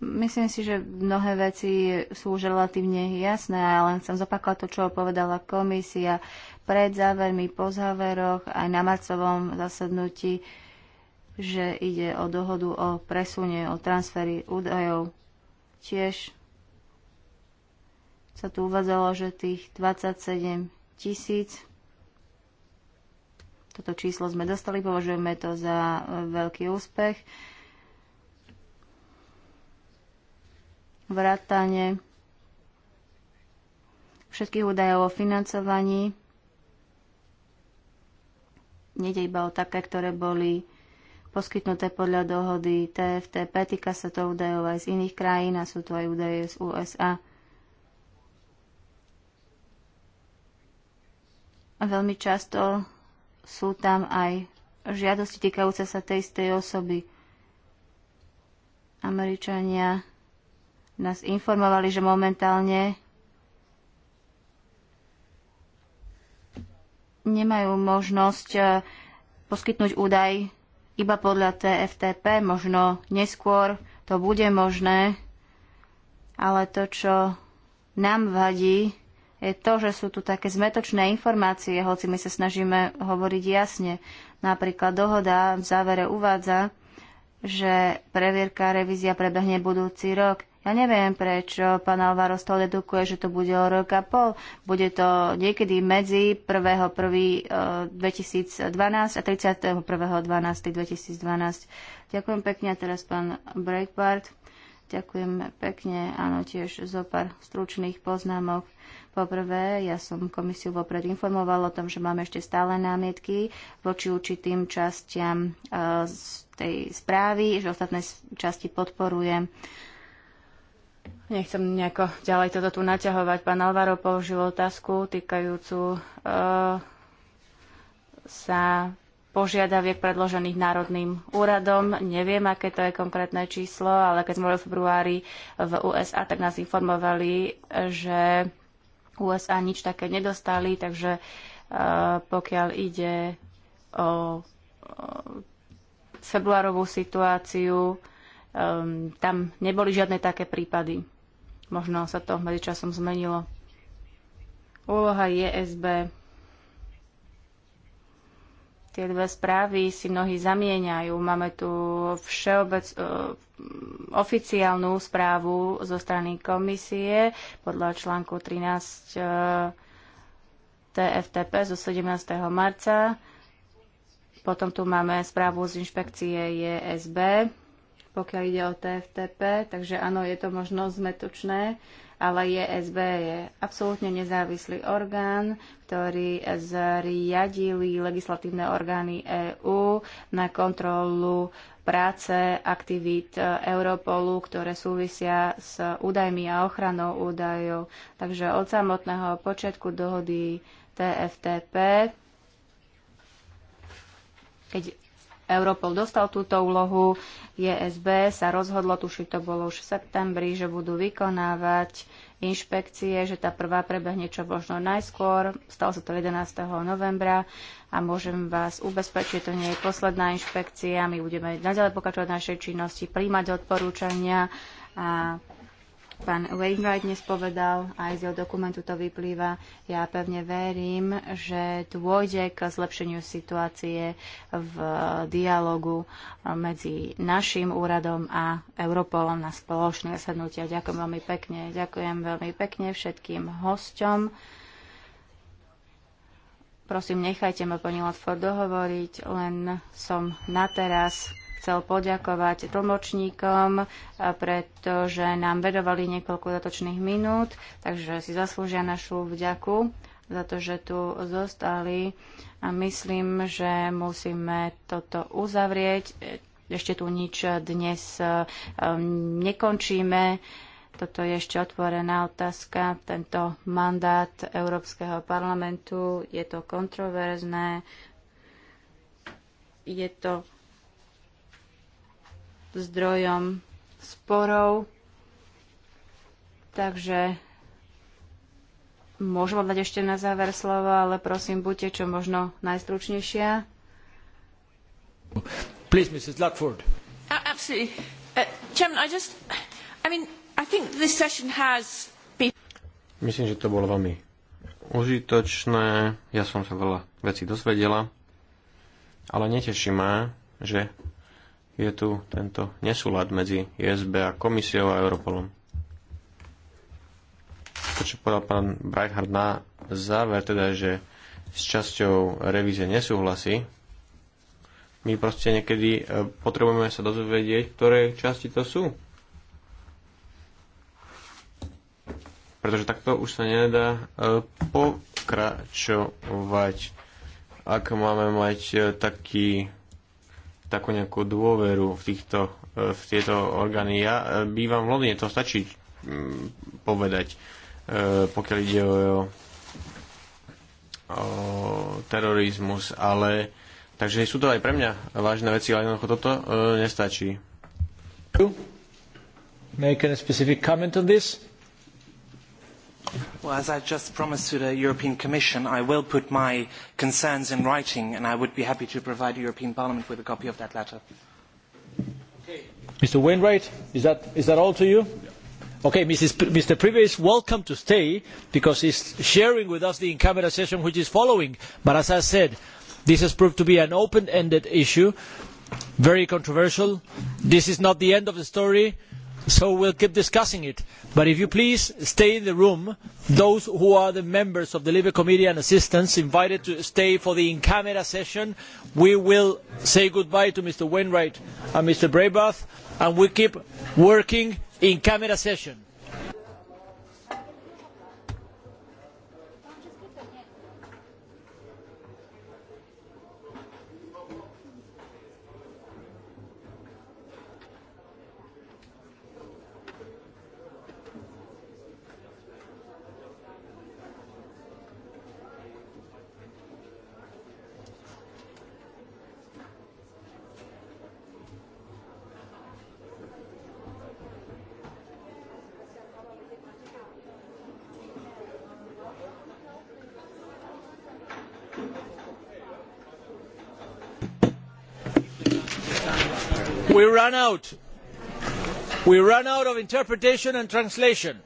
Myslím si, že mnohé veci sú už relatívne jasné, ale chcem zopakovať to, čo povedala komisia pred závermi, po záveroch, aj na marcovom zasadnutí, že ide o dohodu o presune, o transfery údajov. Tiež sa tu uvádzalo, že tých 27 tisíc, toto číslo sme dostali, považujeme to za veľký úspech. vrátane všetkých údajov o financovaní. Nede iba o také, ktoré boli poskytnuté podľa dohody TFTP. Týka sa to údajov aj z iných krajín a sú to aj údaje z USA. A veľmi často sú tam aj žiadosti týkajúce sa tej istej osoby. Američania nás informovali, že momentálne nemajú možnosť e, poskytnúť údaj iba podľa TFTP, možno neskôr to bude možné, ale to, čo nám vadí, je to, že sú tu také zmetočné informácie, hoci my sa snažíme hovoriť jasne. Napríklad dohoda v závere uvádza, že previerka a revízia prebehne budúci rok. Ja neviem, prečo pán Alvaro z dedukuje, že to bude o rok a pol. Bude to niekedy medzi 1.1.2012 e, a 31.12.2012. Ďakujem pekne a teraz pán Breitbart. Ďakujem pekne, áno, tiež zo pár stručných poznámok. Poprvé, ja som komisiu vopred informoval o tom, že máme ešte stále námietky voči určitým častiam e, z tej správy, že ostatné časti podporujem. Nechcem nejako ďalej toto tu naťahovať. Pán Alvaro položil otázku týkajúcu e, sa požiadaviek predložených národným úradom. Neviem, aké to je konkrétne číslo, ale keď sme boli v februári v USA, tak nás informovali, že USA nič také nedostali, takže uh, pokiaľ ide o, o februárovú situáciu, um, tam neboli žiadne také prípady. Možno sa to medzičasom zmenilo. Úloha JSB. Tie dve správy si mnohí zamieňajú. Máme tu všeobec, uh, oficiálnu správu zo strany komisie podľa článku 13 uh, TFTP zo 17. marca. Potom tu máme správu z inšpekcie JSB pokiaľ ide o TFTP, takže áno, je to možno zmetočné, ale JSB je absolútne nezávislý orgán, ktorý zriadili legislatívne orgány EÚ na kontrolu práce, aktivít Europolu, ktoré súvisia s údajmi a ochranou údajov. Takže od samotného počiatku dohody TFTP, keď Europol dostal túto úlohu. ESB sa rozhodlo, tuši to bolo už v septembri, že budú vykonávať inšpekcie, že tá prvá prebehne čo možno najskôr. Stalo sa to 11. novembra a môžem vás ubezpečiť, že to nie je posledná inšpekcia. My budeme naďalej pokračovať našej činnosti, príjmať odporúčania a pán Wainwright dnes povedal, aj z jeho dokumentu to vyplýva. Ja pevne verím, že dôjde k zlepšeniu situácie v dialogu medzi našim úradom a Europolom na spoločné sednutia. Ďakujem veľmi pekne. Ďakujem veľmi pekne všetkým hosťom. Prosím, nechajte ma pani Latford dohovoriť, len som na teraz chcel poďakovať tlmočníkom, e, pretože nám vedovali niekoľko dodatočných minút, takže si zaslúžia našu vďaku za to, že tu zostali. A myslím, že musíme toto uzavrieť. Ešte tu nič dnes e, nekončíme. Toto je ešte otvorená otázka. Tento mandát Európskeho parlamentu je to kontroverzné. Je to zdrojom sporov. Takže môžem vám dať ešte na záver slovo, ale prosím, buďte čo možno najstručnejšia. Please, Mrs. Ludford. Uh, absolutely. Uh, Chairman, I just, I mean, I think this session has been... Myslím, že to bolo veľmi užitočné. Ja som sa veľa vecí dozvedela, ale neteší ma, že je tu tento nesúlad medzi ISB a komisiou a Europolom. To, čo povedal pán Breithard na záver, teda, že s časťou revízie nesúhlasí, my proste niekedy e, potrebujeme sa dozvedieť, ktoré časti to sú. Pretože takto už sa nedá e, pokračovať. Ak máme mať e, taký takú nejakú dôveru v, týchto, e, v tieto orgány. Ja e, bývam v Londýne, to stačí povedať, e, pokiaľ ide o, o terorizmus, ale takže sú to aj pre mňa vážne veci, ale jednoducho toto nestačí. Make a specific comment on this? Well, as I just promised to the European Commission, I will put my concerns in writing, and I would be happy to provide the European Parliament with a copy of that letter. Mr. Wainwright, is that, is that all to you? Yeah. Okay, Mrs. P Mr. Privé is welcome to stay because he's sharing with us the in-camera session which is following. But as I said, this has proved to be an open-ended issue, very controversial. This is not the end of the story so we will keep discussing it but if you please stay in the room those who are the members of the libe committee and assistants invited to stay for the in camera session we will say goodbye to mr wainwright and mr breitbart and we keep working in camera session. we ran out we ran out of interpretation and translation.